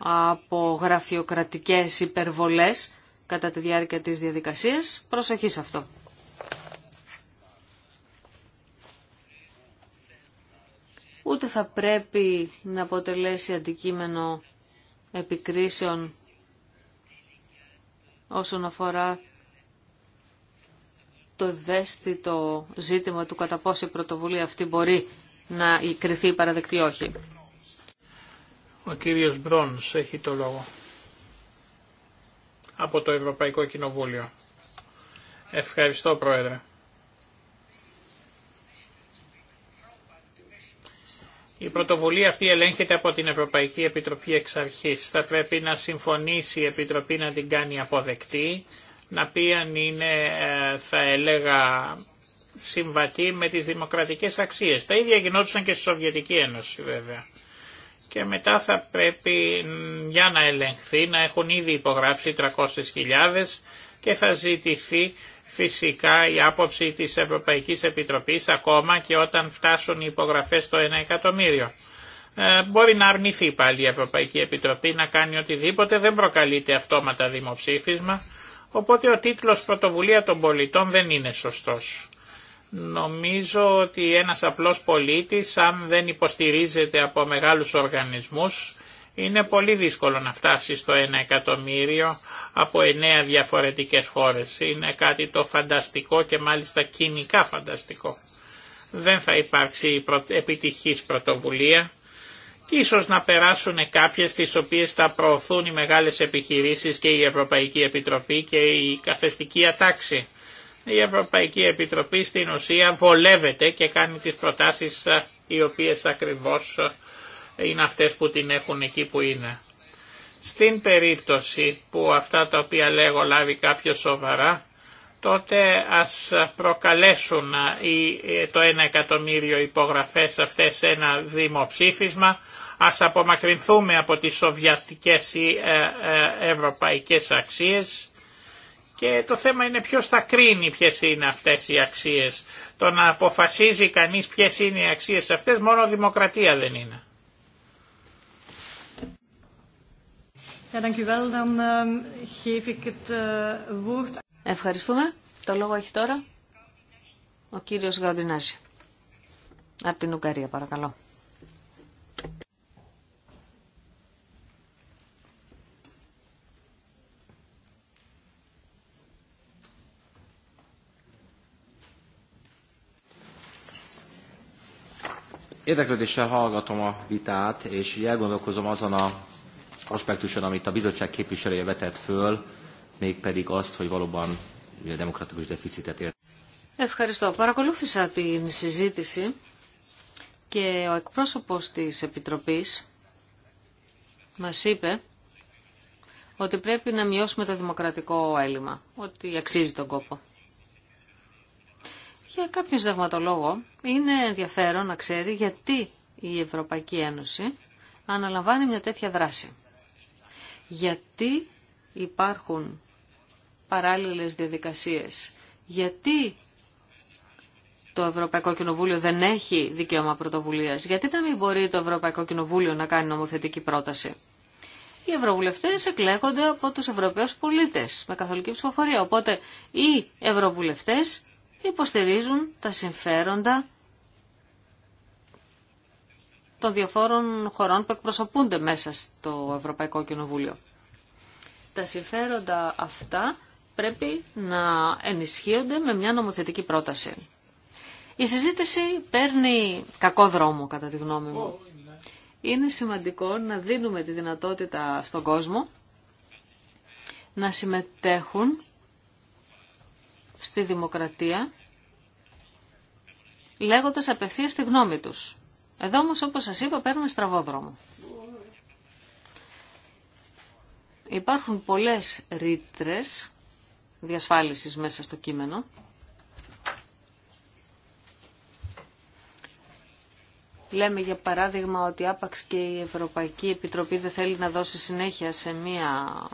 από γραφειοκρατικές υπερβολές κατά τη διάρκεια της διαδικασίας. Προσοχή σε αυτό. Ούτε θα πρέπει να αποτελέσει αντικείμενο επικρίσεων όσον αφορά το ευαίσθητο ζήτημα του κατά πόση πρωτοβουλία αυτή μπορεί να κρυθεί παραδεκτή όχι. Ο κύριος Μπρόνς έχει το λόγο από το Ευρωπαϊκό Κοινοβούλιο. Ευχαριστώ Πρόεδρε. Η πρωτοβουλία αυτή ελέγχεται από την Ευρωπαϊκή Επιτροπή εξ Θα πρέπει να συμφωνήσει η Επιτροπή να την κάνει αποδεκτή, να πει αν είναι, ε, θα έλεγα, συμβατή με τις δημοκρατικές αξίες. Τα ίδια γινόντουσαν και στη Σοβιετική Ένωση βέβαια και μετά θα πρέπει για να ελεγχθεί να έχουν ήδη υπογράψει 300.000 και θα ζητηθεί φυσικά η άποψη της Ευρωπαϊκής Επιτροπής ακόμα και όταν φτάσουν οι υπογραφές στο 1 εκατομμύριο. Ε, μπορεί να αρνηθεί πάλι η Ευρωπαϊκή Επιτροπή να κάνει οτιδήποτε, δεν προκαλείται αυτόματα δημοψήφισμα, οπότε ο τίτλος «Πρωτοβουλία των πολιτών» δεν είναι σωστός. Νομίζω ότι ένας απλός πολίτης, αν δεν υποστηρίζεται από μεγάλους οργανισμούς, είναι πολύ δύσκολο να φτάσει στο ένα εκατομμύριο από εννέα διαφορετικές χώρες. Είναι κάτι το φανταστικό και μάλιστα κοινικά φανταστικό. Δεν θα υπάρξει επιτυχής πρωτοβουλία και ίσως να περάσουν κάποιες τις οποίες θα προωθούν οι μεγάλες επιχειρήσεις και η Ευρωπαϊκή Επιτροπή και η καθεστική ατάξη η Ευρωπαϊκή Επιτροπή στην ουσία βολεύεται και κάνει τις προτάσεις ε, οι οποίες ακριβώς ε, είναι αυτές που την έχουν εκεί που είναι. Στην περίπτωση που αυτά τα οποία λέγω λάβει κάποιο σοβαρά, τότε ας προκαλέσουν ε, το ένα εκατομμύριο υπογραφές αυτές ένα δημοψήφισμα, ας απομακρυνθούμε από τις σοβιατικές ευρωπαϊκές αξίες, και το θέμα είναι ποιο θα κρίνει ποιε είναι αυτέ οι αξίε. Το να αποφασίζει κανεί ποιε είναι οι αξίε αυτέ, μόνο δημοκρατία δεν είναι. Ehm, eh, Ευχαριστούμε. Το λόγο έχει τώρα ο κύριος Γαοντινάζη. Από την Ουγγαρία παρακαλώ. Érdeklődéssel hallgatom a vitát, és elgondolkozom azon a aspektuson, amit a bizottság képviselője vetett föl, mégpedig azt, hogy valóban a demokratikus deficitet ért. Ευχαριστώ. Παρακολούθησα την συζήτηση και ο εκπρόσωπος της Επιτροπής μας είπε ότι πρέπει να μειώσουμε το δημοκρατικό έλλειμμα, ότι αξίζει τον κόπο. Για κάποιον δευματολόγο είναι ενδιαφέρον να ξέρει γιατί η Ευρωπαϊκή Ένωση αναλαμβάνει μια τέτοια δράση. Γιατί υπάρχουν παράλληλες διαδικασίες. Γιατί το Ευρωπαϊκό Κοινοβούλιο δεν έχει δικαίωμα πρωτοβουλίας. Γιατί δεν μπορεί το Ευρωπαϊκό Κοινοβούλιο να κάνει νομοθετική πρόταση. Οι ευρωβουλευτές εκλέγονται από τους Ευρωπαίους πολίτες με καθολική ψηφοφορία. Οπότε οι ευρωβουλευτές υποστηρίζουν τα συμφέροντα των διαφόρων χωρών που εκπροσωπούνται μέσα στο Ευρωπαϊκό Κοινοβούλιο. Τα συμφέροντα αυτά πρέπει να ενισχύονται με μια νομοθετική πρόταση. Η συζήτηση παίρνει κακό δρόμο κατά τη γνώμη μου. Είναι σημαντικό να δίνουμε τη δυνατότητα στον κόσμο να συμμετέχουν στη δημοκρατία λέγοντας απευθείας τη γνώμη τους. Εδώ όμως όπως σας είπα παίρνουμε στραβό Υπάρχουν πολλές ρήτρε διασφάλισης μέσα στο κείμενο. Λέμε για παράδειγμα ότι άπαξ και η Ευρωπαϊκή Επιτροπή δεν θέλει να δώσει συνέχεια σε μία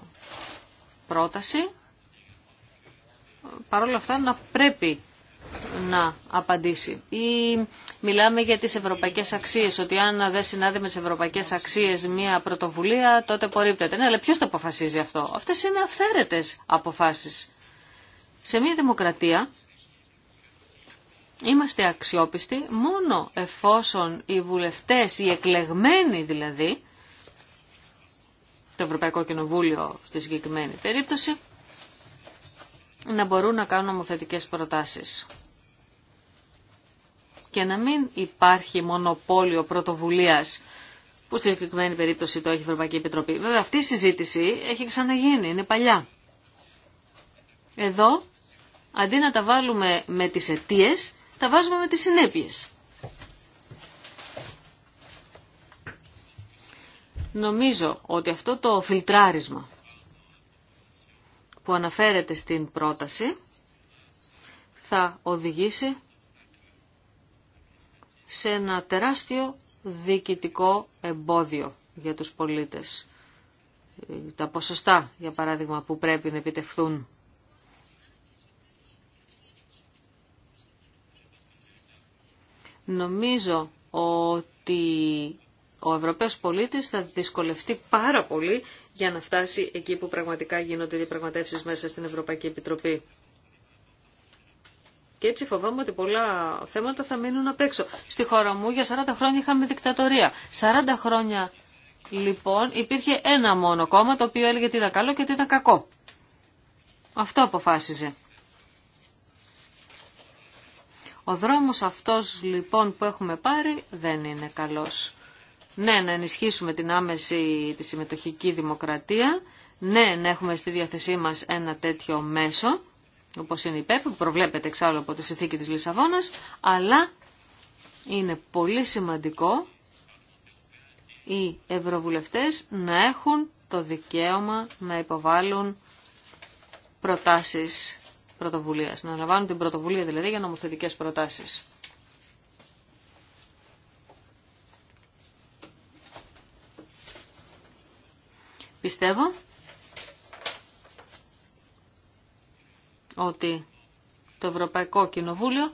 πρόταση, παρόλα αυτά να πρέπει να απαντήσει. Ή μιλάμε για τις ευρωπαϊκές αξίες, ότι αν δεν συνάδει με τις ευρωπαϊκές αξίες μια πρωτοβουλία, τότε απορρίπτεται. Ναι, αλλά ποιος το αποφασίζει αυτό. Αυτές είναι αυθαίρετες αποφάσεις. Σε μια δημοκρατία είμαστε αξιόπιστοι μόνο εφόσον οι βουλευτές, οι εκλεγμένοι δηλαδή, το Ευρωπαϊκό Κοινοβούλιο στη συγκεκριμένη περίπτωση, να μπορούν να κάνουν ομοθετικές προτάσεις. Και να μην υπάρχει μονοπόλιο πρωτοβουλίας που στην συγκεκριμένη περίπτωση το έχει η Ευρωπαϊκή Επιτροπή. Βέβαια αυτή η συζήτηση έχει ξαναγίνει, είναι παλιά. Εδώ, αντί να τα βάλουμε με τις αιτίε, τα βάζουμε με τις συνέπειες. Νομίζω ότι αυτό το φιλτράρισμα που αναφέρεται στην πρόταση θα οδηγήσει σε ένα τεράστιο διοικητικό εμπόδιο για τους πολίτες. Τα ποσοστά, για παράδειγμα, που πρέπει να επιτευχθούν. Νομίζω ότι ο Ευρωπαίος πολίτης θα δυσκολευτεί πάρα πολύ για να φτάσει εκεί που πραγματικά γίνονται οι διαπραγματεύσεις μέσα στην Ευρωπαϊκή Επιτροπή. Και έτσι φοβάμαι ότι πολλά θέματα θα μείνουν απ' έξω. Στη χώρα μου για 40 χρόνια είχαμε δικτατορία. 40 χρόνια λοιπόν υπήρχε ένα μόνο κόμμα το οποίο έλεγε τι ήταν καλό και τι ήταν κακό. Αυτό αποφάσιζε. Ο δρόμος αυτός λοιπόν που έχουμε πάρει δεν είναι καλός ναι, να ενισχύσουμε την άμεση τη συμμετοχική δημοκρατία, ναι, να έχουμε στη διάθεσή μας ένα τέτοιο μέσο, όπως είναι η ΠΕΠ, που προβλέπεται εξάλλου από τη συνθήκη της Λισαβόνας, αλλά είναι πολύ σημαντικό οι ευρωβουλευτές να έχουν το δικαίωμα να υποβάλουν προτάσεις πρωτοβουλίας, να λαμβάνουν την πρωτοβουλία δηλαδή για νομοθετικές προτάσεις. Πιστεύω ότι το Ευρωπαϊκό Κοινοβούλιο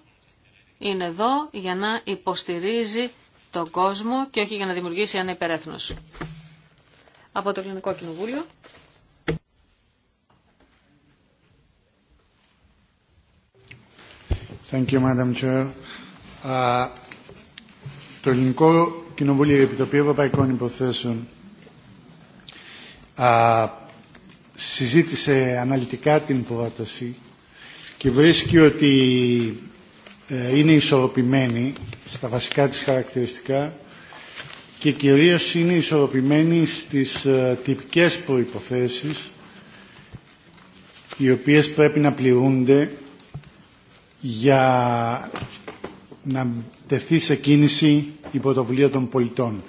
είναι εδώ για να υποστηρίζει τον κόσμο και όχι για να δημιουργήσει ένα υπερέθνος. Από το Ελληνικό Κοινοβούλιο. Thank you, Madam Chair. το Ελληνικό Κοινοβούλιο Επιτροπή Ευρωπαϊκών Υποθέσεων συζήτησε αναλυτικά την πρόταση και βρίσκει ότι ε, είναι ισορροπημένη στα βασικά της χαρακτηριστικά και κυρίως είναι ισορροπημένη στις ε, τυπικές προϋποθέσεις οι οποίες πρέπει να πληρούνται για να τεθεί σε κίνηση η πρωτοβουλία των πολιτών.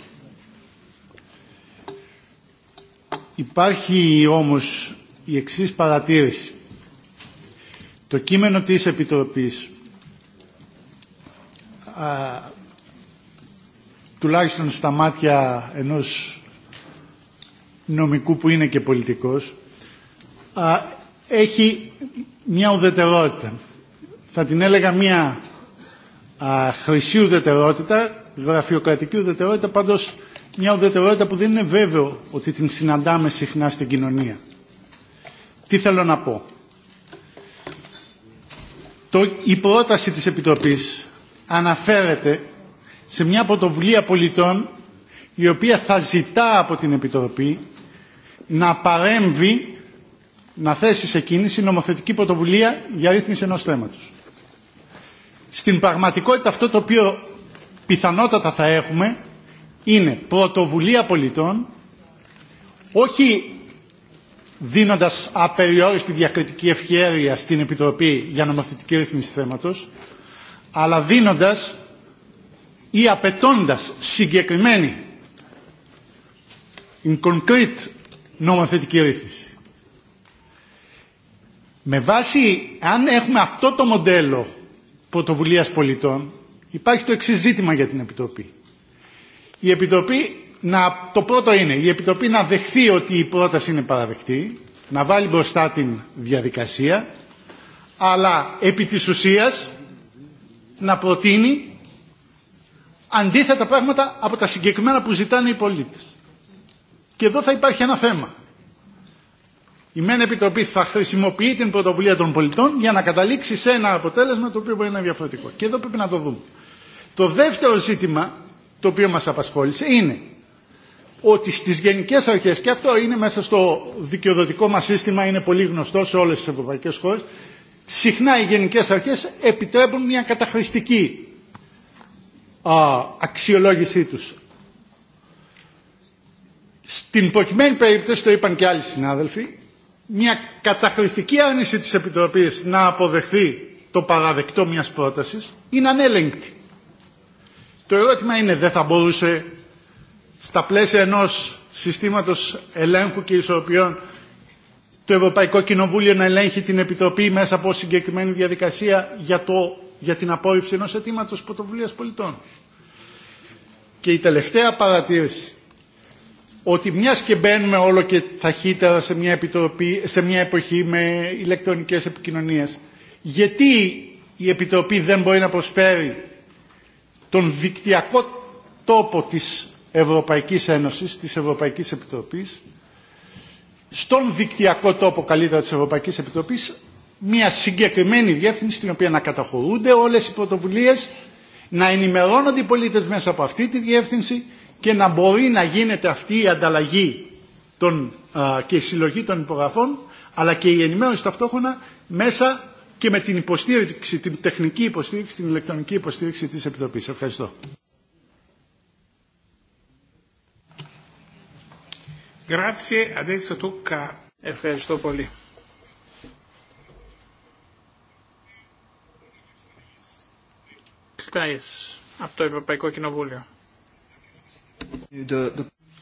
Υπάρχει όμως η εξής παρατήρηση. Το κείμενο της Επιτροπής α, τουλάχιστον στα μάτια ενός νομικού που είναι και πολιτικός α, έχει μια ουδετερότητα. Θα την έλεγα μια α, χρυσή ουδετερότητα, γραφειοκρατική ουδετερότητα, πάντως μια ουδετερότητα που δεν είναι βέβαιο ότι την συναντάμε συχνά στην κοινωνία. Τι θέλω να πω. Το, η πρόταση της Επιτροπής αναφέρεται σε μια πρωτοβουλία πολιτών η οποία θα ζητά από την Επιτροπή να παρέμβει, να θέσει σε κίνηση νομοθετική πρωτοβουλία για ρύθμιση ενός θέματος. Στην πραγματικότητα αυτό το οποίο πιθανότατα θα έχουμε είναι πρωτοβουλία πολιτών, όχι δίνοντας απεριόριστη διακριτική ευχαίρεια στην Επιτροπή για νομοθετική ρύθμιση θέματος, αλλά δίνοντας ή απαιτώντας συγκεκριμένη in concrete νομοθετική ρύθμιση. Με βάση, αν έχουμε αυτό το μοντέλο πρωτοβουλία πολιτών, υπάρχει το εξή για την Επιτροπή η Επιτροπή να, το πρώτο είναι η Επιτροπή να δεχθεί ότι η πρόταση είναι παραδεκτή, να βάλει μπροστά την διαδικασία, αλλά επί της ουσίας να προτείνει αντίθετα πράγματα από τα συγκεκριμένα που ζητάνε οι πολίτες. Και εδώ θα υπάρχει ένα θέμα. Η ΜΕΝ Επιτροπή θα χρησιμοποιεί την πρωτοβουλία των πολιτών για να καταλήξει σε ένα αποτέλεσμα το οποίο μπορεί να είναι διαφορετικό. Και εδώ πρέπει να το δούμε. Το δεύτερο ζήτημα το οποίο μας απασχόλησε είναι ότι στις γενικές αρχές, και αυτό είναι μέσα στο δικαιοδοτικό μας σύστημα, είναι πολύ γνωστό σε όλες τις ευρωπαϊκές χώρες, συχνά οι γενικές αρχές επιτρέπουν μια καταχρηστική α, αξιολόγησή τους. Στην προκειμένη περίπτωση, το είπαν και άλλοι συνάδελφοι, μια καταχρηστική άρνηση της Επιτροπής να αποδεχθεί το παραδεκτό μιας πρότασης είναι ανέλεγκτη. Το ερώτημα είναι, δεν θα μπορούσε στα πλαίσια ενός συστήματος ελέγχου και ισορροπιών το Ευρωπαϊκό Κοινοβούλιο να ελέγχει την Επιτροπή μέσα από συγκεκριμένη διαδικασία για, το, για την απόρριψη ενός αιτήματο πρωτοβουλία πολιτών. Και η τελευταία παρατήρηση, ότι μιας και μπαίνουμε όλο και ταχύτερα σε μια, σε μια εποχή με ηλεκτρονικές επικοινωνίες, γιατί η Επιτροπή δεν μπορεί να προσφέρει τον δικτυακό τόπο της Ευρωπαϊκής Ένωσης, της Ευρωπαϊκής Επιτροπής, στον δικτυακό τόπο καλύτερα της Ευρωπαϊκής Επιτροπής, μια συγκεκριμένη διεύθυνση στην οποία να καταχωρούνται όλες οι πρωτοβουλίες, να ενημερώνονται οι πολίτες μέσα από αυτή τη διεύθυνση και να μπορεί να γίνεται αυτή η ανταλλαγή των, και η συλλογή των υπογραφών, αλλά και η ενημέρωση ταυτόχρονα μέσα και με την υποστήριξη, την τεχνική υποστήριξη, την ηλεκτρονική υποστήριξη της Επιτροπής. Ευχαριστώ. Ευχαριστώ πολύ. από το Ευρωπαϊκό Κοινοβούλιο.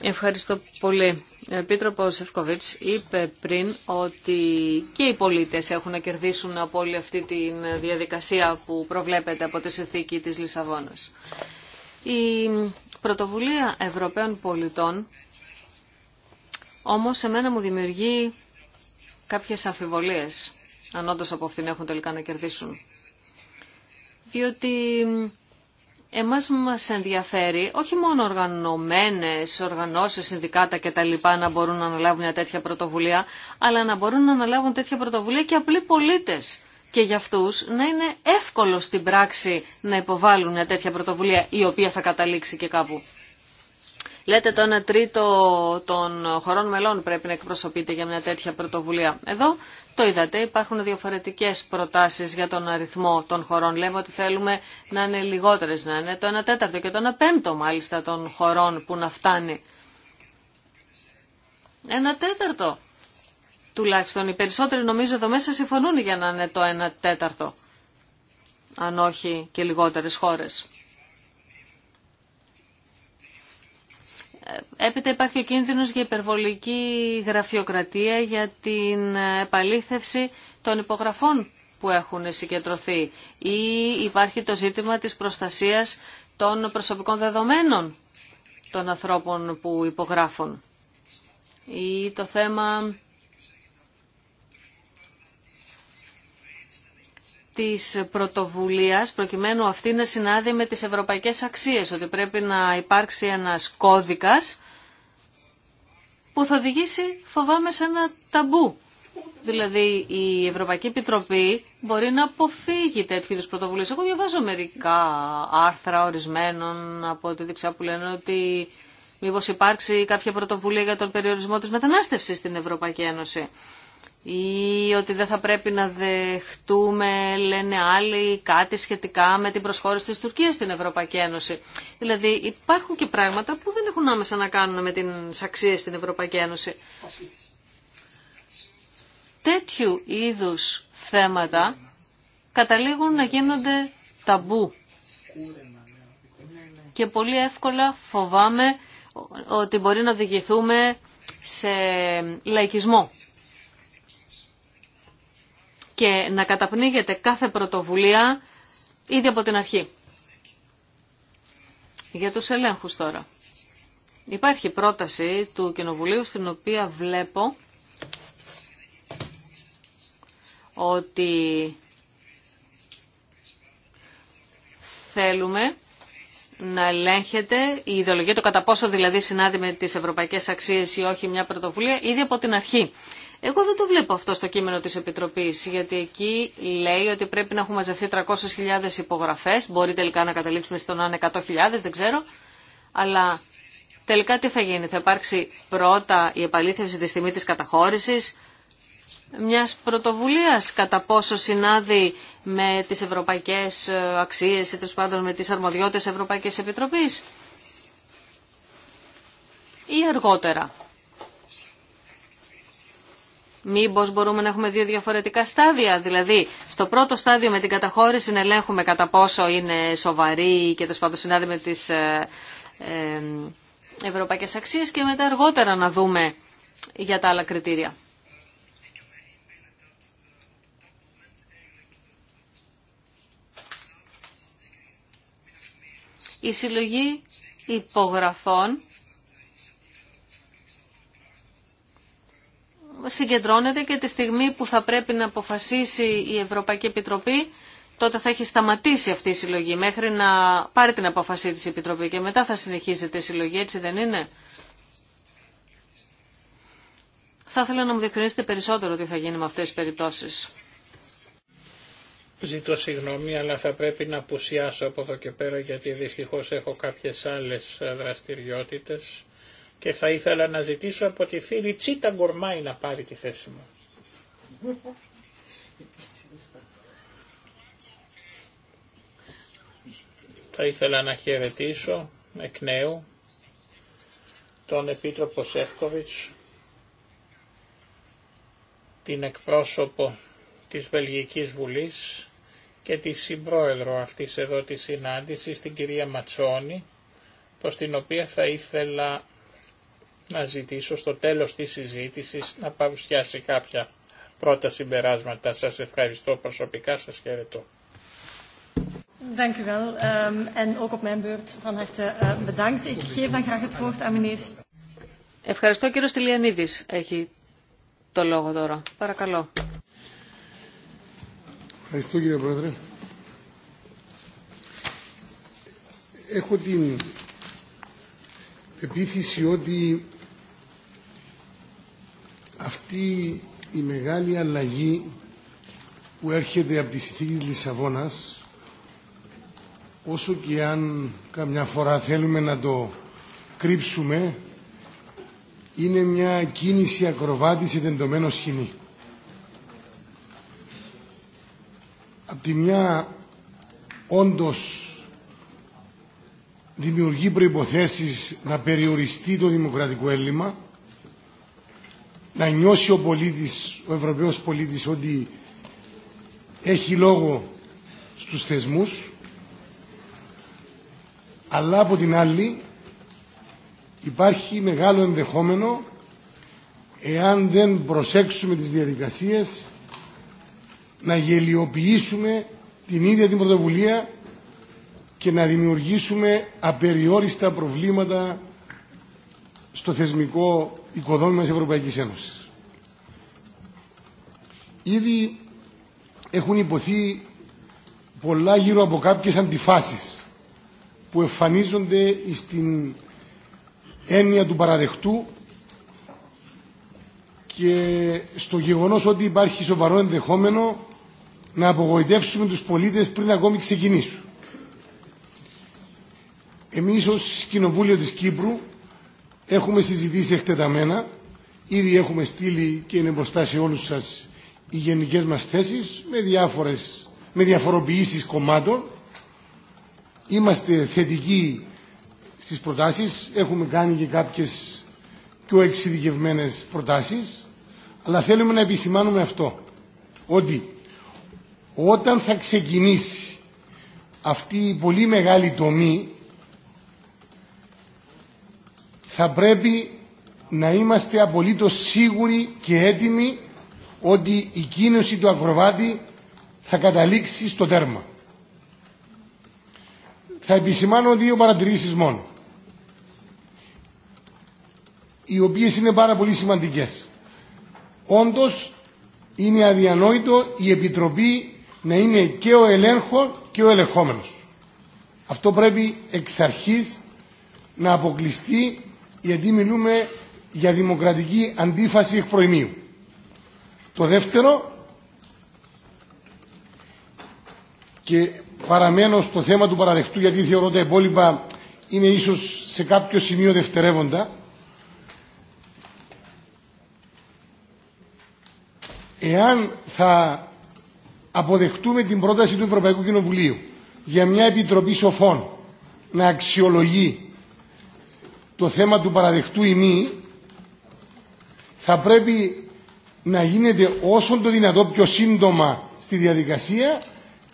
Ευχαριστώ πολύ. Ο Επίτροπος είπε πριν ότι και οι πολίτες έχουν να κερδίσουν από όλη αυτή τη διαδικασία που προβλέπεται από τη συνθήκη της Λισαβόνας. Η πρωτοβουλία Ευρωπαίων πολιτών όμως σε μένα μου δημιουργεί κάποιες αμφιβολίες αν όντως από αυτήν έχουν τελικά να κερδίσουν. Διότι Εμάς μας ενδιαφέρει όχι μόνο οργανωμένες, οργανώσεις, συνδικάτα και τα λοιπά να μπορούν να αναλάβουν μια τέτοια πρωτοβουλία, αλλά να μπορούν να αναλάβουν τέτοια πρωτοβουλία και απλοί πολίτες. Και για αυτούς να είναι εύκολο στην πράξη να υποβάλουν μια τέτοια πρωτοβουλία η οποία θα καταλήξει και κάπου. Λέτε το 1 τρίτο των χωρών μελών πρέπει να εκπροσωπείται για μια τέτοια πρωτοβουλία. Εδώ το είδατε, υπάρχουν διαφορετικές προτάσεις για τον αριθμό των χωρών. Λέμε ότι θέλουμε να είναι λιγότερες, να είναι το 1 τέταρτο και το 1 πέμπτο μάλιστα των χωρών που να φτάνει. 1 τέταρτο τουλάχιστον. Οι περισσότεροι νομίζω εδώ μέσα συμφωνούν για να είναι το 1 τέταρτο, αν όχι και λιγότερες χώρες. Έπειτα υπάρχει ο κίνδυνος για υπερβολική γραφειοκρατία για την επαλήθευση των υπογραφών που έχουν συγκεντρωθεί ή υπάρχει το ζήτημα της προστασίας των προσωπικών δεδομένων των ανθρώπων που υπογράφουν ή το θέμα της πρωτοβουλίας προκειμένου αυτή να συνάδει με τις ευρωπαϊκές αξίες, ότι πρέπει να υπάρξει ένας κώδικας που θα οδηγήσει φοβάμαι σε ένα ταμπού. Δηλαδή η Ευρωπαϊκή Επιτροπή μπορεί να αποφύγει τέτοιου είδου πρωτοβουλίε. Εγώ διαβάζω μερικά άρθρα ορισμένων από τη δεξιά που λένε ότι μήπως υπάρξει κάποια πρωτοβουλία για τον περιορισμό της μετανάστευσης στην Ευρωπαϊκή Ένωση ή ότι δεν θα πρέπει να δεχτούμε, λένε άλλοι, κάτι σχετικά με την προσχώρηση της Τουρκίας στην Ευρωπαϊκή Ένωση. Δηλαδή υπάρχουν και πράγματα που δεν έχουν άμεσα να κάνουν με την αξίες στην Ευρωπαϊκή Ένωση. Τέτοιου είδους θέματα καταλήγουν να γίνονται ταμπού. Και πολύ εύκολα φοβάμαι ότι μπορεί να διηγηθούμε σε λαϊκισμό και να καταπνίγεται κάθε πρωτοβουλία ήδη από την αρχή. Για τους ελέγχους τώρα. Υπάρχει πρόταση του Κοινοβουλίου στην οποία βλέπω ότι θέλουμε να ελέγχεται η ιδεολογία, το κατά πόσο δηλαδή συνάδει με τις ευρωπαϊκές αξίες ή όχι μια πρωτοβουλία, ήδη από την αρχή. Εγώ δεν το βλέπω αυτό στο κείμενο της Επιτροπής, γιατί εκεί λέει ότι πρέπει να έχουν μαζευτεί 300.000 υπογραφές, μπορεί τελικά να καταλήξουμε στο να είναι 100.000, δεν ξέρω, αλλά τελικά τι θα γίνει, θα υπάρξει πρώτα η επαλήθευση τη τιμή της καταχώρησης, μια πρωτοβουλία κατά πόσο συνάδει με τι ευρωπαϊκέ ε, αξίε ή τέλο πάντων με τις αρμοδιότητες Ευρωπαϊκή Επιτροπής ή αργότερα. Μήπως μπορούμε να έχουμε δύο διαφορετικά στάδια, δηλαδή στο πρώτο στάδιο με την καταχώρηση να ελέγχουμε κατά πόσο είναι σοβαρή και το πάντων συνάδει με τις ε, ε, ευρωπαϊκές αξίες και μετά αργότερα να δούμε για τα άλλα κριτήρια. Η συλλογή υπογραφών συγκεντρώνεται και τη στιγμή που θα πρέπει να αποφασίσει η Ευρωπαϊκή Επιτροπή, τότε θα έχει σταματήσει αυτή η συλλογή μέχρι να πάρει την αποφασή της Επιτροπή και μετά θα συνεχίζεται η συλλογή, έτσι δεν είναι. Θα ήθελα να μου διευκρινίσετε περισσότερο τι θα γίνει με αυτές τις περιπτώσεις. Ζήτω συγγνώμη, αλλά θα πρέπει να απουσιάσω από εδώ και πέρα γιατί δυστυχώς έχω κάποιες άλλες δραστηριότητες και θα ήθελα να ζητήσω από τη φίλη Τσίτα Γκορμάη να πάρει τη θέση μου. Θα ήθελα να χαιρετήσω εκ νέου τον Επίτροπο Σεύκοβιτς, την εκπρόσωπο της Βελγικής Βουλής και τη συμπρόεδρο αυτής εδώ της συνάντησης, την κυρία Ματσόνη, προς την οποία θα ήθελα να ζητήσω στο τέλος της συζήτησης να παρουσιάσει κάποια πρώτα συμπεράσματα. Σας ευχαριστώ προσωπικά, σας χαιρετώ. Ευχαριστώ κύριο Στυλιανίδης. Έχει το λόγο τώρα. Παρακαλώ. Ευχαριστώ κύριε Πρόεδρε. Έχω την πεποίθηση ότι αυτή η μεγάλη αλλαγή που έρχεται από τη συνθήκη της Λισαβόνας όσο και αν καμιά φορά θέλουμε να το κρύψουμε είναι μια κίνηση ακροβάτη σε τεντωμένο σχοινί. Απ' τη μια όντως δημιουργεί προϋποθέσεις να περιοριστεί το δημοκρατικό έλλειμμα να νιώσει ο πολίτης, ο Ευρωπαίος πολίτης ότι έχει λόγο στους θεσμούς αλλά από την άλλη υπάρχει μεγάλο ενδεχόμενο εάν δεν προσέξουμε τις διαδικασίες να γελιοποιήσουμε την ίδια την πρωτοβουλία και να δημιουργήσουμε απεριόριστα προβλήματα στο θεσμικό οικοδόμημα Ευρωπαϊκής Ένωσης. Ήδη έχουν υποθεί πολλά γύρω από κάποιες αντιφάσεις που εμφανίζονται στην έννοια του παραδεχτού και στο γεγονός ότι υπάρχει σοβαρό ενδεχόμενο να απογοητεύσουμε τους πολίτες πριν ακόμη ξεκινήσουν. Εμείς ως Κοινοβούλιο της Κύπρου Έχουμε συζητήσει εκτεταμένα. Ήδη έχουμε στείλει και είναι μπροστά σε όλους σας οι γενικές μας θέσεις με, διάφορες, με διαφοροποιήσεις κομμάτων. Είμαστε θετικοί στις προτάσεις. Έχουμε κάνει και κάποιες πιο εξειδικευμένε προτάσεις. Αλλά θέλουμε να επισημάνουμε αυτό. Ότι όταν θα ξεκινήσει αυτή η πολύ μεγάλη τομή θα πρέπει να είμαστε απολύτως σίγουροι και έτοιμοι ότι η κίνηση του ακροβάτη θα καταλήξει στο τέρμα. Θα επισημάνω δύο παρατηρήσεις μόνο, οι οποίες είναι πάρα πολύ σημαντικές. Όντως, είναι αδιανόητο η Επιτροπή να είναι και ο ελέγχο και ο ελεγχόμενος. Αυτό πρέπει εξ αρχής να αποκλειστεί γιατί μιλούμε για δημοκρατική αντίφαση εκ προημίου. Το δεύτερο, και παραμένω στο θέμα του παραδεχτού γιατί θεωρώ τα υπόλοιπα είναι ίσως σε κάποιο σημείο δευτερεύοντα, εάν θα αποδεχτούμε την πρόταση του Ευρωπαϊκού Κοινοβουλίου για μια επιτροπή σοφών να αξιολογεί το θέμα του παραδεχτού ημί, θα πρέπει να γίνεται όσο το δυνατό πιο σύντομα στη διαδικασία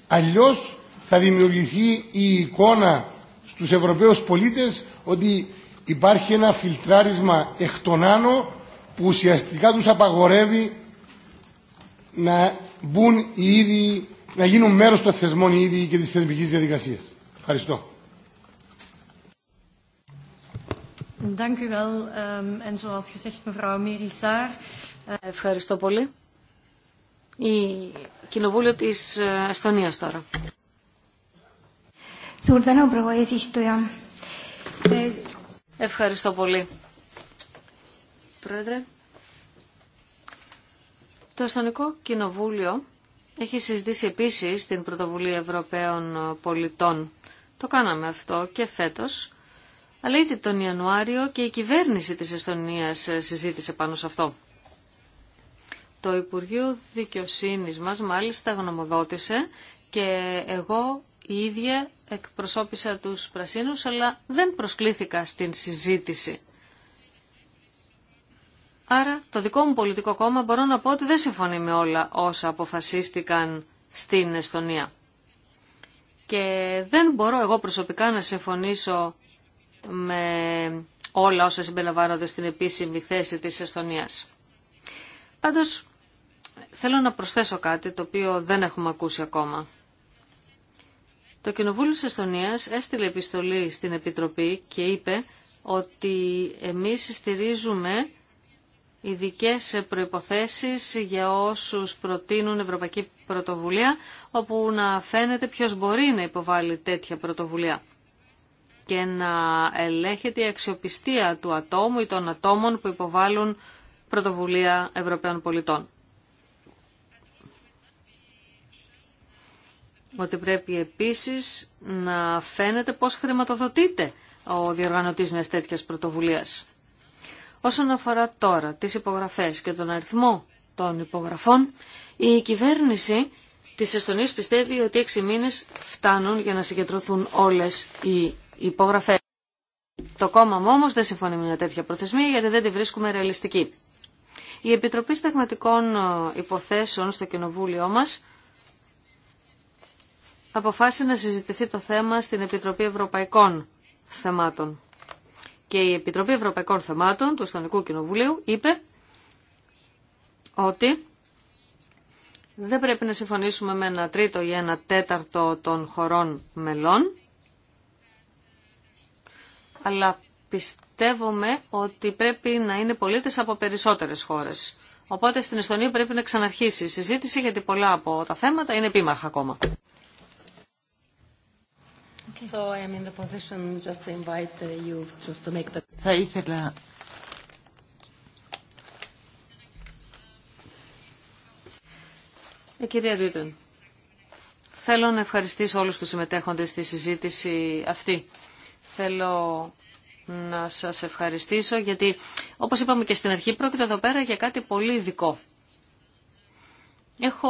αλλιώς θα δημιουργηθεί η εικόνα στους Ευρωπαίους πολίτες ότι υπάρχει ένα φιλτράρισμα εκ των άνω που ουσιαστικά τους απαγορεύει να μπουν ίδιοι, να γίνουν μέρος των θεσμών οι ίδιοι και της θεσμικής διαδικασίας. Ευχαριστώ. Ehm, Ευχαριστώ πολύ. Η Κοινοβούλιο της ε, Εστονία τώρα. Ε, Ευχαριστώ πολύ. Πρόεδρε, το Εστονικό Κοινοβούλιο έχει συζητήσει επίσης την Πρωτοβουλία Ευρωπαίων Πολιτών. Το κάναμε αυτό και φέτος αλλά ήδη τον Ιανουάριο και η κυβέρνηση της Εστονίας ε, συζήτησε πάνω σε αυτό. Το Υπουργείο Δικαιοσύνης μας μάλιστα γνωμοδότησε και εγώ η ίδια εκπροσώπησα τους πρασίνους, αλλά δεν προσκλήθηκα στην συζήτηση. Άρα το δικό μου πολιτικό κόμμα μπορώ να πω ότι δεν συμφωνεί με όλα όσα αποφασίστηκαν στην Εστονία. Και δεν μπορώ εγώ προσωπικά να συμφωνήσω με όλα όσα συμπεριλαμβάνονται στην επίσημη θέση της Εστονίας. Πάντως, θέλω να προσθέσω κάτι το οποίο δεν έχουμε ακούσει ακόμα. Το Κοινοβούλιο της Εστονίας έστειλε επιστολή στην Επιτροπή και είπε ότι εμείς στηρίζουμε ειδικέ προϋποθέσεις για όσους προτείνουν Ευρωπαϊκή Πρωτοβουλία, όπου να φαίνεται ποιος μπορεί να υποβάλει τέτοια πρωτοβουλία και να ελέγχεται η αξιοπιστία του ατόμου ή των ατόμων που υποβάλλουν πρωτοβουλία Ευρωπαίων πολιτών. Ότι πρέπει επίσης να φαίνεται πώς χρηματοδοτείται ο διοργανωτής μιας τέτοιας πρωτοβουλίας. Όσον αφορά τώρα τις υπογραφές και τον αριθμό των υπογραφών, η κυβέρνηση της Εστονής πιστεύει ότι έξι μήνες φτάνουν για να συγκεντρωθούν όλες οι το κόμμα μου όμως δεν συμφωνεί με μια τέτοια προθεσμία γιατί δεν τη βρίσκουμε ρεαλιστική. Η Επιτροπή Σταγματικών ε, Υποθέσεων στο Κοινοβούλιο μας αποφάσισε να συζητηθεί το θέμα στην Επιτροπή Ευρωπαϊκών Θεμάτων. Και η Επιτροπή Ευρωπαϊκών Θεμάτων του Ιστονικού Κοινοβουλίου είπε ότι δεν πρέπει να συμφωνήσουμε με ένα τρίτο ή ένα τέταρτο των χωρών μελών αλλά πιστεύουμε ότι πρέπει να είναι πολίτες από περισσότερες χώρες. Οπότε στην Εστονία πρέπει να ξαναρχίσει η συζήτηση γιατί πολλά από τα θέματα είναι επίμαχα ακόμα. Θα ήθελα ε, κυρία Ρίτεν, θέλω να ευχαριστήσω όλους τους συμμετέχοντες στη συζήτηση αυτή. Θέλω να σας ευχαριστήσω γιατί όπως είπαμε και στην αρχή πρόκειται εδώ πέρα για κάτι πολύ ειδικό. Έχω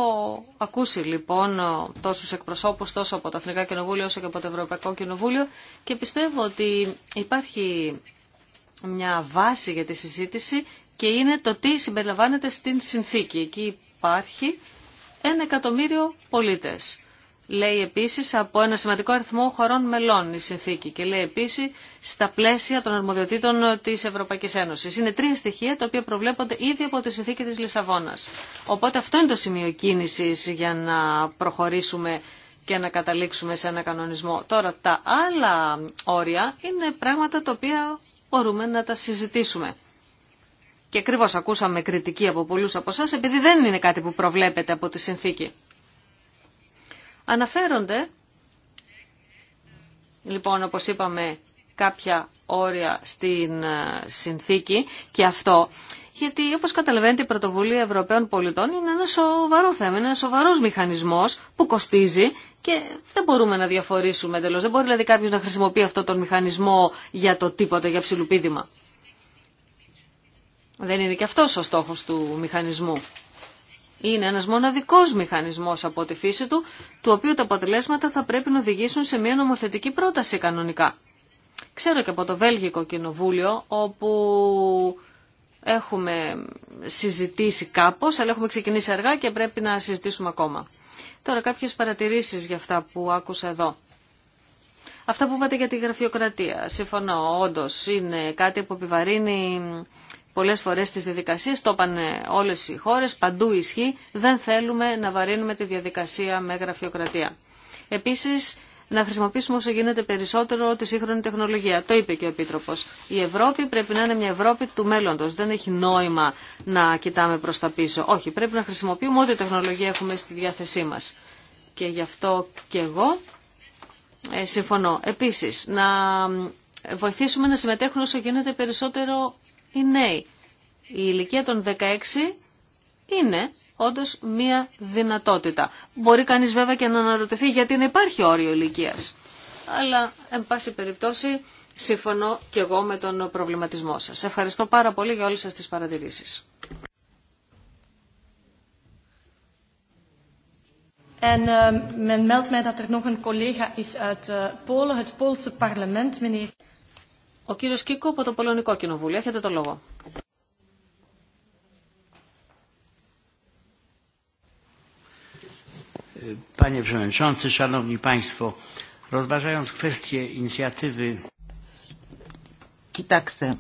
ακούσει λοιπόν τόσους εκπροσώπους τόσο από το Αθηνικά Κοινοβούλιο όσο και από το Ευρωπαϊκό Κοινοβούλιο και πιστεύω ότι υπάρχει μια βάση για τη συζήτηση και είναι το τι συμπεριλαμβάνεται στην συνθήκη. Εκεί υπάρχει ένα εκατομμύριο πολίτες λέει επίσης από ένα σημαντικό αριθμό χωρών μελών η συνθήκη και λέει επίσης στα πλαίσια των αρμοδιοτήτων της Ευρωπαϊκής Ένωσης. Είναι τρία στοιχεία τα οποία προβλέπονται ήδη από τη συνθήκη της Λισαβόνας. Οπότε αυτό είναι το σημείο κίνηση για να προχωρήσουμε και να καταλήξουμε σε ένα κανονισμό. Τώρα τα άλλα όρια είναι πράγματα τα οποία μπορούμε να τα συζητήσουμε. Και ακριβώ ακούσαμε κριτική από πολλούς από εσά επειδή δεν είναι κάτι που προβλέπεται από τη συνθήκη. Αναφέρονται, λοιπόν, όπως είπαμε, κάποια όρια στην ε, συνθήκη και αυτό. Γιατί όπως καταλαβαίνετε η πρωτοβουλία Ευρωπαίων πολιτών είναι ένα σοβαρό θέμα, είναι ένα σοβαρός μηχανισμός που κοστίζει και δεν μπορούμε να διαφορήσουμε εντελώ. Δεν μπορεί δηλαδή κάποιο να χρησιμοποιεί αυτό τον μηχανισμό για το τίποτα, για ψηλουπίδημα. Δεν είναι και αυτός ο στόχος του μηχανισμού. Είναι ένας μοναδικός μηχανισμός από τη φύση του, του οποίου τα αποτελέσματα θα πρέπει να οδηγήσουν σε μια νομοθετική πρόταση κανονικά. Ξέρω και από το Βέλγικο Κοινοβούλιο, όπου έχουμε συζητήσει κάπως, αλλά έχουμε ξεκινήσει αργά και πρέπει να συζητήσουμε ακόμα. Τώρα κάποιες παρατηρήσεις για αυτά που άκουσα εδώ. Αυτά που είπατε για τη γραφειοκρατία, συμφωνώ, όντω είναι κάτι που επιβαρύνει πολλές φορές στις διαδικασίες, το είπαν ε, όλες οι χώρες, παντού ισχύει, δεν θέλουμε να βαρύνουμε τη διαδικασία με γραφειοκρατία. Επίσης, να χρησιμοποιήσουμε όσο γίνεται περισσότερο τη σύγχρονη τεχνολογία. Το είπε και ο Επίτροπο. Η Ευρώπη πρέπει να είναι μια Ευρώπη του μέλλοντο. Δεν έχει νόημα να κοιτάμε προ τα πίσω. Όχι, πρέπει να χρησιμοποιούμε ό,τι τεχνολογία έχουμε στη διάθεσή μα. Και γι' αυτό και εγώ ε, συμφωνώ. Επίση, να βοηθήσουμε να συμμετέχουν όσο γίνεται περισσότερο οι νέοι. Η ηλικία των 16 είναι όντω μία δυνατότητα. Μπορεί κανεί βέβαια και να αναρωτηθεί γιατί να υπάρχει όριο ηλικία. Αλλά, εν πάση περιπτώσει, συμφωνώ και εγώ με τον προβληματισμό σα. Ευχαριστώ πάρα πολύ για όλε σα τι παρατηρήσει. En uh, men meldt mij dat er nog een collega is uit uh, Polen, het Poolse parlement, meneer. Ο κύριο Κίκο από το Πολωνικό Κοινοβούλιο. Έχετε το λόγο. Κοιτάξτε,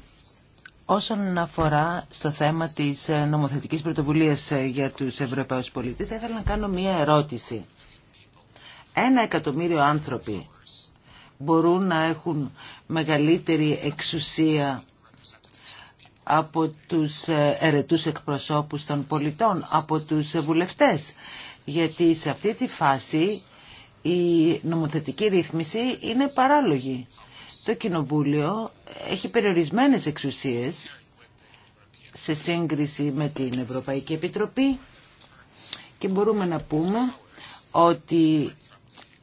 όσον αφορά στο θέμα της ε, νομοθετικής πρωτοβουλίας ε, για τους Ευρωπαίους πολίτες, θα ήθελα να κάνω μία ερώτηση. Ένα εκατομμύριο άνθρωποι μπορούν να έχουν μεγαλύτερη εξουσία από τους ε, ερετούς εκπροσώπους των πολιτών, από τους βουλευτές. Γιατί σε αυτή τη φάση η νομοθετική ρύθμιση είναι παράλογη. Το Κοινοβούλιο έχει περιορισμένες εξουσίες σε σύγκριση με την Ευρωπαϊκή Επιτροπή και μπορούμε να πούμε ότι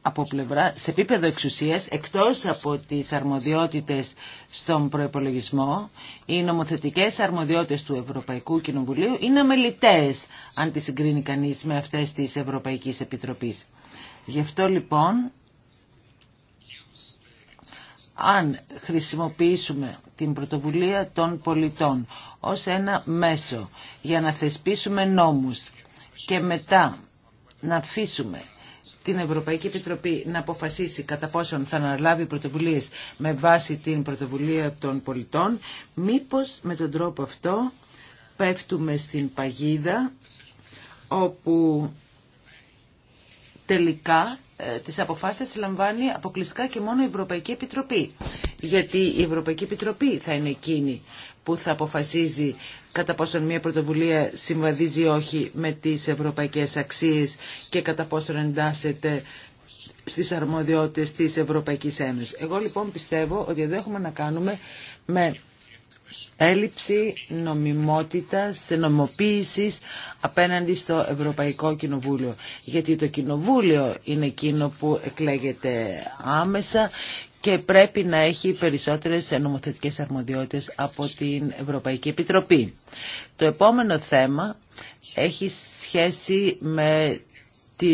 από πλευρά, σε επίπεδο εξουσίας, εκτός από τις αρμοδιότητες στον προϋπολογισμό, οι νομοθετικές αρμοδιότητες του Ευρωπαϊκού Κοινοβουλίου είναι αμελητές, αν τις συγκρίνει κανείς με αυτές της Ευρωπαϊκής Επιτροπής. Γι' αυτό λοιπόν, αν χρησιμοποιήσουμε την πρωτοβουλία των πολιτών ως ένα μέσο για να θεσπίσουμε νόμους και μετά να αφήσουμε την Ευρωπαϊκή Επιτροπή να αποφασίσει κατά πόσον θα αναλάβει πρωτοβουλίες με βάση την πρωτοβουλία των πολιτών, μήπως με τον τρόπο αυτό πέφτουμε στην παγίδα όπου τελικά ε, τις αποφάσεις λαμβάνει αποκλειστικά και μόνο η Ευρωπαϊκή Επιτροπή. Γιατί η Ευρωπαϊκή Επιτροπή θα είναι εκείνη που θα αποφασίζει κατά πόσον μια πρωτοβουλία συμβαδίζει όχι με τις ευρωπαϊκές αξίες και κατά πόσον εντάσσεται στις αρμοδιότητες της Ευρωπαϊκής Ένωσης. Εγώ λοιπόν πιστεύω ότι εδώ έχουμε να κάνουμε με έλλειψη νομιμότητας, νομοποίησης απέναντι στο Ευρωπαϊκό Κοινοβούλιο. Γιατί το Κοινοβούλιο είναι εκείνο που εκλέγεται άμεσα και πρέπει να έχει περισσότερες νομοθετικές αρμοδιότητες από την Ευρωπαϊκή Επιτροπή. Το επόμενο θέμα έχει σχέση με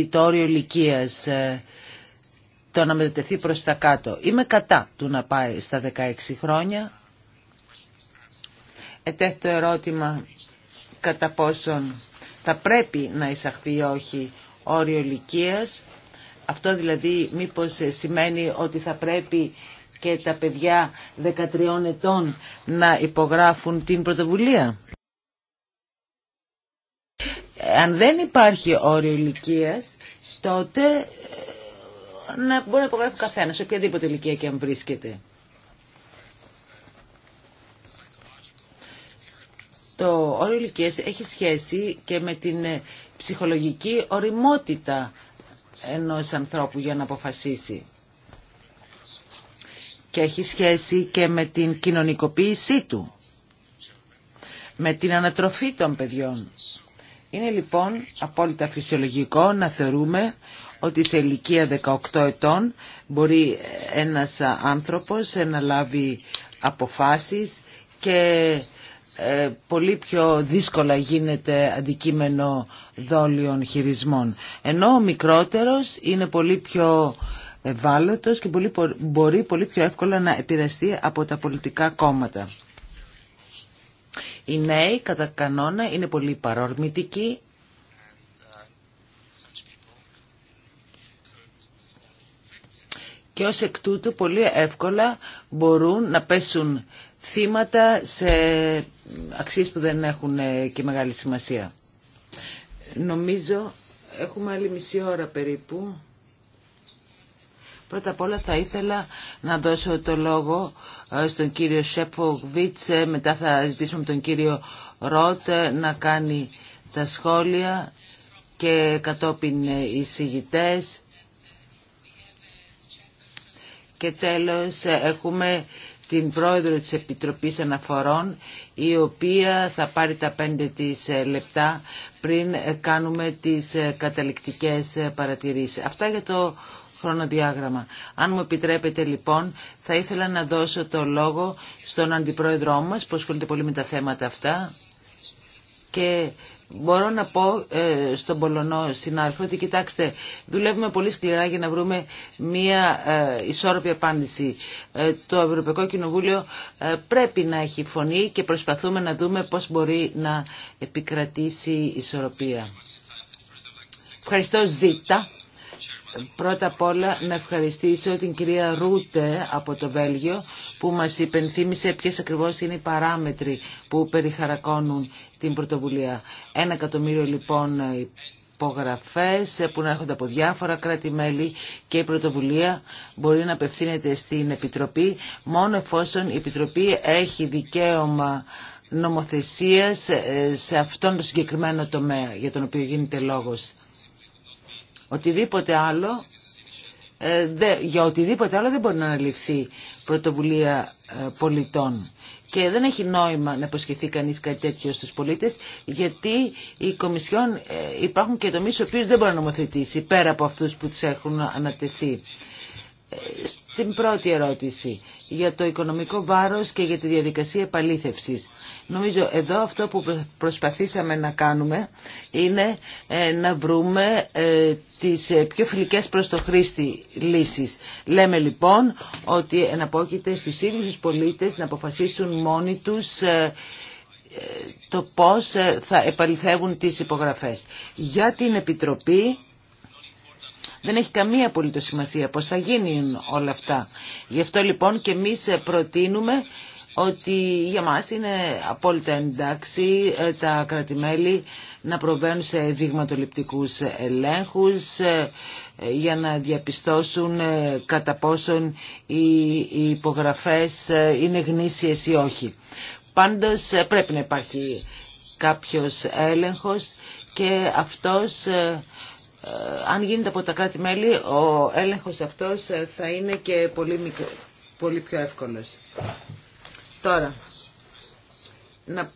το όριο ηλικία ε, το να μετατεθεί προς τα κάτω. Είμαι κατά του να πάει στα 16 χρόνια, ετέθη το ερώτημα κατά πόσον θα πρέπει να εισαχθεί ή όχι όριο ηλικία. Αυτό δηλαδή μήπως ε, σημαίνει ότι θα πρέπει και τα παιδιά 13 ετών να υπογράφουν την πρωτοβουλία. Αν δεν υπάρχει όριο ηλικία, τότε ε, να μπορεί να υπογράφει καθένας, οποιαδήποτε ηλικία και αν βρίσκεται. το όριο ηλικία έχει σχέση και με την ε, ψυχολογική οριμότητα ενός ανθρώπου για να αποφασίσει. Και έχει σχέση και με την κοινωνικοποίησή του, με την ανατροφή των παιδιών. Είναι λοιπόν απόλυτα φυσιολογικό να θεωρούμε ότι σε ηλικία 18 ετών μπορεί ένας άνθρωπος να λάβει αποφάσεις και ε, πολύ πιο δύσκολα γίνεται αντικείμενο δόλιων χειρισμών. Ενώ ο μικρότερος είναι πολύ πιο ευάλωτος και πολύ, μπορεί πολύ πιο εύκολα να επηρεαστεί από τα πολιτικά κόμματα. Οι νέοι κατά κανόνα είναι πολύ παρορμητικοί και ως εκ τούτου πολύ εύκολα μπορούν να πέσουν θύματα σε αξίες που δεν έχουν ε, και μεγάλη σημασία. Νομίζω έχουμε άλλη μισή ώρα περίπου. Πρώτα απ' όλα θα ήθελα να δώσω το λόγο ε, στον κύριο Σέφοβιτς, ε, μετά θα ζητήσουμε τον κύριο Ρότ να κάνει τα σχόλια και κατόπιν οι συγητές. Και τέλος έχουμε την πρόεδρο της Επιτροπής Αναφορών η οποία θα πάρει τα πέντε της ε, λεπτά πριν ε, κάνουμε τις ε, καταληκτικές παρατηρήσεις. Αυτά για το χρονοδιάγραμμα. Αν μου επιτρέπετε λοιπόν θα ήθελα να δώσω το λόγο στον αντιπρόεδρό μας που ασχολείται πολύ με τα θέματα αυτά και μπορώ να πω ε, στον Πολωνό συνάδελφο ότι κοιτάξτε δουλεύουμε πολύ σκληρά για να βρούμε μια ε, ισόρροπη απάντηση. Ε, το Ευρωπαϊκό Κοινοβούλιο πρέπει να έχει φωνή και προσπαθούμε να δούμε πώς μπορεί να επικρατήσει η ισορροπία. Ευχαριστώ Ζήτα. Πρώτα απ' όλα να ευχαριστήσω την κυρία Ρούτε από το Βέλγιο που μας υπενθύμησε ποιες ακριβώς είναι οι παράμετροι που περιχαρακώνουν την πρωτοβουλία. Ένα εκατομμύριο λοιπόν υπογραφές που να έρχονται από διάφορα κράτη-μέλη και η πρωτοβουλία μπορεί να απευθύνεται στην Επιτροπή μόνο εφόσον η Επιτροπή έχει δικαίωμα νομοθεσίας ε, σε αυτόν τον συγκεκριμένο τομέα για τον οποίο γίνεται λόγος. Οτιδήποτε άλλο, ε, δε, για οτιδήποτε άλλο δεν μπορεί να αναλυφθεί πρωτοβουλία ε, πολιτών. Και δεν έχει νόημα να υποσχεθεί κανείς κάτι τέτοιο στους πολίτες, γιατί οι Κομισιόν ε, υπάρχουν και τομείς οι οποίους δεν μπορεί να νομοθετήσει, πέρα από αυτούς που τους έχουν ανατεθεί. Ε, την πρώτη ερώτηση για το οικονομικό βάρος και για τη διαδικασία επαλήθευσης. Νομίζω εδώ αυτό που προσπαθήσαμε να κάνουμε είναι ε, να βρούμε ε, τις ε, πιο φιλικές προς το χρήστη λύσεις. Λέμε λοιπόν ότι εναπόκειται στους ίδιους τους πολίτες να αποφασίσουν μόνοι τους το πώς θα επαληθεύουν τις υπογραφές. Για την Επιτροπή δεν έχει καμία απολύτως σημασία πώς θα γίνουν όλα αυτά. Γι' αυτό λοιπόν και εμείς προτείνουμε ότι για μας είναι απόλυτα εντάξει ε, τα κρατημέλη να προβαίνουν σε δειγματοληπτικούς ελέγχους ε, για να διαπιστώσουν ε, κατά πόσον οι υπογραφές είναι γνήσιες ή όχι. Πάντως πρέπει να υπάρχει κάποιος έλεγχος και αυτός ε, αν γίνεται από τα κράτη-μέλη, ο έλεγχος αυτός ε, θα είναι και πολύ, πιο εύκολος. Τώρα, να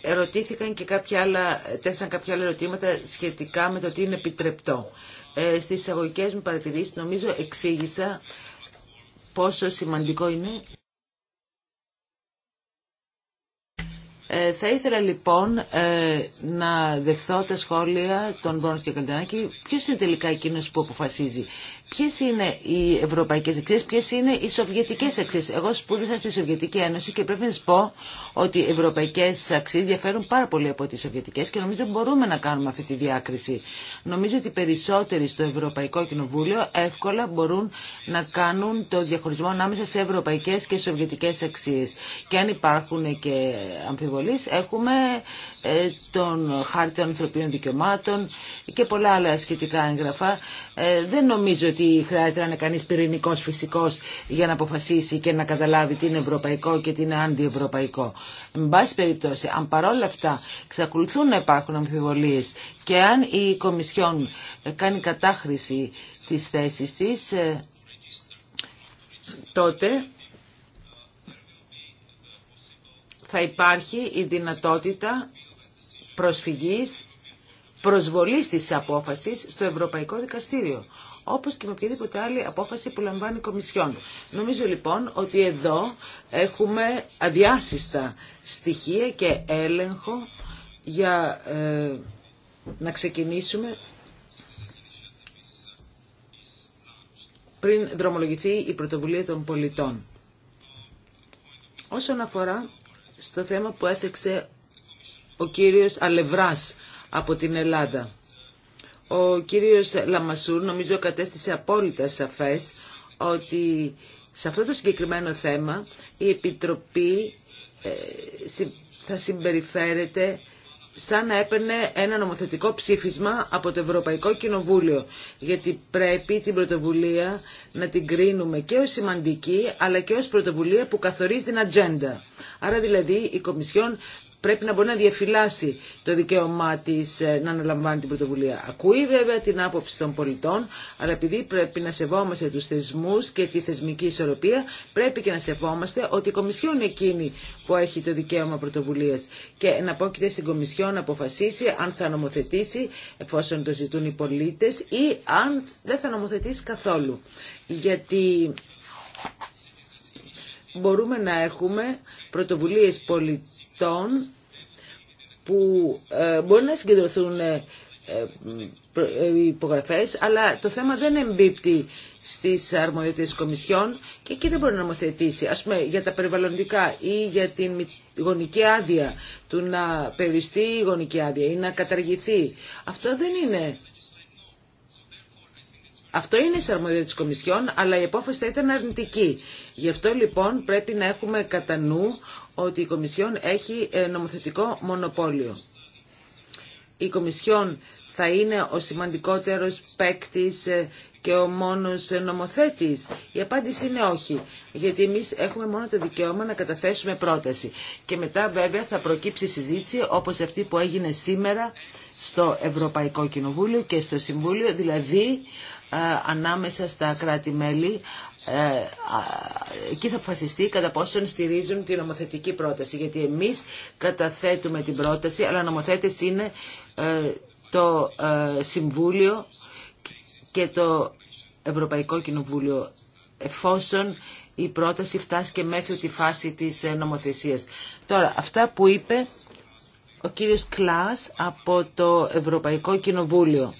ερωτήθηκαν και κάποια άλλα, τέσσερα κάποια άλλα ερωτήματα σχετικά με το τι είναι επιτρεπτό. Ε, στις εισαγωγικές μου παρατηρήσεις νομίζω εξήγησα πόσο σημαντικό είναι Ε, θα ήθελα λοιπόν ε, να δεχθώ τα σχόλια των Μπόνος και Καλτανάκη. Ποιος είναι τελικά εκείνος που αποφασίζει. Ποιε είναι οι Ευρωπαϊκέ αξίε, ποιε είναι οι σοβιετικέ αξίε. Εγώ σπούδασα στη Σοβιετική Ένωση και πρέπει να σα πω ότι οι ευρωπαϊκές αξίες διαφέρουν πάρα πολύ από τι Σοβιετικέ και νομίζω μπορούμε να κάνουμε αυτή τη διάκριση. Νομίζω ότι περισσότεροι στο Ευρωπαϊκό Κοινοβούλιο εύκολα μπορούν να κάνουν το διαχωρισμό ανάμεσα σε ευρωπαϊκέ και σοβιετικές αξίε. Και αν υπάρχουν και αμφιβολίες έχουμε ε, τον χάρτη των ανθρωπίνων δικαιωμάτων και πολλά άλλα σχετικά έγγραφα. Ε, δεν νομίζω ότι χρειάζεται να είναι κανείς πυρηνικός φυσικός για να αποφασίσει και να καταλάβει τι είναι ευρωπαϊκό και τι είναι αντιευρωπαϊκό. Εν πάση περιπτώσει, αν παρόλα αυτά εξακολουθούν να υπάρχουν αμφιβολίες και αν η Κομισιόν κάνει κατάχρηση της θέσης της, ε, τότε θα υπάρχει η δυνατότητα προσφυγής προσβολής της απόφασης στο Ευρωπαϊκό Δικαστήριο όπως και με οποιαδήποτε άλλη απόφαση που λαμβάνει η Κομισιόν. Νομίζω λοιπόν ότι εδώ έχουμε αδιάσυστα στοιχεία και έλεγχο για ε, να ξεκινήσουμε πριν δρομολογηθεί η πρωτοβουλία των πολιτών. Όσον αφορά στο θέμα που έθεξε ο κύριος Αλευράς από την Ελλάδα. Ο κύριος Λαμασούρ νομίζω κατέστησε απόλυτα σαφές ότι σε αυτό το συγκεκριμένο θέμα η Επιτροπή ε, θα συμπεριφέρεται σαν να έπαιρνε ένα νομοθετικό ψήφισμα από το Ευρωπαϊκό Κοινοβούλιο γιατί πρέπει την πρωτοβουλία να την κρίνουμε και ως σημαντική αλλά και ως πρωτοβουλία που καθορίζει την ατζέντα. Άρα δηλαδή η Κομισιόν πρέπει να μπορεί να διαφυλάσει το δικαίωμά τη ε, να αναλαμβάνει την πρωτοβουλία. Ακούει βέβαια την άποψη των πολιτών, αλλά επειδή πρέπει να σεβόμαστε του θεσμού και τη θεσμική ισορροπία, πρέπει και να σεβόμαστε ότι η Κομισιόν είναι εκείνη που έχει το δικαίωμα πρωτοβουλία και να πρόκειται στην Κομισιόν να αποφασίσει αν θα νομοθετήσει εφόσον το ζητούν οι πολίτε ή αν δεν θα νομοθετήσει καθόλου. Γιατί μπορούμε να έχουμε πρωτοβουλίες πολιτών που ε, μπορεί να συγκεντρωθούν ε, ε, υπογραφές, αλλά το θέμα δεν εμπίπτει στις αρμοδιότητες της Κομισιόν και εκεί δεν μπορεί να νομοθετήσει. Ας πούμε για τα περιβαλλοντικά ή για την γονική άδεια, του να περιστεί η γονική άδεια ή να καταργηθεί. Αυτό δεν είναι... Αυτό είναι η αρμοδιότητα της Κομισιόν, αλλά η απόφαση θα ήταν αρνητική. Γι' αυτό λοιπόν πρέπει να καταργηθει αυτο δεν ειναι αυτο ειναι σε αρμοδιοτητα της κομισιον αλλα η κατά νου ότι η Κομισιόν έχει ε, νομοθετικό μονοπόλιο. Η Κομισιόν θα είναι ο σημαντικότερος παίκτη ε, και ο μόνος νομοθέτης. Η απάντηση είναι όχι, γιατί εμείς έχουμε μόνο το δικαίωμα να καταθέσουμε πρόταση. Και μετά βέβαια θα προκύψει συζήτηση όπως αυτή που έγινε σήμερα στο Ευρωπαϊκό Κοινοβούλιο και στο Συμβούλιο, δηλαδή ε, ανάμεσα στα κράτη-μέλη ε, εκεί θα αποφασιστεί κατά πόσον στηρίζουν την νομοθετική πρόταση. Γιατί εμείς καταθέτουμε την πρόταση, αλλά νομοθέτες είναι ε, το ε, Συμβούλιο και το Ευρωπαϊκό Κοινοβούλιο εφόσον η πρόταση φτάσει και μέχρι τη φάση της νομοθεσίας. Τώρα, αυτά που είπε ο κύριος Κλάς από το Ευρωπαϊκό Κοινοβούλιο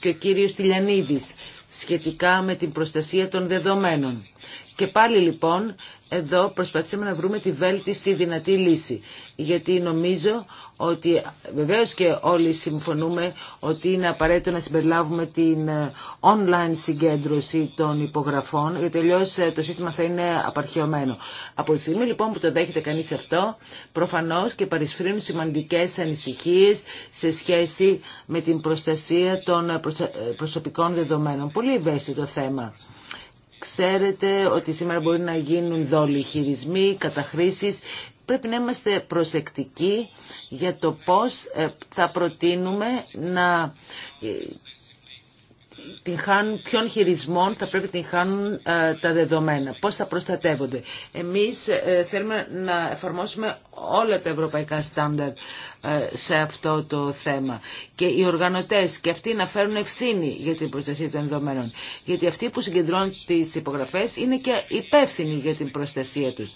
και ο κύριος Τηλιανίδης σχετικά με την προστασία των δεδομένων. Και πάλι λοιπόν εδώ προσπαθήσαμε να βρούμε τη βέλτιστη δυνατή λύση. Γιατί νομίζω ότι βεβαίως και όλοι συμφωνούμε ότι είναι απαραίτητο να συμπεριλάβουμε την ε, online συγκέντρωση των υπογραφών γιατί αλλιώ ε, το σύστημα θα είναι απαρχαιωμένο. Από τη στιγμή λοιπόν που το δέχεται κανείς αυτό προφανώς και παρισφρύνουν σημαντικές ανησυχίες σε σχέση με την προστασία των ε, προσωπικών δεδομένων. Πολύ ευαίσθητο θέμα. Ξέρετε ότι σήμερα μπορεί να γίνουν δόλοι χειρισμοί, καταχρήσεις πρέπει να είμαστε προσεκτικοί για το πώς ε, θα προτείνουμε να ε, την χάνουν, ποιον χειρισμών θα πρέπει την χάνουν ε, τα δεδομένα, πώς θα προστατεύονται. Εμείς θέλουμε να εφαρμόσουμε όλα τα ευρωπαϊκά στάνταρτ σε αυτό το θέμα. Και οι οργανωτές και αυτοί να φέρουν ευθύνη για την προστασία των δεδομένων. Γιατί αυτοί που συγκεντρώνουν τις υπογραφές είναι και υπεύθυνοι για την προστασία τους.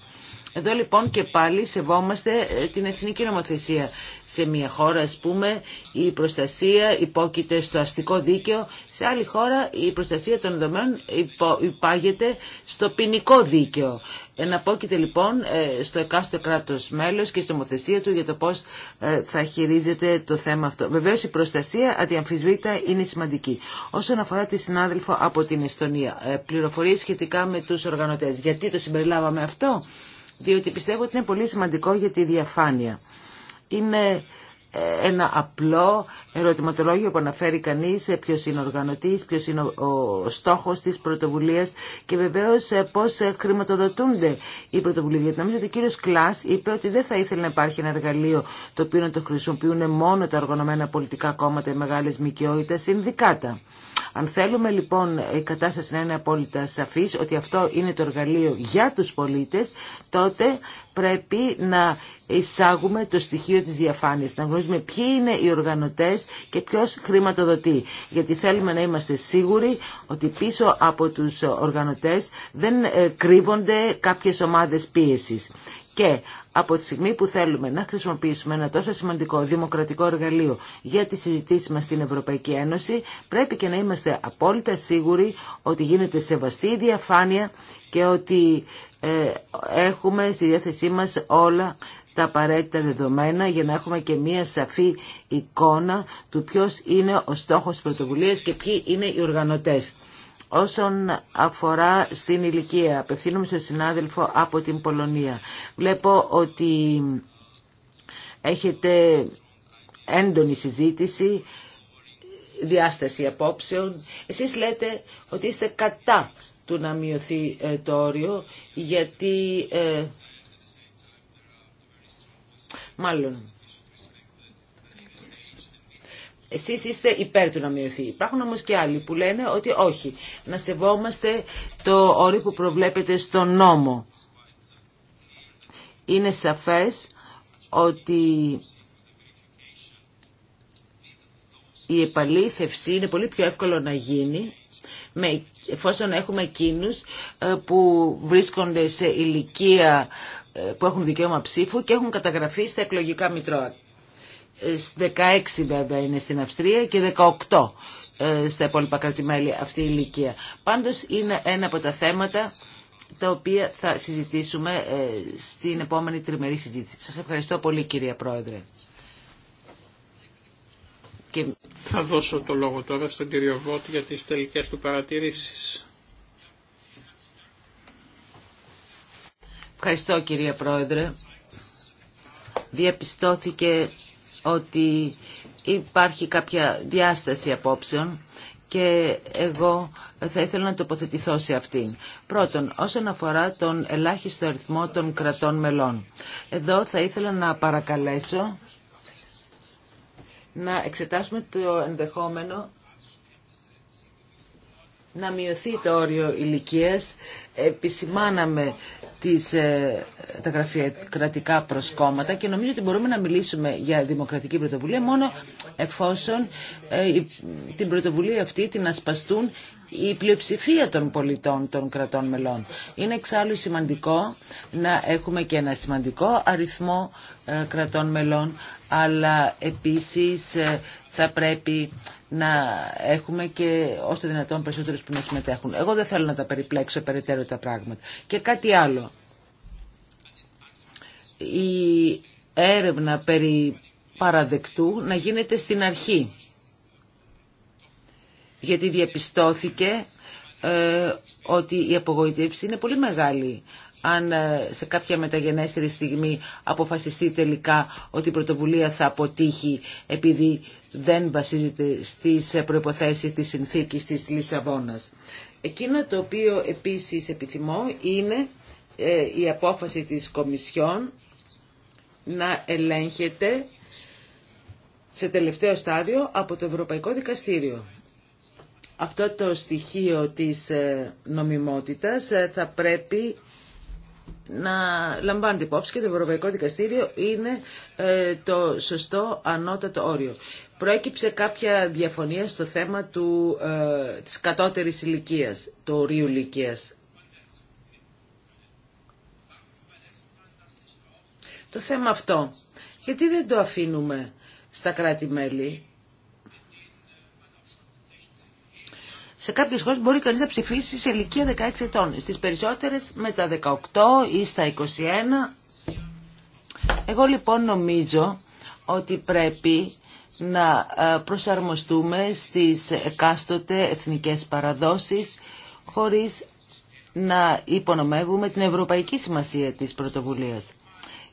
Εδώ λοιπόν και πάλι σεβόμαστε ε, την εθνική νομοθεσία. Σε μια χώρα, ας πούμε, η προστασία υπόκειται στο αστικό δίκαιο. Σε άλλη χώρα, η προστασία των δεδομένων υπάγεται στο ποινικό δίκαιο. Εναπόκειται λοιπόν ε, στο εκάστοτε κράτος μέλος και στη νομοθεσία του για το πώς ε, θα χειρίζεται το θέμα αυτό. Βεβαίως η προστασία αδιαμφισβήτητα είναι σημαντική. Όσον αφορά τη συνάδελφο από την Εστονία, πληροφορίες σχετικά με τους οργανωτές. Γιατί το συμπεριλάβαμε αυτό διότι πιστεύω ότι είναι πολύ σημαντικό για τη διαφάνεια. Είναι ε, ένα απλό ερωτηματολόγιο που αναφέρει κανείς ποιος είναι ο οργανωτής, ποιος είναι ο στόχος της πρωτοβουλίας και βεβαίως ε, πώς ε, χρηματοδοτούνται οι πρωτοβουλίες. Γιατί νομίζω ότι ο κύριος Κλάς είπε ότι δεν θα ήθελε να υπάρχει ένα εργαλείο το οποίο να το χρησιμοποιούν μόνο τα οργανωμένα πολιτικά κόμματα, οι μεγάλες μικαιότητα, συνδικάτα. Αν θέλουμε λοιπόν η κατάσταση να είναι απόλυτα σαφής ότι αυτό είναι το εργαλείο για τους πολίτες, τότε πρέπει να εισάγουμε το στοιχείο της διαφάνειας, να γνωρίζουμε ποιοι είναι οι οργανωτές και ποιος χρηματοδοτεί. Γιατί θέλουμε να είμαστε σίγουροι ότι πίσω από τους οργανωτές δεν ε, κρύβονται κάποιες ομάδες πίεσης. Και από τη στιγμή που θέλουμε να χρησιμοποιήσουμε ένα τόσο σημαντικό δημοκρατικό εργαλείο για τις συζητήσεις μας στην Ευρωπαϊκή Ένωση, πρέπει και να είμαστε απόλυτα σίγουροι ότι γίνεται σεβαστή η διαφάνεια και ότι ε, έχουμε στη διάθεσή μας όλα τα απαραίτητα δεδομένα για να έχουμε και μία σαφή εικόνα του ποιος είναι ο στόχος της πρωτοβουλίας και ποιοι είναι οι οργανωτές. Όσον αφορά στην ηλικία, απευθύνομαι στον συνάδελφο από την Πολωνία. Βλέπω ότι έχετε έντονη συζήτηση, διάσταση απόψεων. Εσείς λέτε ότι είστε κατά του να μειωθεί ε, το όριο, γιατί... Ε, μάλλον, Εσεί είστε υπέρ του να μειωθεί. Υπάρχουν όμω και άλλοι που λένε ότι όχι, να σεβόμαστε το όριο που προβλέπεται στο νόμο. Είναι σαφές ότι η επαλήθευση είναι πολύ πιο εύκολο να γίνει με, εφόσον έχουμε εκείνους ε, που βρίσκονται σε ηλικία ε, που έχουν δικαίωμα ψήφου και έχουν καταγραφεί στα εκλογικά μητρώα. 16 βέβαια είναι στην Αυστρία και 18 ε, στα υπόλοιπα κρατημέλη αυτή η ηλικία. Πάντως είναι ένα από τα θέματα τα οποία θα συζητήσουμε ε, στην επόμενη τριμερή συζήτηση. Σας ευχαριστώ πολύ κυρία Πρόεδρε. Θα δώσω το λόγο τώρα στον κύριο Βότ για τις τελικές του παρατηρήσεις. Ευχαριστώ κυρία Πρόεδρε. Διαπιστώθηκε ότι υπάρχει κάποια διάσταση απόψεων και εγώ θα ήθελα να τοποθετηθώ σε αυτήν. Πρώτον, όσον αφορά τον ελάχιστο αριθμό των κρατών μελών. Εδώ θα ήθελα να παρακαλέσω να εξετάσουμε το ενδεχόμενο να μειωθεί το όριο ηλικίας. Επισημάναμε τις, ε, τα κρατικά προσκόμματα και νομίζω ότι μπορούμε να μιλήσουμε για δημοκρατική πρωτοβουλία μόνο εφόσον ε, την πρωτοβουλία αυτή την ασπαστούν η πλειοψηφία των πολιτών των κρατών μελών. Είναι εξάλλου σημαντικό να έχουμε και ένα σημαντικό αριθμό ε, κρατών μελών αλλά επίσης θα πρέπει να έχουμε και όσο δυνατόν περισσότερους που να συμμετέχουν. Εγώ δεν θέλω να τα περιπλέξω περαιτέρω τα πράγματα. Και κάτι άλλο. Η έρευνα περί παραδεκτού να γίνεται στην αρχή. Γιατί διαπιστώθηκε ε, ότι η απογοητεύση είναι πολύ μεγάλη αν ε, σε κάποια μεταγενέστερη στιγμή αποφασιστεί τελικά ότι η πρωτοβουλία θα αποτύχει επειδή δεν βασίζεται στις προϋποθέσεις της συνθήκης της Λισαβόνας. Εκείνο το οποίο επίσης επιθυμώ είναι ε, η απόφαση της Κομισιόν να ελέγχεται σε τελευταίο στάδιο από το Ευρωπαϊκό Δικαστήριο. Αυτό το στοιχείο της ε, νομιμότητας ε, θα πρέπει να λαμβάνεται υπόψη και το Ευρωπαϊκό Δικαστήριο είναι το σωστό ανώτατο όριο προέκυψε κάποια διαφωνία στο θέμα του, ε, της κατώτερης ηλικίας, του ορίου ηλικίας. Το θέμα αυτό, γιατί δεν το αφήνουμε στα κράτη-μέλη. Σε κάποιες χώρες μπορεί κανείς να ψηφίσει σε ηλικία 16 ετών. Στις περισσότερες με τα 18 ή στα 21. Εγώ λοιπόν νομίζω ότι πρέπει να ε, προσαρμοστούμε στις εκάστοτε εθνικές παραδόσεις χωρίς να υπονομεύουμε την ευρωπαϊκή σημασία της πρωτοβουλίας.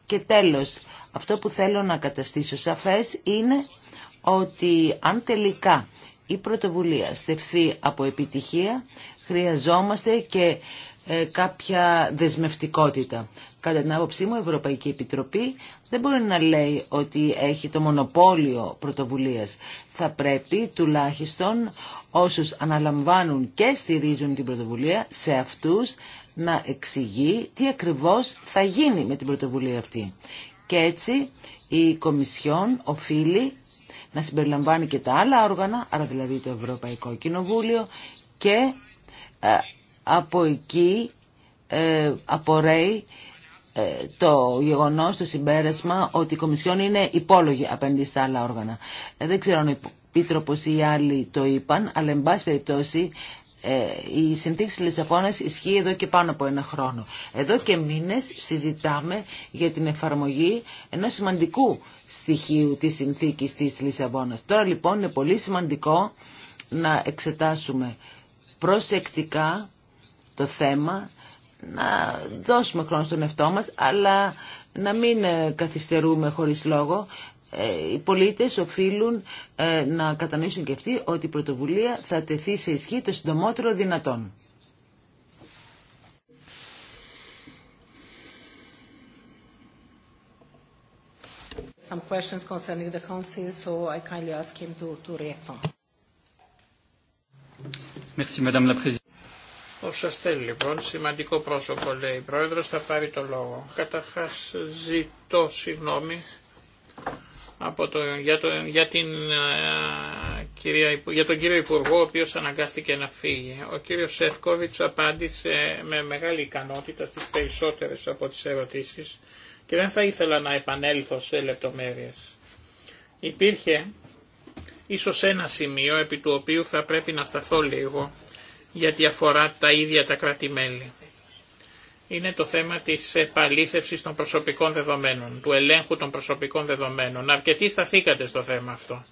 Και τέλος, αυτό που θέλω να καταστήσω σαφές είναι ότι αν τελικά η πρωτοβουλία στεφθεί από επιτυχία, χρειαζόμαστε και ε, κάποια δεσμευτικότητα. Κατά την άποψή μου η Ευρωπαϊκή Επιτροπή δεν μπορεί να λέει ότι έχει το μονοπόλιο πρωτοβουλίας. Θα πρέπει τουλάχιστον όσους αναλαμβάνουν και στηρίζουν την πρωτοβουλία σε αυτούς να εξηγεί τι ακριβώς θα γίνει με την πρωτοβουλία αυτή. Και έτσι η Κομισιόν οφείλει να συμπεριλαμβάνει και τα άλλα όργανα, άρα δηλαδή το Ευρωπαϊκό Κοινοβούλιο και ε, από εκεί ε, απορρέει ε, το γεγονός, το συμπέρασμα ότι η Κομισιόν είναι υπόλογη απέναντι στα άλλα όργανα. Ε, δεν ξέρω αν ο πίτροπος ή οι άλλοι το είπαν, αλλά, εν πάση περιπτώσει, ε, η συνθήκη της Λισαβόνας ισχύει εδώ και πάνω από ένα χρόνο. Εδώ και μήνες συζητάμε για την εφαρμογή ενός σημαντικού στοιχείου της συνθήκης της Λισαβόνας. Τώρα λοιπόν είναι πολύ σημαντικό να εξετάσουμε προσεκτικά το θέμα, να δώσουμε χρόνο στον εαυτό μας, αλλά να μην ε, καθυστερούμε χωρίς λόγο. Ε, οι πολίτες οφείλουν ε, να κατανοήσουν και αυτοί ότι η πρωτοβουλία θα τεθεί σε ισχύ το συντομότερο δυνατόν. some questions concerning the Council, so I kindly ask him to, to react on. Merci, Madame la Présidente. Ο Σαστέλ λοιπόν, σημαντικό πρόσωπο λέει, πρόεδρος θα πάρει το λόγο. Καταρχάς ζητώ συγγνώμη από το, για, την, ε, κυρία, για τον κύριο Υπουργό ο οποίος αναγκάστηκε να φύγει. Ο κύριος Σεφκόβιτς απάντησε με μεγάλη ικανότητα στις περισσότερες από τις ερωτήσεις και δεν θα ήθελα να επανέλθω σε λεπτομέρειες. Υπήρχε ίσως ένα σημείο επί του οποίου θα πρέπει να σταθώ λίγο γιατί αφορά τα ίδια τα κράτη-μέλη. Είναι το θέμα της επαλήθευσης των προσωπικών δεδομένων, του ελέγχου των προσωπικών δεδομένων. Αρκετοί σταθήκατε στο θέμα αυτό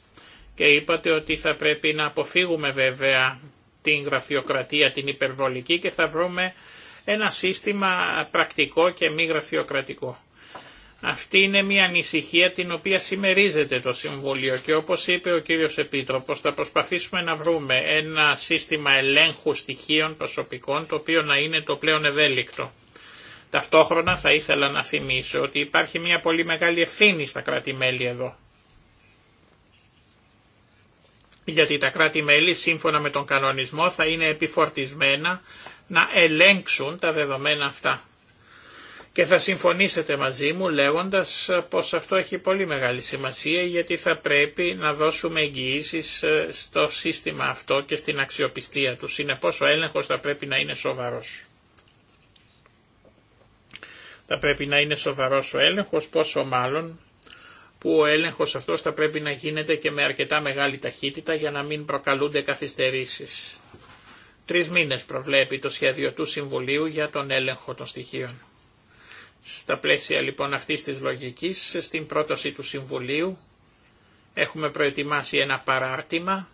και είπατε ότι θα πρέπει να αποφύγουμε βέβαια την γραφειοκρατία, την υπερβολική και θα βρούμε ένα σύστημα πρακτικό και μη γραφειοκρατικό. Αυτή είναι μια ανησυχία την οποία συμμερίζεται το Συμβούλιο και όπως είπε ο κύριος Επίτροπος θα προσπαθήσουμε να βρούμε ένα σύστημα ελέγχου στοιχείων προσωπικών το οποίο να είναι το πλέον ευέλικτο. Ταυτόχρονα θα ήθελα να θυμίσω ότι υπάρχει μια πολύ μεγάλη ευθύνη στα κράτη-μέλη εδώ. Γιατί τα κράτη-μέλη σύμφωνα με τον κανονισμό θα είναι επιφορτισμένα να ελέγξουν τα δεδομένα αυτά. Και θα συμφωνήσετε μαζί μου λέγοντας ε, πως αυτό έχει πολύ μεγάλη σημασία γιατί θα πρέπει να δώσουμε εγγυήσει ε, στο σύστημα αυτό και στην αξιοπιστία του. Συνεπώς ο έλεγχος θα πρέπει να είναι σοβαρός. Θα πρέπει να είναι σοβαρός ο έλεγχος, πόσο μάλλον που ο έλεγχος αυτός θα πρέπει να γίνεται και με αρκετά μεγάλη ταχύτητα για να μην προκαλούνται καθυστερήσεις. Τρεις μήνες προβλέπει το σχέδιο του Συμβουλίου για τον έλεγχο των στοιχείων. Στα πλαίσια λοιπόν αυτής της λογικής, στην πρόταση του Συμβουλίου έχουμε προετοιμάσει ένα παράρτημα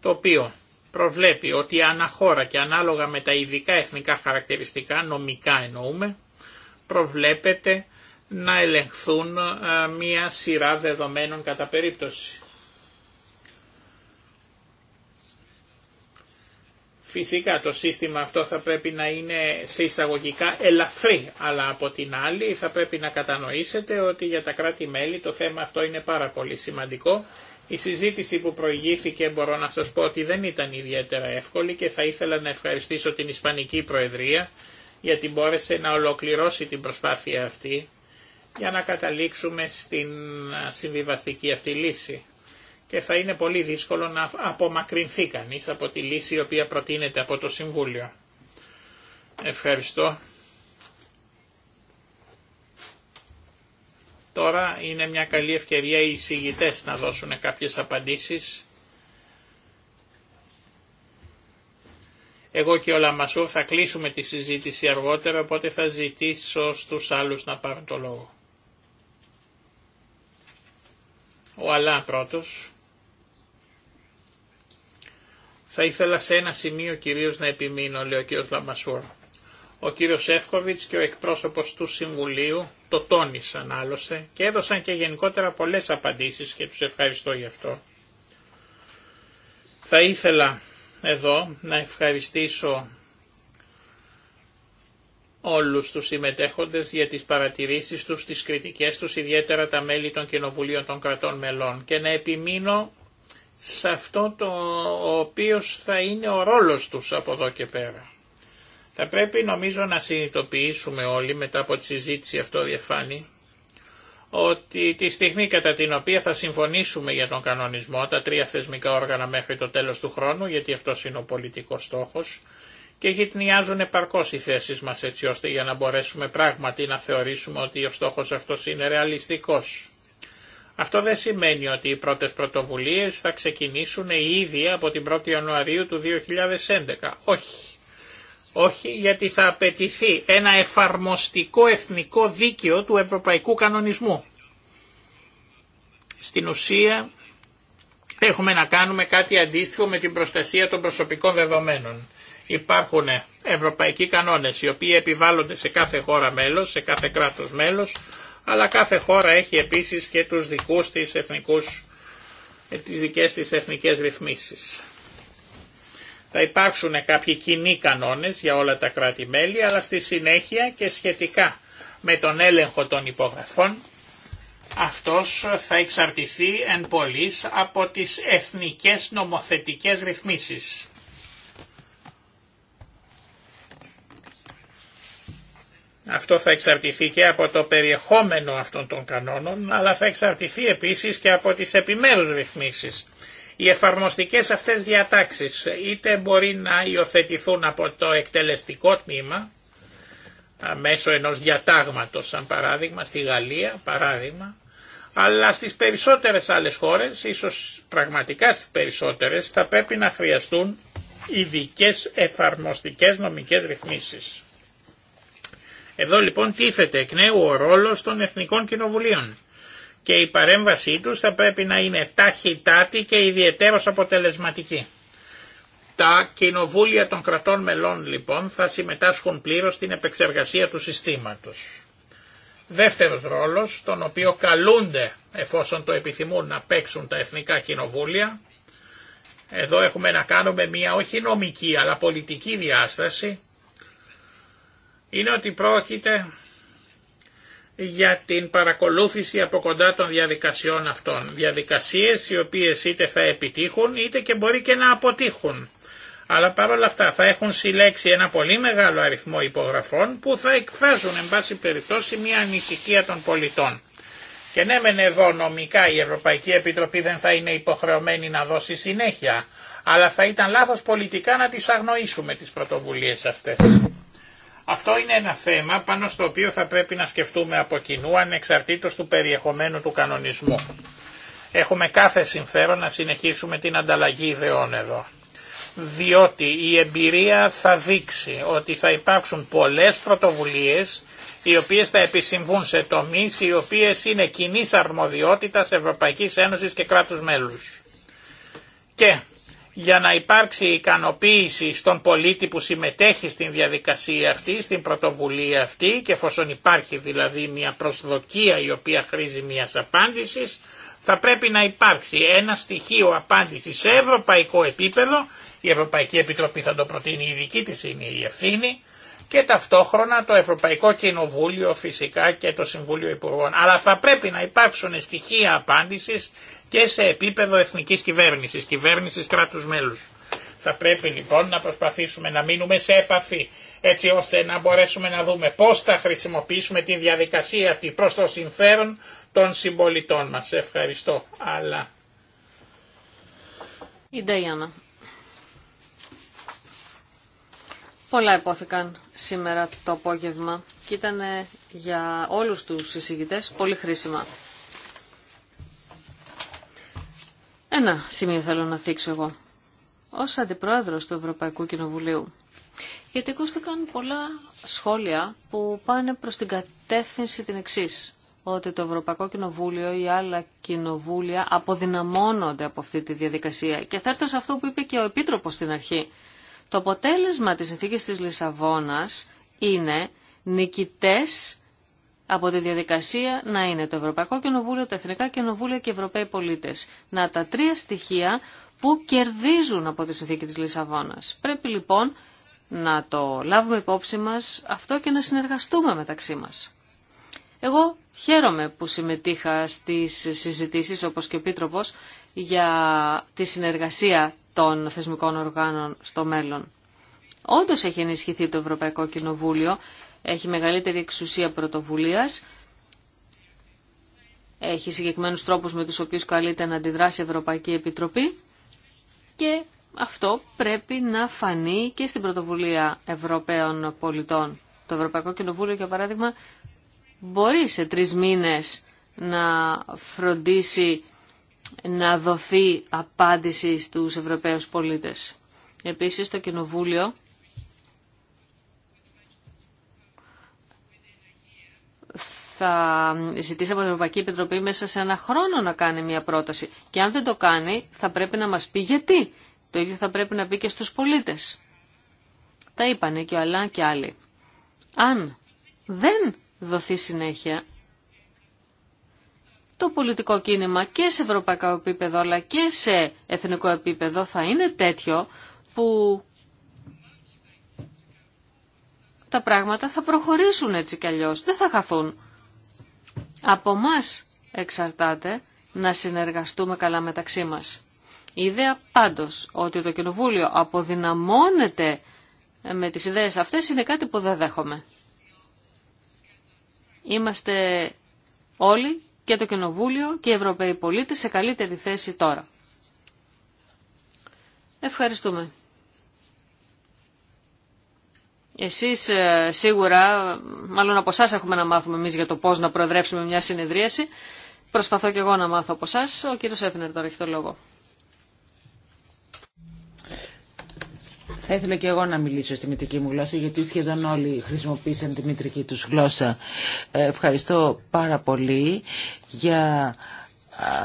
το οποίο προβλέπει ότι αναχώρα και ανάλογα με τα ειδικά εθνικά χαρακτηριστικά, νομικά εννοούμε, προβλέπεται να ελεγχθούν ε, μια σειρά δεδομένων κατά περίπτωση. Φυσικά το σύστημα αυτό θα πρέπει να είναι σε εισαγωγικά ελαφρύ, αλλά από την άλλη θα πρέπει να κατανοήσετε ότι για τα κράτη-μέλη το θέμα αυτό είναι πάρα πολύ σημαντικό. Η συζήτηση που προηγήθηκε μπορώ να σας πω ότι δεν ήταν ιδιαίτερα εύκολη και θα ήθελα να ευχαριστήσω την Ισπανική Προεδρία γιατί μπόρεσε να ολοκληρώσει την προσπάθεια αυτή για να καταλήξουμε στην συμβιβαστική αυτή λύση και θα είναι πολύ δύσκολο να απομακρυνθεί κανείς από τη λύση η οποία προτείνεται από το Συμβούλιο. Ευχαριστώ. Τώρα είναι μια καλή ευκαιρία οι εισηγητές να δώσουν κάποιες απαντήσεις. Εγώ και ο Λαμασού θα κλείσουμε τη συζήτηση αργότερα, οπότε θα ζητήσω στους άλλους να πάρουν το λόγο. Ο Αλά πρώτος. Θα ήθελα σε ένα σημείο κυρίως να επιμείνω, λέει ο κύριος Λαμασούρ. Ο κύριος Εύκοβιτς και ο εκπρόσωπος του Συμβουλίου το τόνισαν άλλωστε και έδωσαν και γενικότερα πολλές απαντήσεις και τους ευχαριστώ γι' αυτό. Θα ήθελα εδώ να ευχαριστήσω όλους τους συμμετέχοντες για τις παρατηρήσεις τους, τις κριτικές τους, ιδιαίτερα τα μέλη των κοινοβουλίων των κρατών μελών και να επιμείνω σε αυτό το ο οποίος θα είναι ο ρόλος τους από εδώ και πέρα. Θα πρέπει νομίζω να συνειδητοποιήσουμε όλοι μετά από τη συζήτηση αυτό διαφάνει ότι τη στιγμή κατά την οποία θα συμφωνήσουμε για τον κανονισμό τα τρία θεσμικά όργανα μέχρι το τέλος του χρόνου γιατί αυτό είναι ο πολιτικός στόχος και γυτνιάζουν επαρκώς οι θέσεις μας έτσι ώστε για να μπορέσουμε πράγματι να θεωρήσουμε ότι ο στόχος αυτός είναι ρεαλιστικός. Αυτό δεν σημαίνει ότι οι πρώτες πρωτοβουλίες θα ξεκινήσουν ήδη από την 1η Ιανουαρίου του 2011. Όχι. Όχι γιατί θα απαιτηθεί ένα εφαρμοστικό εθνικό δίκαιο του ευρωπαϊκού κανονισμού. Στην ουσία έχουμε να κάνουμε κάτι αντίστοιχο με την προστασία των προσωπικών δεδομένων. Υπάρχουν ευρωπαϊκοί κανόνες οι οποίοι επιβάλλονται σε κάθε χώρα μέλος, σε κάθε κράτος μέλος, αλλά κάθε χώρα έχει επίσης και τους δικούς της εθνικούς, ε, τις δικές της εθνικές ρυθμίσεις. Θα υπάρξουν κάποιοι κοινοί κανόνες για όλα τα κράτη-μέλη, αλλά στη συνέχεια και σχετικά με τον έλεγχο των υπογραφών, αυτός θα εξαρτηθεί εν πολλής από τις εθνικές νομοθετικές ρυθμίσεις. Αυτό θα εξαρτηθεί και από το περιεχόμενο αυτών των κανόνων, αλλά θα εξαρτηθεί επίσης και από τις επιμέρους ρυθμίσεις. Οι εφαρμοστικές αυτές διατάξεις είτε μπορεί να υιοθετηθούν από το εκτελεστικό τμήμα, μέσω ενός διατάγματος σαν παράδειγμα, στη Γαλλία παράδειγμα, αλλά στις περισσότερες άλλες χώρες, ίσως πραγματικά στις περισσότερες, θα πρέπει να χρειαστούν ειδικέ εφαρμοστικές νομικές ρυθμίσεις. Εδώ λοιπόν τίθεται εκ νέου ο ρόλος των Εθνικών Κοινοβουλίων και η παρέμβασή τους θα πρέπει να είναι ταχυτάτη και ιδιαίτερως αποτελεσματική. Τα κοινοβούλια των κρατών μελών λοιπόν θα συμμετάσχουν πλήρως στην επεξεργασία του συστήματος. Δεύτερος ρόλος, τον οποίο καλούνται εφόσον το επιθυμούν να παίξουν τα εθνικά κοινοβούλια, εδώ έχουμε να κάνουμε μια όχι νομική αλλά πολιτική διάσταση, είναι ότι πρόκειται για την παρακολούθηση από κοντά των διαδικασιών αυτών. Διαδικασίες οι οποίες είτε θα επιτύχουν είτε και μπορεί και να αποτύχουν. Αλλά παρόλα αυτά θα έχουν συλλέξει ένα πολύ μεγάλο αριθμό υπογραφών που θα εκφράζουν εν πάση περιπτώσει μια ανησυχία των πολιτών. Και ναι μεν εδώ νομικά η Ευρωπαϊκή Επιτροπή δεν θα είναι υποχρεωμένη να δώσει συνέχεια, αλλά θα ήταν λάθος πολιτικά να τις αγνοήσουμε τις πρωτοβουλίες αυτές. Αυτό είναι ένα θέμα πάνω στο οποίο θα πρέπει να σκεφτούμε από κοινού ανεξαρτήτως του περιεχομένου του κανονισμού. Έχουμε κάθε συμφέρον να συνεχίσουμε την ανταλλαγή ιδεών εδώ. Διότι η εμπειρία θα δείξει ότι θα υπάρξουν πολλές πρωτοβουλίες οι οποίες θα επισυμβούν σε τομείς οι οποίες είναι κοινή αρμοδιότητας Ευρωπαϊκής Ένωσης και κράτους μέλους. Και για να υπάρξει ικανοποίηση στον πολίτη που συμμετέχει στην διαδικασία αυτή, στην πρωτοβουλία αυτή και εφόσον υπάρχει δηλαδή μια προσδοκία η οποία χρήζει μια απάντηση, θα πρέπει να υπάρξει ένα στοιχείο απάντηση σε ευρωπαϊκό επίπεδο, η Ευρωπαϊκή Επιτροπή θα το προτείνει, η δική της είναι η ευθύνη, και ταυτόχρονα το Ευρωπαϊκό Κοινοβούλιο φυσικά και το Συμβούλιο Υπουργών. Αλλά θα πρέπει να υπάρξουν στοιχεία απάντησης και σε επίπεδο εθνικής κυβέρνησης, κυβέρνησης κράτους μέλους. Θα πρέπει λοιπόν να προσπαθήσουμε να μείνουμε σε επαφή έτσι ώστε να μπορέσουμε να δούμε πώς θα χρησιμοποιήσουμε τη διαδικασία αυτή προς το συμφέρον των συμπολιτών μας. Ευχαριστώ. Αλλά... Η Νταϊάννα. Πολλά υπόθηκαν σήμερα το απόγευμα και ήταν ε, για όλους τους συζητητές πολύ χρήσιμα. Ένα σημείο θέλω να θίξω εγώ. Ως αντιπρόεδρος του Ευρωπαϊκού Κοινοβουλίου. Γιατί ακούστηκαν πολλά σχόλια που πάνε προς την κατεύθυνση την εξή. ότι το Ευρωπαϊκό Κοινοβούλιο ή άλλα κοινοβούλια αποδυναμώνονται από αυτή τη διαδικασία. Και θα έρθω σε αυτό που είπε και ο Επίτροπος στην αρχή. Το αποτέλεσμα της συνθήκης της Λισαβόνας είναι νικητές από τη διαδικασία να είναι το Ευρωπαϊκό Κοινοβούλιο, τα Εθνικά Κοινοβούλια και οι Ευρωπαίοι πολίτες. Να τα τρία στοιχεία που κερδίζουν από τη συνθήκη της Λισαβόνας. Πρέπει λοιπόν να το λάβουμε υπόψη μας αυτό και να συνεργαστούμε μεταξύ μα. Εγώ χαίρομαι που συμμετείχα στις συζητήσεις όπως και ο Επίτροπος για τη συνεργασία των θεσμικών οργάνων στο μέλλον. Όντως έχει ενισχυθεί το Ευρωπαϊκό Κοινοβούλιο έχει μεγαλύτερη εξουσία πρωτοβουλίας, έχει συγκεκριμένους τρόπους με τους οποίους καλείται να αντιδράσει η Ευρωπαϊκή Επιτροπή και αυτό πρέπει να φανεί και στην πρωτοβουλία Ευρωπαίων πολιτών. Το Ευρωπαϊκό Κοινοβούλιο, για παράδειγμα, μπορεί σε τρεις μήνες να φροντίσει να δοθεί απάντηση στους Ευρωπαίους πολίτες. Επίσης, το Κοινοβούλιο θα ζητήσει από την Ευρωπαϊκή Επιτροπή μέσα σε ένα χρόνο να κάνει μια πρόταση. Και αν δεν το κάνει, θα πρέπει να μας πει γιατί. Το ίδιο θα πρέπει να πει και στους πολίτες. Τα είπανε και ο Αλάν και άλλοι. Αν δεν δοθεί συνέχεια, το πολιτικό κίνημα και σε ευρωπαϊκό επίπεδο αλλά και σε εθνικό επίπεδο θα είναι τέτοιο που τα πράγματα θα προχωρήσουν έτσι κι αλλιώς, δεν θα χαθούν. Από μας εξαρτάται να συνεργαστούμε καλά μεταξύ μας. Η ιδέα πάντως ότι το Κοινοβούλιο αποδυναμώνεται με τις ιδέες αυτές είναι κάτι που δεν δέχομαι. Είμαστε όλοι και το Κοινοβούλιο και οι Ευρωπαίοι πολίτες σε καλύτερη θέση τώρα. Ευχαριστούμε. Εσείς ε, σίγουρα, μάλλον από εσά έχουμε να μάθουμε εμείς για το πώς να προεδρεύσουμε μια συνεδρίαση. Προσπαθώ και εγώ να μάθω από εσά. Ο κύριος Έφνερ τώρα έχει το λόγο. Θα ήθελα και εγώ να μιλήσω στη μητρική μου γλώσσα, γιατί σχεδόν όλοι χρησιμοποίησαν τη μητρική τους γλώσσα. Ε, ευχαριστώ πάρα πολύ για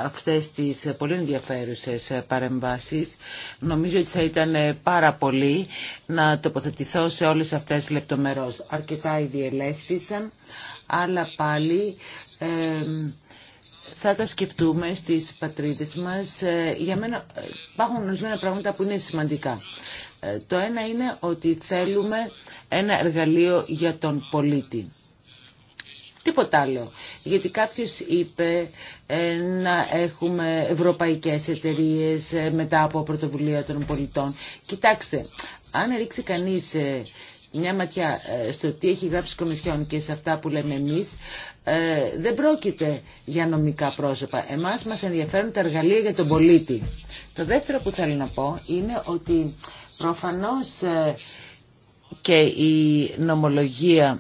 αυτές τις πολύ ενδιαφέρουσες παρεμβάσεις. Νομίζω ότι θα ήταν πάρα πολύ να τοποθετηθώ σε όλες αυτές λεπτομερώς. Αρκετά ήδη ελέγχθησαν, αλλά πάλι θα τα σκεφτούμε στις πατρίδες μας. Ε, για μένα υπάρχουν ορισμένα πράγματα που είναι σημαντικά. Ε, το ένα είναι ότι θέλουμε ένα εργαλείο για τον πολίτη. Τίποτα άλλο. Γιατί κάποιο είπε ε, να έχουμε ευρωπαϊκές εταιρείε ε, μετά από πρωτοβουλία των πολιτών. Κοιτάξτε, αν ρίξει κανείς ε, μια ματιά ε, στο τι έχει γράψει η Κομισιόν και σε αυτά που λέμε εμείς, δεν πρόκειται για νομικά πρόσωπα. Εμάς μας ενδιαφέρουν τα εργαλεία για τον πολίτη. Το δεύτερο που θέλω να πω είναι ότι προφανώς και η νομολογία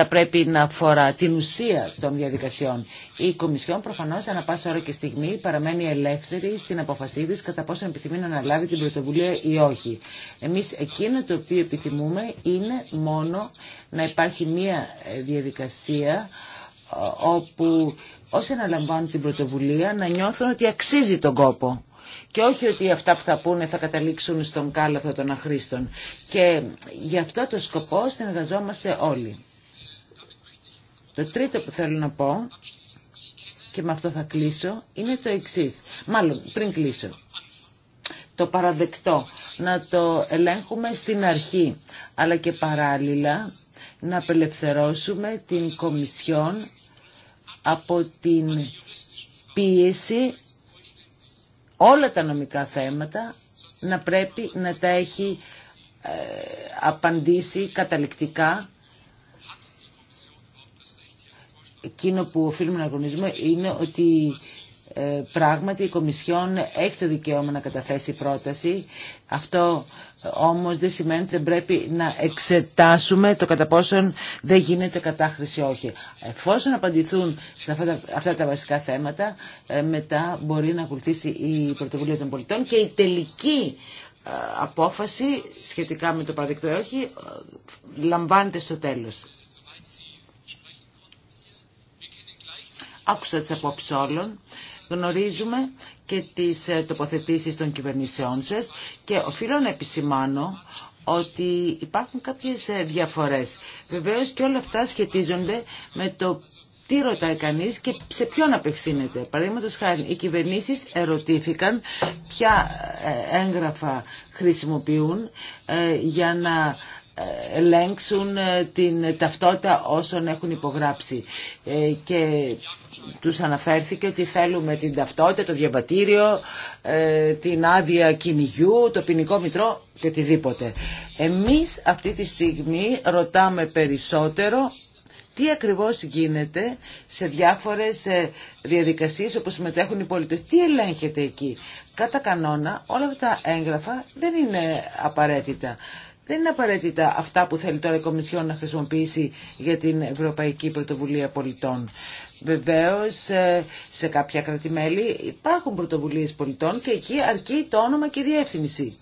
θα πρέπει να αφορά την ουσία των διαδικασιών. Η Κομισιόν προφανώ ανά πάσα ώρα και στιγμή παραμένει ελεύθερη στην αποφασή τη κατά πόσο επιθυμεί να αναλάβει την πρωτοβουλία ή όχι. Εμεί εκείνο το οποίο επιθυμούμε είναι μόνο να υπάρχει μία ε, διαδικασία όπου όσοι αναλαμβάνουν την πρωτοβουλία να νιώθουν ότι αξίζει τον κόπο και όχι ότι αυτά που θα πούνε θα καταλήξουν στον κάλαθο των αχρήστων. Και γι' αυτό το σκοπό συνεργαζόμαστε όλοι. Το τρίτο που θέλω να πω, και με αυτό θα κλείσω, είναι το εξή. Μάλλον, πριν κλείσω. Το παραδεκτό, να το ελέγχουμε στην αρχή, αλλά και παράλληλα να απελευθερώσουμε την Κομισιόν από την πίεση όλα τα νομικά θέματα να πρέπει να τα έχει ε, απαντήσει καταληκτικά εκείνο που οφείλουμε να γνωρίζουμε είναι ότι ε, πράγματι η Κομισιόν έχει το δικαίωμα να καταθέσει πρόταση. Αυτό ε, όμως δεν σημαίνει ότι δεν πρέπει να εξετάσουμε το κατά πόσον δεν γίνεται κατάχρηση όχι. Εφόσον απαντηθούν σε αυτά, τα βασικά θέματα, ε, μετά μπορεί να ακολουθήσει η πρωτοβουλία των πολιτών και η τελική απόφαση σχετικά με το παραδεκτό όχι λαμβάνεται στο τέλος. Άκουσα τις απόψεις όλων. Γνωρίζουμε και τις ε, τοποθετήσεις των κυβερνήσεών σας και οφείλω να επισημάνω ότι υπάρχουν κάποιες ε, διαφορές. Βεβαίως και όλα αυτά σχετίζονται με το τι ρωτάει κανείς και σε ποιον απευθύνεται. Παραδείγματος χάρη, οι κυβερνήσεις ερωτήθηκαν ποια ε, έγγραφα χρησιμοποιούν για να ελέγξουν την ταυτότητα όσων έχουν υπογράψει. Και τους αναφέρθηκε ότι θέλουμε την ταυτότητα, το διαβατήριο, ε, την άδεια κυνηγιού, το ποινικό μητρό και οτιδήποτε. Εμείς αυτή τη στιγμή ρωτάμε περισσότερο τι ακριβώς γίνεται σε διάφορες ε, διαδικασίες όπως συμμετέχουν οι πολίτες. Τι ελέγχεται εκεί. Κατά κανόνα όλα αυτά τα έγγραφα δεν είναι απαραίτητα. Δεν είναι απαραίτητα αυτά που θέλει τώρα η Κομισιόν να χρησιμοποιήσει για την Ευρωπαϊκή Πρωτοβουλία Πολιτών. Βεβαίω, ε, σε κάποια κρατημέλη υπάρχουν πρωτοβουλίες πολιτών και εκεί αρκεί το όνομα και η διεύθυνση.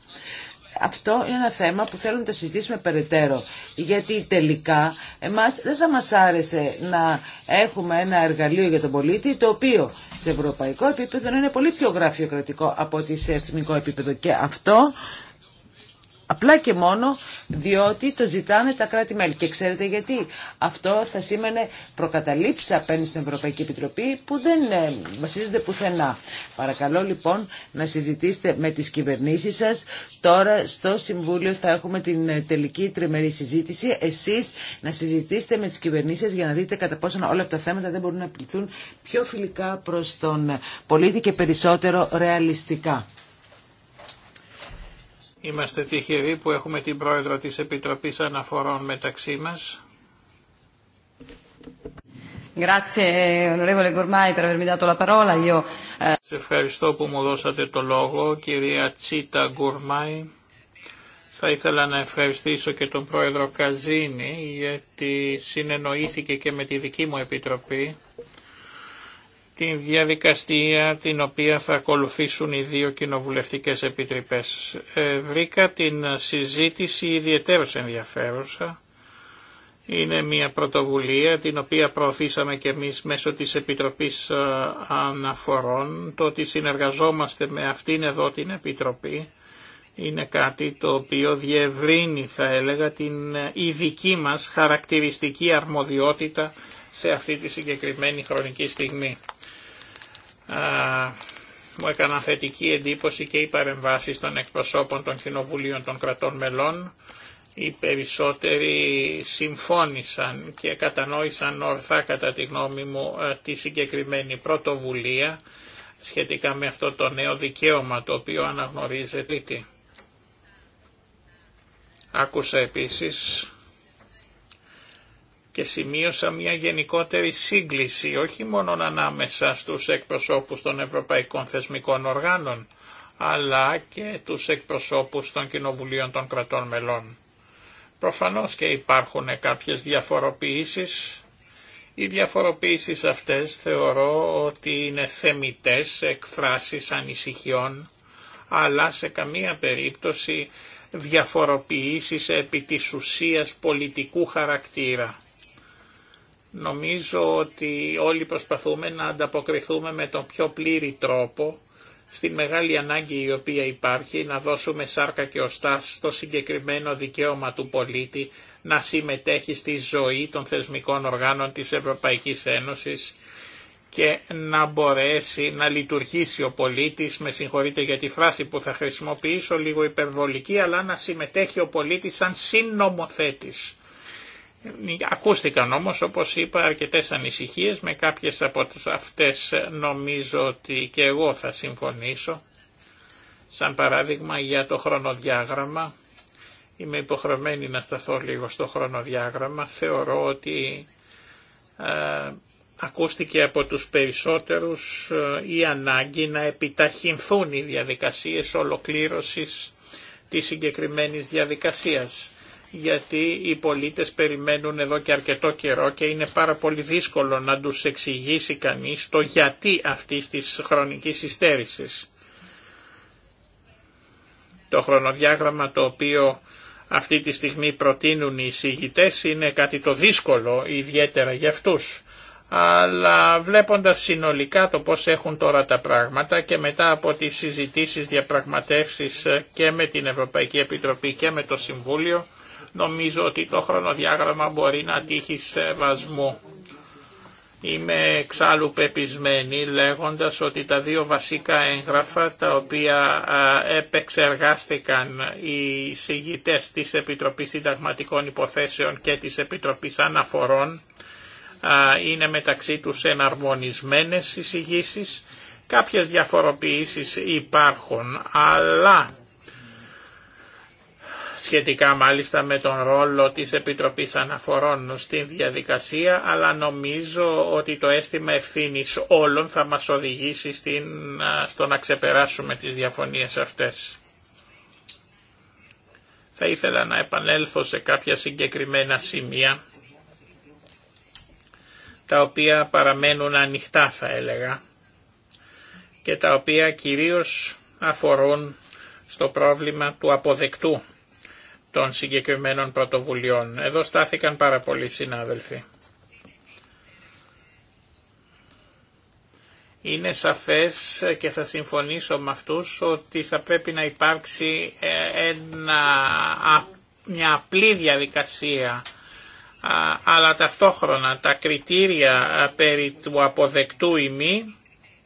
Αυτό είναι ένα θέμα που θέλουμε να το συζητήσουμε περαιτέρω. Γιατί τελικά εμάς δεν θα μας άρεσε να έχουμε ένα εργαλείο για τον πολίτη το οποίο σε ευρωπαϊκό επίπεδο είναι πολύ πιο γραφειοκρατικό από ότι σε εθνικό επίπεδο. Και αυτό Απλά και μόνο διότι το ζητάνε τα κράτη-μέλη. Και ξέρετε γιατί. Αυτό θα σήμαινε προκαταλήψει απέναντι στην Ευρωπαϊκή Επιτροπή που δεν ε, βασίζονται πουθενά. Παρακαλώ λοιπόν να συζητήσετε με τις κυβερνήσεις σας. Τώρα στο Συμβούλιο θα έχουμε την ε, τελική τριμερή συζήτηση. Εσείς να συζητήσετε με τις κυβερνήσεις για να δείτε κατά πόσο όλα αυτά τα θέματα δεν μπορούν να πληθούν πιο φιλικά προς τον ε, πολίτη και περισσότερο ρεαλιστικά. Είμαστε τυχεροί που έχουμε την πρόεδρο της Επιτροπής Αναφορών μεταξύ μας. Eh, Σε ευχαριστώ που μου δώσατε το λόγο, κυρία Τσίτα Γκουρμάη. Θα ήθελα να ευχαριστήσω και τον πρόεδρο Καζίνη γιατί συνεννοήθηκε και με τη δική μου επιτροπή την διαδικαστία την οποία θα ακολουθήσουν οι δύο κοινοβουλευτικές επιτροπές. Ε, βρήκα την συζήτηση ιδιαίτερως ενδιαφέρουσα. Είναι μια πρωτοβουλία την οποία προωθήσαμε και εμείς μέσω της Επιτροπής ε, Αναφορών. Το ότι συνεργαζόμαστε με αυτήν εδώ την Επιτροπή είναι κάτι το οποίο διευρύνει θα έλεγα την ειδική μας χαρακτηριστική αρμοδιότητα σε αυτή τη συγκεκριμένη χρονική στιγμή μου έκαναν θετική εντύπωση και οι παρεμβάσει των εκπροσώπων των κοινοβουλίων των κρατών μελών. Οι περισσότεροι συμφώνησαν και κατανόησαν ορθά κατά τη γνώμη μου τη συγκεκριμένη πρωτοβουλία σχετικά με αυτό το νέο δικαίωμα το οποίο αναγνωρίζεται. Άκουσα επίσης και σημείωσα μια γενικότερη σύγκληση όχι μόνο ανάμεσα στους εκπροσώπους των ευρωπαϊκών θεσμικών οργάνων αλλά και τους εκπροσώπους των κοινοβουλίων των κρατών μελών. Προφανώς και υπάρχουν κάποιες διαφοροποιήσεις. Οι διαφοροποιήσεις αυτές θεωρώ ότι είναι θεμητές εκφράσεις ανησυχιών, αλλά σε καμία περίπτωση διαφοροποιήσεις επί της ουσίας πολιτικού χαρακτήρα. Νομίζω ότι όλοι προσπαθούμε να ανταποκριθούμε με τον πιο πλήρη τρόπο στην μεγάλη ανάγκη η οποία υπάρχει να δώσουμε σάρκα και οστά στο συγκεκριμένο δικαίωμα του πολίτη να συμμετέχει στη ζωή των θεσμικών οργάνων της Ευρωπαϊκής Ένωσης και να μπορέσει να λειτουργήσει ο πολίτης, με συγχωρείτε για τη φράση που θα χρησιμοποιήσω λίγο υπερβολική, αλλά να συμμετέχει ο πολίτης σαν συνομοθέτης. Ακούστηκαν όμως όπως είπα αρκετές ανησυχίες με κάποιες από αυτές νομίζω ότι και εγώ θα συμφωνήσω. Σαν παράδειγμα για το χρονοδιάγραμμα είμαι υποχρεωμένη να σταθώ λίγο στο χρονοδιάγραμμα. Θεωρώ ότι ε, ακούστηκε από τους περισσότερους ε, η ανάγκη να επιταχυνθούν οι διαδικασίες ολοκλήρωσης της συγκεκριμένης διαδικασίας γιατί οι πολίτες περιμένουν εδώ και αρκετό καιρό και είναι πάρα πολύ δύσκολο να τους εξηγήσει κανείς το γιατί αυτής της χρονικής υστέρησης. Το χρονοδιάγραμμα το οποίο αυτή τη στιγμή προτείνουν οι εισηγητές είναι κάτι το δύσκολο ιδιαίτερα για αυτούς. Αλλά βλέποντας συνολικά το πώς έχουν τώρα τα πράγματα και μετά από τις συζητήσεις διαπραγματεύσεις και με την Ευρωπαϊκή Επιτροπή και με το Συμβούλιο Νομίζω ότι το χρονοδιάγραμμα μπορεί να τύχει βασμό. Είμαι εξάλλου πεπισμένη λέγοντας ότι τα δύο βασικά έγγραφα τα οποία επεξεργάστηκαν οι συγγητές της Επιτροπής Συνταγματικών Υποθέσεων και της Επιτροπής Αναφορών είναι μεταξύ τους εναρμονισμένες εισηγήσεις. Κάποιες διαφοροποιήσεις υπάρχουν, αλλά σχετικά μάλιστα με τον ρόλο της Επιτροπής Αναφορών στην διαδικασία, αλλά νομίζω ότι το αίσθημα ευθύνη όλων θα μας οδηγήσει στην, στο να ξεπεράσουμε τις διαφωνίες αυτές. Θα ήθελα να επανέλθω σε κάποια συγκεκριμένα σημεία, τα οποία παραμένουν ανοιχτά θα έλεγα και τα οποία κυρίως αφορούν στο πρόβλημα του αποδεκτού των συγκεκριμένων πρωτοβουλειών. Εδώ στάθηκαν πάρα πολλοί συνάδελφοι. Είναι σαφές και θα συμφωνήσω με αυτούς ότι θα πρέπει να υπάρξει ε, ένα, μια απλή διαδικασία αλλά ταυτόχρονα τα κριτήρια περί του αποδεκτού ημί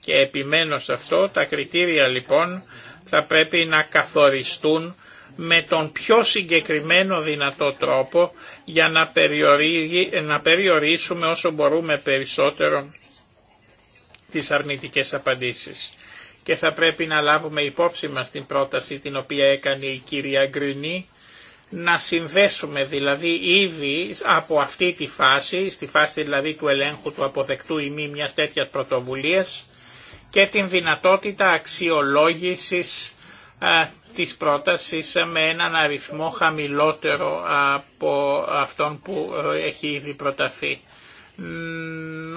και επιμένω σε αυτό, τα κριτήρια λοιπόν θα πρέπει να καθοριστούν με τον πιο συγκεκριμένο δυνατό τρόπο για να, να περιορίσουμε όσο μπορούμε περισσότερο τις αρνητικές απαντήσεις. Και θα πρέπει να λάβουμε υπόψη μας την πρόταση την οποία έκανε η κυρία Γκρινή, να συνδέσουμε δηλαδή ήδη από αυτή τη φάση, στη φάση δηλαδή του ελέγχου του αποδεκτού ή μη μιας τέτοιας πρωτοβουλίας και την δυνατότητα αξιολόγησης της πρότασης με έναν αριθμό χαμηλότερο από αυτόν που ε, έχει ήδη προταθεί.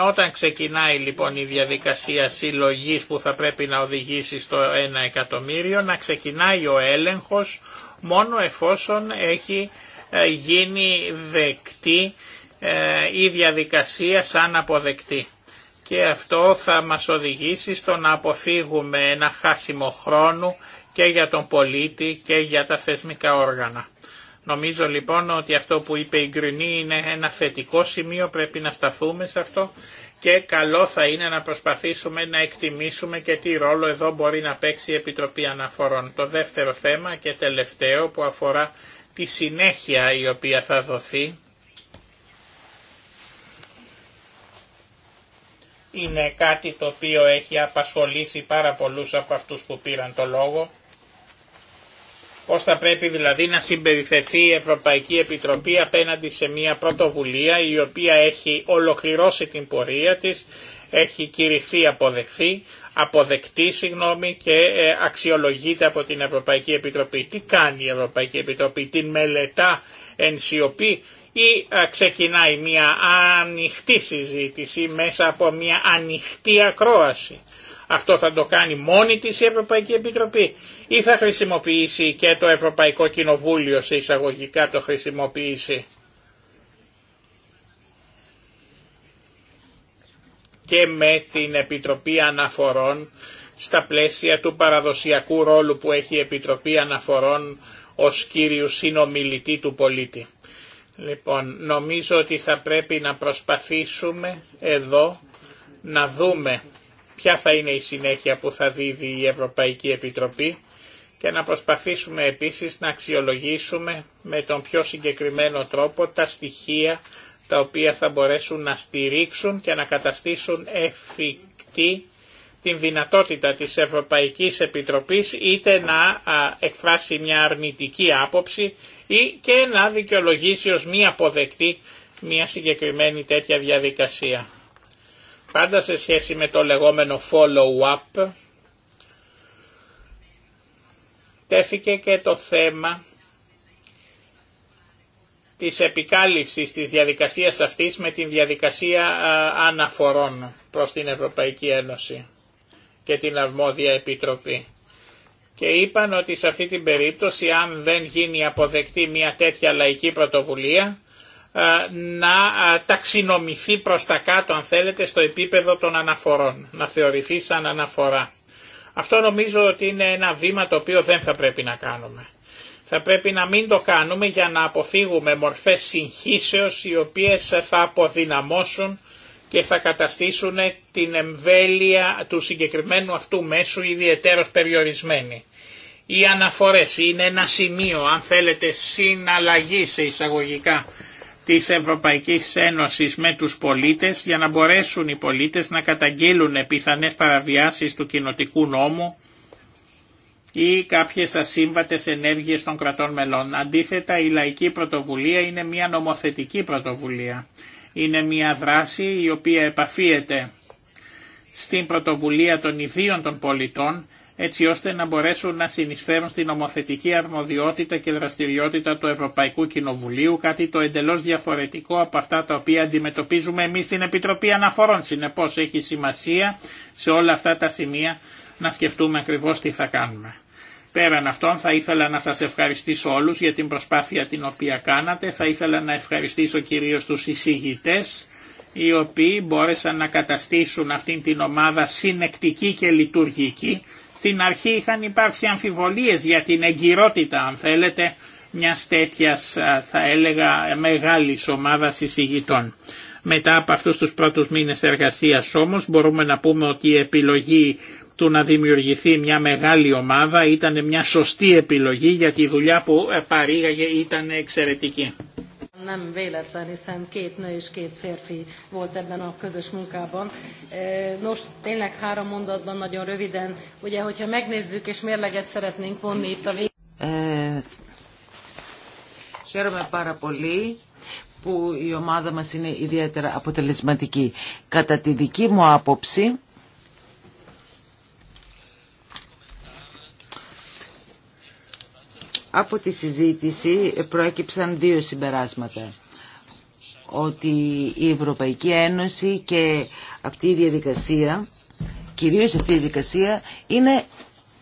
Όταν ξεκινάει λοιπόν η διαδικασία συλλογής που θα πρέπει να οδηγήσει στο 1 εκατομμύριο, να ξεκινάει ο έλεγχος μόνο εφόσον έχει ε, γίνει δεκτή ε, η διαδικασία σαν αποδεκτή. Και αυτό θα μας οδηγήσει στο να αποφύγουμε ένα χάσιμο χρόνο και για τον πολίτη και για τα θεσμικά όργανα. Νομίζω λοιπόν ότι αυτό που είπε η Γκρινή είναι ένα θετικό σημείο, πρέπει να σταθούμε σε αυτό και καλό θα είναι να προσπαθήσουμε να εκτιμήσουμε και τι ρόλο εδώ μπορεί να παίξει η Επιτροπή Αναφορών. Το δεύτερο θέμα και τελευταίο που αφορά τη συνέχεια η οποία θα δοθεί είναι κάτι το οποίο έχει απασχολήσει πάρα πολλούς από αυτούς που πήραν το λόγο Πώς θα πρέπει δηλαδή να συμπεριφερθεί η Ευρωπαϊκή Επιτροπή απέναντι σε μια πρωτοβουλία η οποία έχει ολοκληρώσει την πορεία της, έχει κηρυχθεί αποδεχθεί, αποδεκτή συγγνώμη, και ε, αξιολογείται από την Ευρωπαϊκή Επιτροπή. Τι κάνει η Ευρωπαϊκή Επιτροπή, την μελετά εν σιωπή ή ε, ξεκινάει μια ανοιχτή συζήτηση μέσα από μια ανοιχτή ακρόαση. Αυτό θα το κάνει μόνη της η Ευρωπαϊκή Επιτροπή ή θα χρησιμοποιήσει και το Ευρωπαϊκό Κοινοβούλιο σε εισαγωγικά το χρησιμοποιήσει. και με την Επιτροπή Αναφορών στα πλαίσια του παραδοσιακού ρόλου που έχει η Επιτροπή Αναφορών ως κύριου συνομιλητή του πολίτη. Λοιπόν, νομίζω ότι θα πρέπει να προσπαθήσουμε εδώ να δούμε ποια θα είναι η συνέχεια που θα δίδει η Ευρωπαϊκή Επιτροπή και να προσπαθήσουμε επίσης να αξιολογήσουμε με τον πιο συγκεκριμένο τρόπο τα στοιχεία τα οποία θα μπορέσουν να στηρίξουν και να καταστήσουν εφικτή την δυνατότητα της Ευρωπαϊκής Επιτροπής είτε να εκφράσει μια αρνητική άποψη ή και να δικαιολογήσει ως μη αποδεκτή μια συγκεκριμένη τέτοια διαδικασία. Πάντα σε σχέση με το λεγόμενο follow-up, τέθηκε και το θέμα της επικάλυψης της διαδικασίας αυτής με την διαδικασία αναφορών προς την Ευρωπαϊκή Ένωση και την Αρμόδια Επιτροπή. Και είπαν ότι σε αυτή την περίπτωση αν δεν γίνει αποδεκτή μια τέτοια λαϊκή πρωτοβουλία ε, να ε, ταξινομηθεί προς τα κάτω αν θέλετε στο επίπεδο των αναφορών, να θεωρηθεί σαν αναφορά. Αυτό νομίζω ότι είναι ένα βήμα το οποίο δεν θα πρέπει να κάνουμε. Θα πρέπει να μην το κάνουμε για να αποφύγουμε μορφές συγχύσεως οι οποίες θα αποδυναμώσουν και θα καταστήσουν την εμβέλεια του συγκεκριμένου αυτού μέσου ιδιαιτέρως περιορισμένη. Οι αναφορές είναι ένα σημείο, αν θέλετε, συναλλαγή σε εισαγωγικά της Ευρωπαϊκής Ένωσης με τους πολίτες για να μπορέσουν οι πολίτες να καταγγείλουν πιθανές παραβιάσεις του κοινοτικού νόμου ή κάποιες ασύμβατες ενέργειες των κρατών μελών. Αντίθετα, η λαϊκή πρωτοβουλία είναι μια νομοθετική πρωτοβουλία. Είναι μια δράση η οποία επαφίεται στην πρωτοβουλία των ιδίων των πολιτών έτσι ώστε να μπορέσουν να συνεισφέρουν στην ομοθετική αρμοδιότητα και δραστηριότητα του Ευρωπαϊκού Κοινοβουλίου, κάτι το εντελώς διαφορετικό από αυτά τα οποία αντιμετωπίζουμε εμείς στην Επιτροπή Αναφορών. Συνεπώς έχει σημασία σε όλα αυτά τα σημεία να σκεφτούμε ακριβώς τι θα κάνουμε. Πέραν αυτών θα ήθελα να σας ευχαριστήσω όλους για την προσπάθεια την οποία κάνατε. Θα ήθελα να ευχαριστήσω κυρίως τους εισηγητές οι οποίοι μπόρεσαν να καταστήσουν αυτήν την ομάδα συνεκτική και λειτουργική στην αρχή είχαν υπάρξει αμφιβολίες για την εγκυρότητα, αν θέλετε, μια τέτοια θα έλεγα μεγάλη ομάδα εισηγητών. Μετά από αυτούς τους πρώτους μήνες εργασίας όμως μπορούμε να πούμε ότι η επιλογή του να δημιουργηθεί μια μεγάλη ομάδα ήταν μια σωστή επιλογή γιατί η δουλειά που ε, παρήγαγε ήταν εξαιρετική nem véletlen, hiszen két nő és két férfi volt ebben a közös munkában. Nos, tényleg három mondatban nagyon röviden, ugye, hogyha megnézzük és mérleget szeretnénk vonni itt a végén. Χαίρομαι πάρα πολύ που η ομάδα μας είναι ιδιαίτερα αποτελεσματική. Κατά τη δική μου άποψη, Από τη συζήτηση προέκυψαν δύο συμπεράσματα. Ότι η Ευρωπαϊκή Ένωση και αυτή η διαδικασία, κυρίως αυτή η διαδικασία, είναι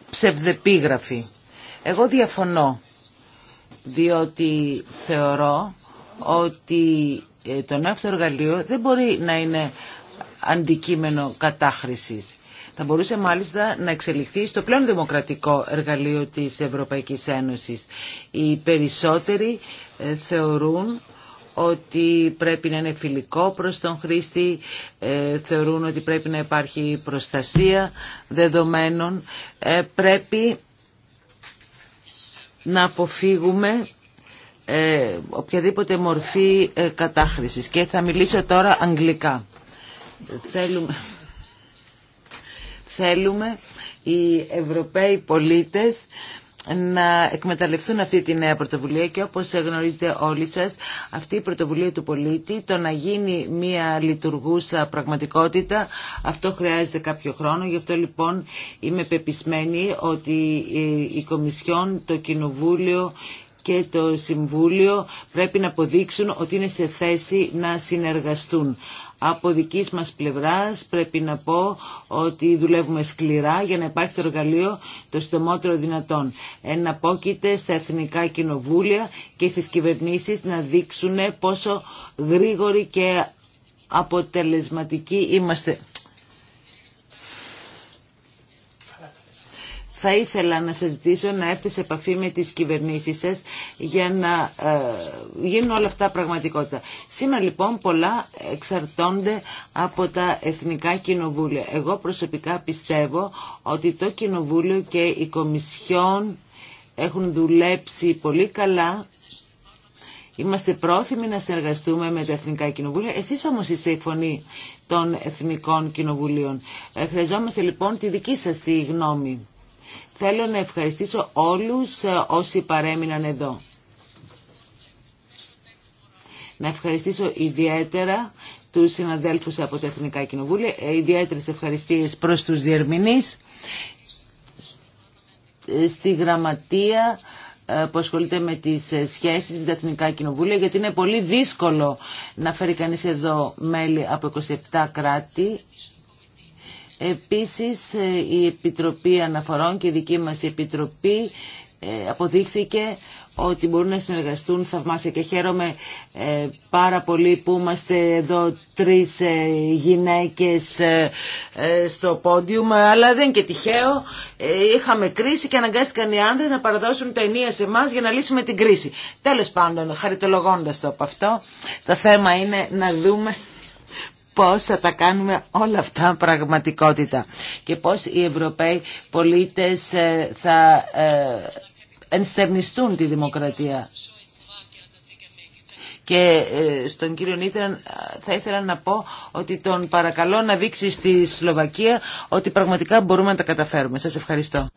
ψευδεπίγραφη. Εγώ διαφωνώ, διότι θεωρώ ότι ε, το νέο εργαλείο δεν μπορεί να είναι αντικείμενο κατάχρησης θα μπορούσε μάλιστα να εξελιχθεί στο πλέον δημοκρατικό εργαλείο της Ευρωπαϊκής Ένωσης. Οι περισσότεροι ε, θεωρούν ότι πρέπει να είναι φιλικό προς τον χρήστη, ε, θεωρούν ότι πρέπει να υπάρχει προστασία δεδομένων. Ε, πρέπει να αποφύγουμε οποιαδήποτε μορφή κατάχρησης. Και θα μιλήσω τώρα αγγλικά. Θέλουμε... Θέλουμε οι Ευρωπαίοι πολίτες να εκμεταλλευτούν αυτή τη νέα πρωτοβουλία και όπως γνωρίζετε όλοι σας αυτή η πρωτοβουλία του πολίτη το να γίνει μια λειτουργούσα πραγματικότητα αυτό χρειάζεται κάποιο χρόνο γι' αυτό λοιπόν είμαι πεπισμένη ότι ε, η Κομισιόν, το Κοινοβούλιο και το Συμβούλιο πρέπει να αποδείξουν ότι είναι σε θέση να συνεργαστούν. Από δικής μας πλευράς πρέπει να πω ότι δουλεύουμε σκληρά για να υπάρχει το εργαλείο το συντομότερο δυνατόν. Εναπόκειται στα εθνικά κοινοβούλια και στις κυβερνήσεις να δείξουν πόσο γρήγοροι και αποτελεσματικοί είμαστε. Θα ήθελα να σας ζητήσω να έρθετε σε επαφή με τις κυβερνήσεις σας για να ε, γίνουν όλα αυτά πραγματικότητα. Σήμερα λοιπόν πολλά εξαρτώνται από τα εθνικά κοινοβούλια. Εγώ προσωπικά πιστεύω ότι το κοινοβούλιο και η Κομισιόν έχουν δουλέψει πολύ καλά Είμαστε πρόθυμοι να συνεργαστούμε με τα Εθνικά Κοινοβούλια. Εσείς όμως είστε η φωνή των Εθνικών Κοινοβουλίων. Ε, χρειαζόμαστε λοιπόν τη δική σας τη γνώμη. Θέλω να ευχαριστήσω όλους ε, όσοι παρέμειναν εδώ. Να ευχαριστήσω ιδιαίτερα τους συναδέλφους από τα Εθνικά Κοινοβούλια, ε, ιδιαίτερες ευχαριστίες προς τους διερμηνείς, ε, στη γραμματεία που ασχολείται με τις σχέσεις με τα Εθνικά Κοινοβούλια, γιατί είναι πολύ δύσκολο να φέρει κανείς εδώ μέλη από 27 κράτη Επίσης ε, η Επιτροπή Αναφορών και η δική μας Επιτροπή ε, αποδείχθηκε ότι μπορούν να συνεργαστούν θαυμάσια και χαίρομαι ε, πάρα πολύ που είμαστε εδώ τρεις γυναίκες στο πόντιουμ αλλά δεν και τυχαίο είχαμε κρίση και αναγκάστηκαν οι άνδρες να παραδώσουν τα ενία σε εμά για να λύσουμε την κρίση τέλος πάντων χαριτολογώντας το από αυτό το θέμα είναι να δούμε πώς θα τα κάνουμε όλα αυτά πραγματικότητα και πώς οι Ευρωπαίοι πολίτες ε, θα ε, ενστερνιστούν τη δημοκρατία. Και ε, στον κύριο Νίτρα θα ήθελα να πω ότι τον παρακαλώ να δείξει στη Σλοβακία ότι πραγματικά μπορούμε να τα καταφέρουμε. Σας ευχαριστώ.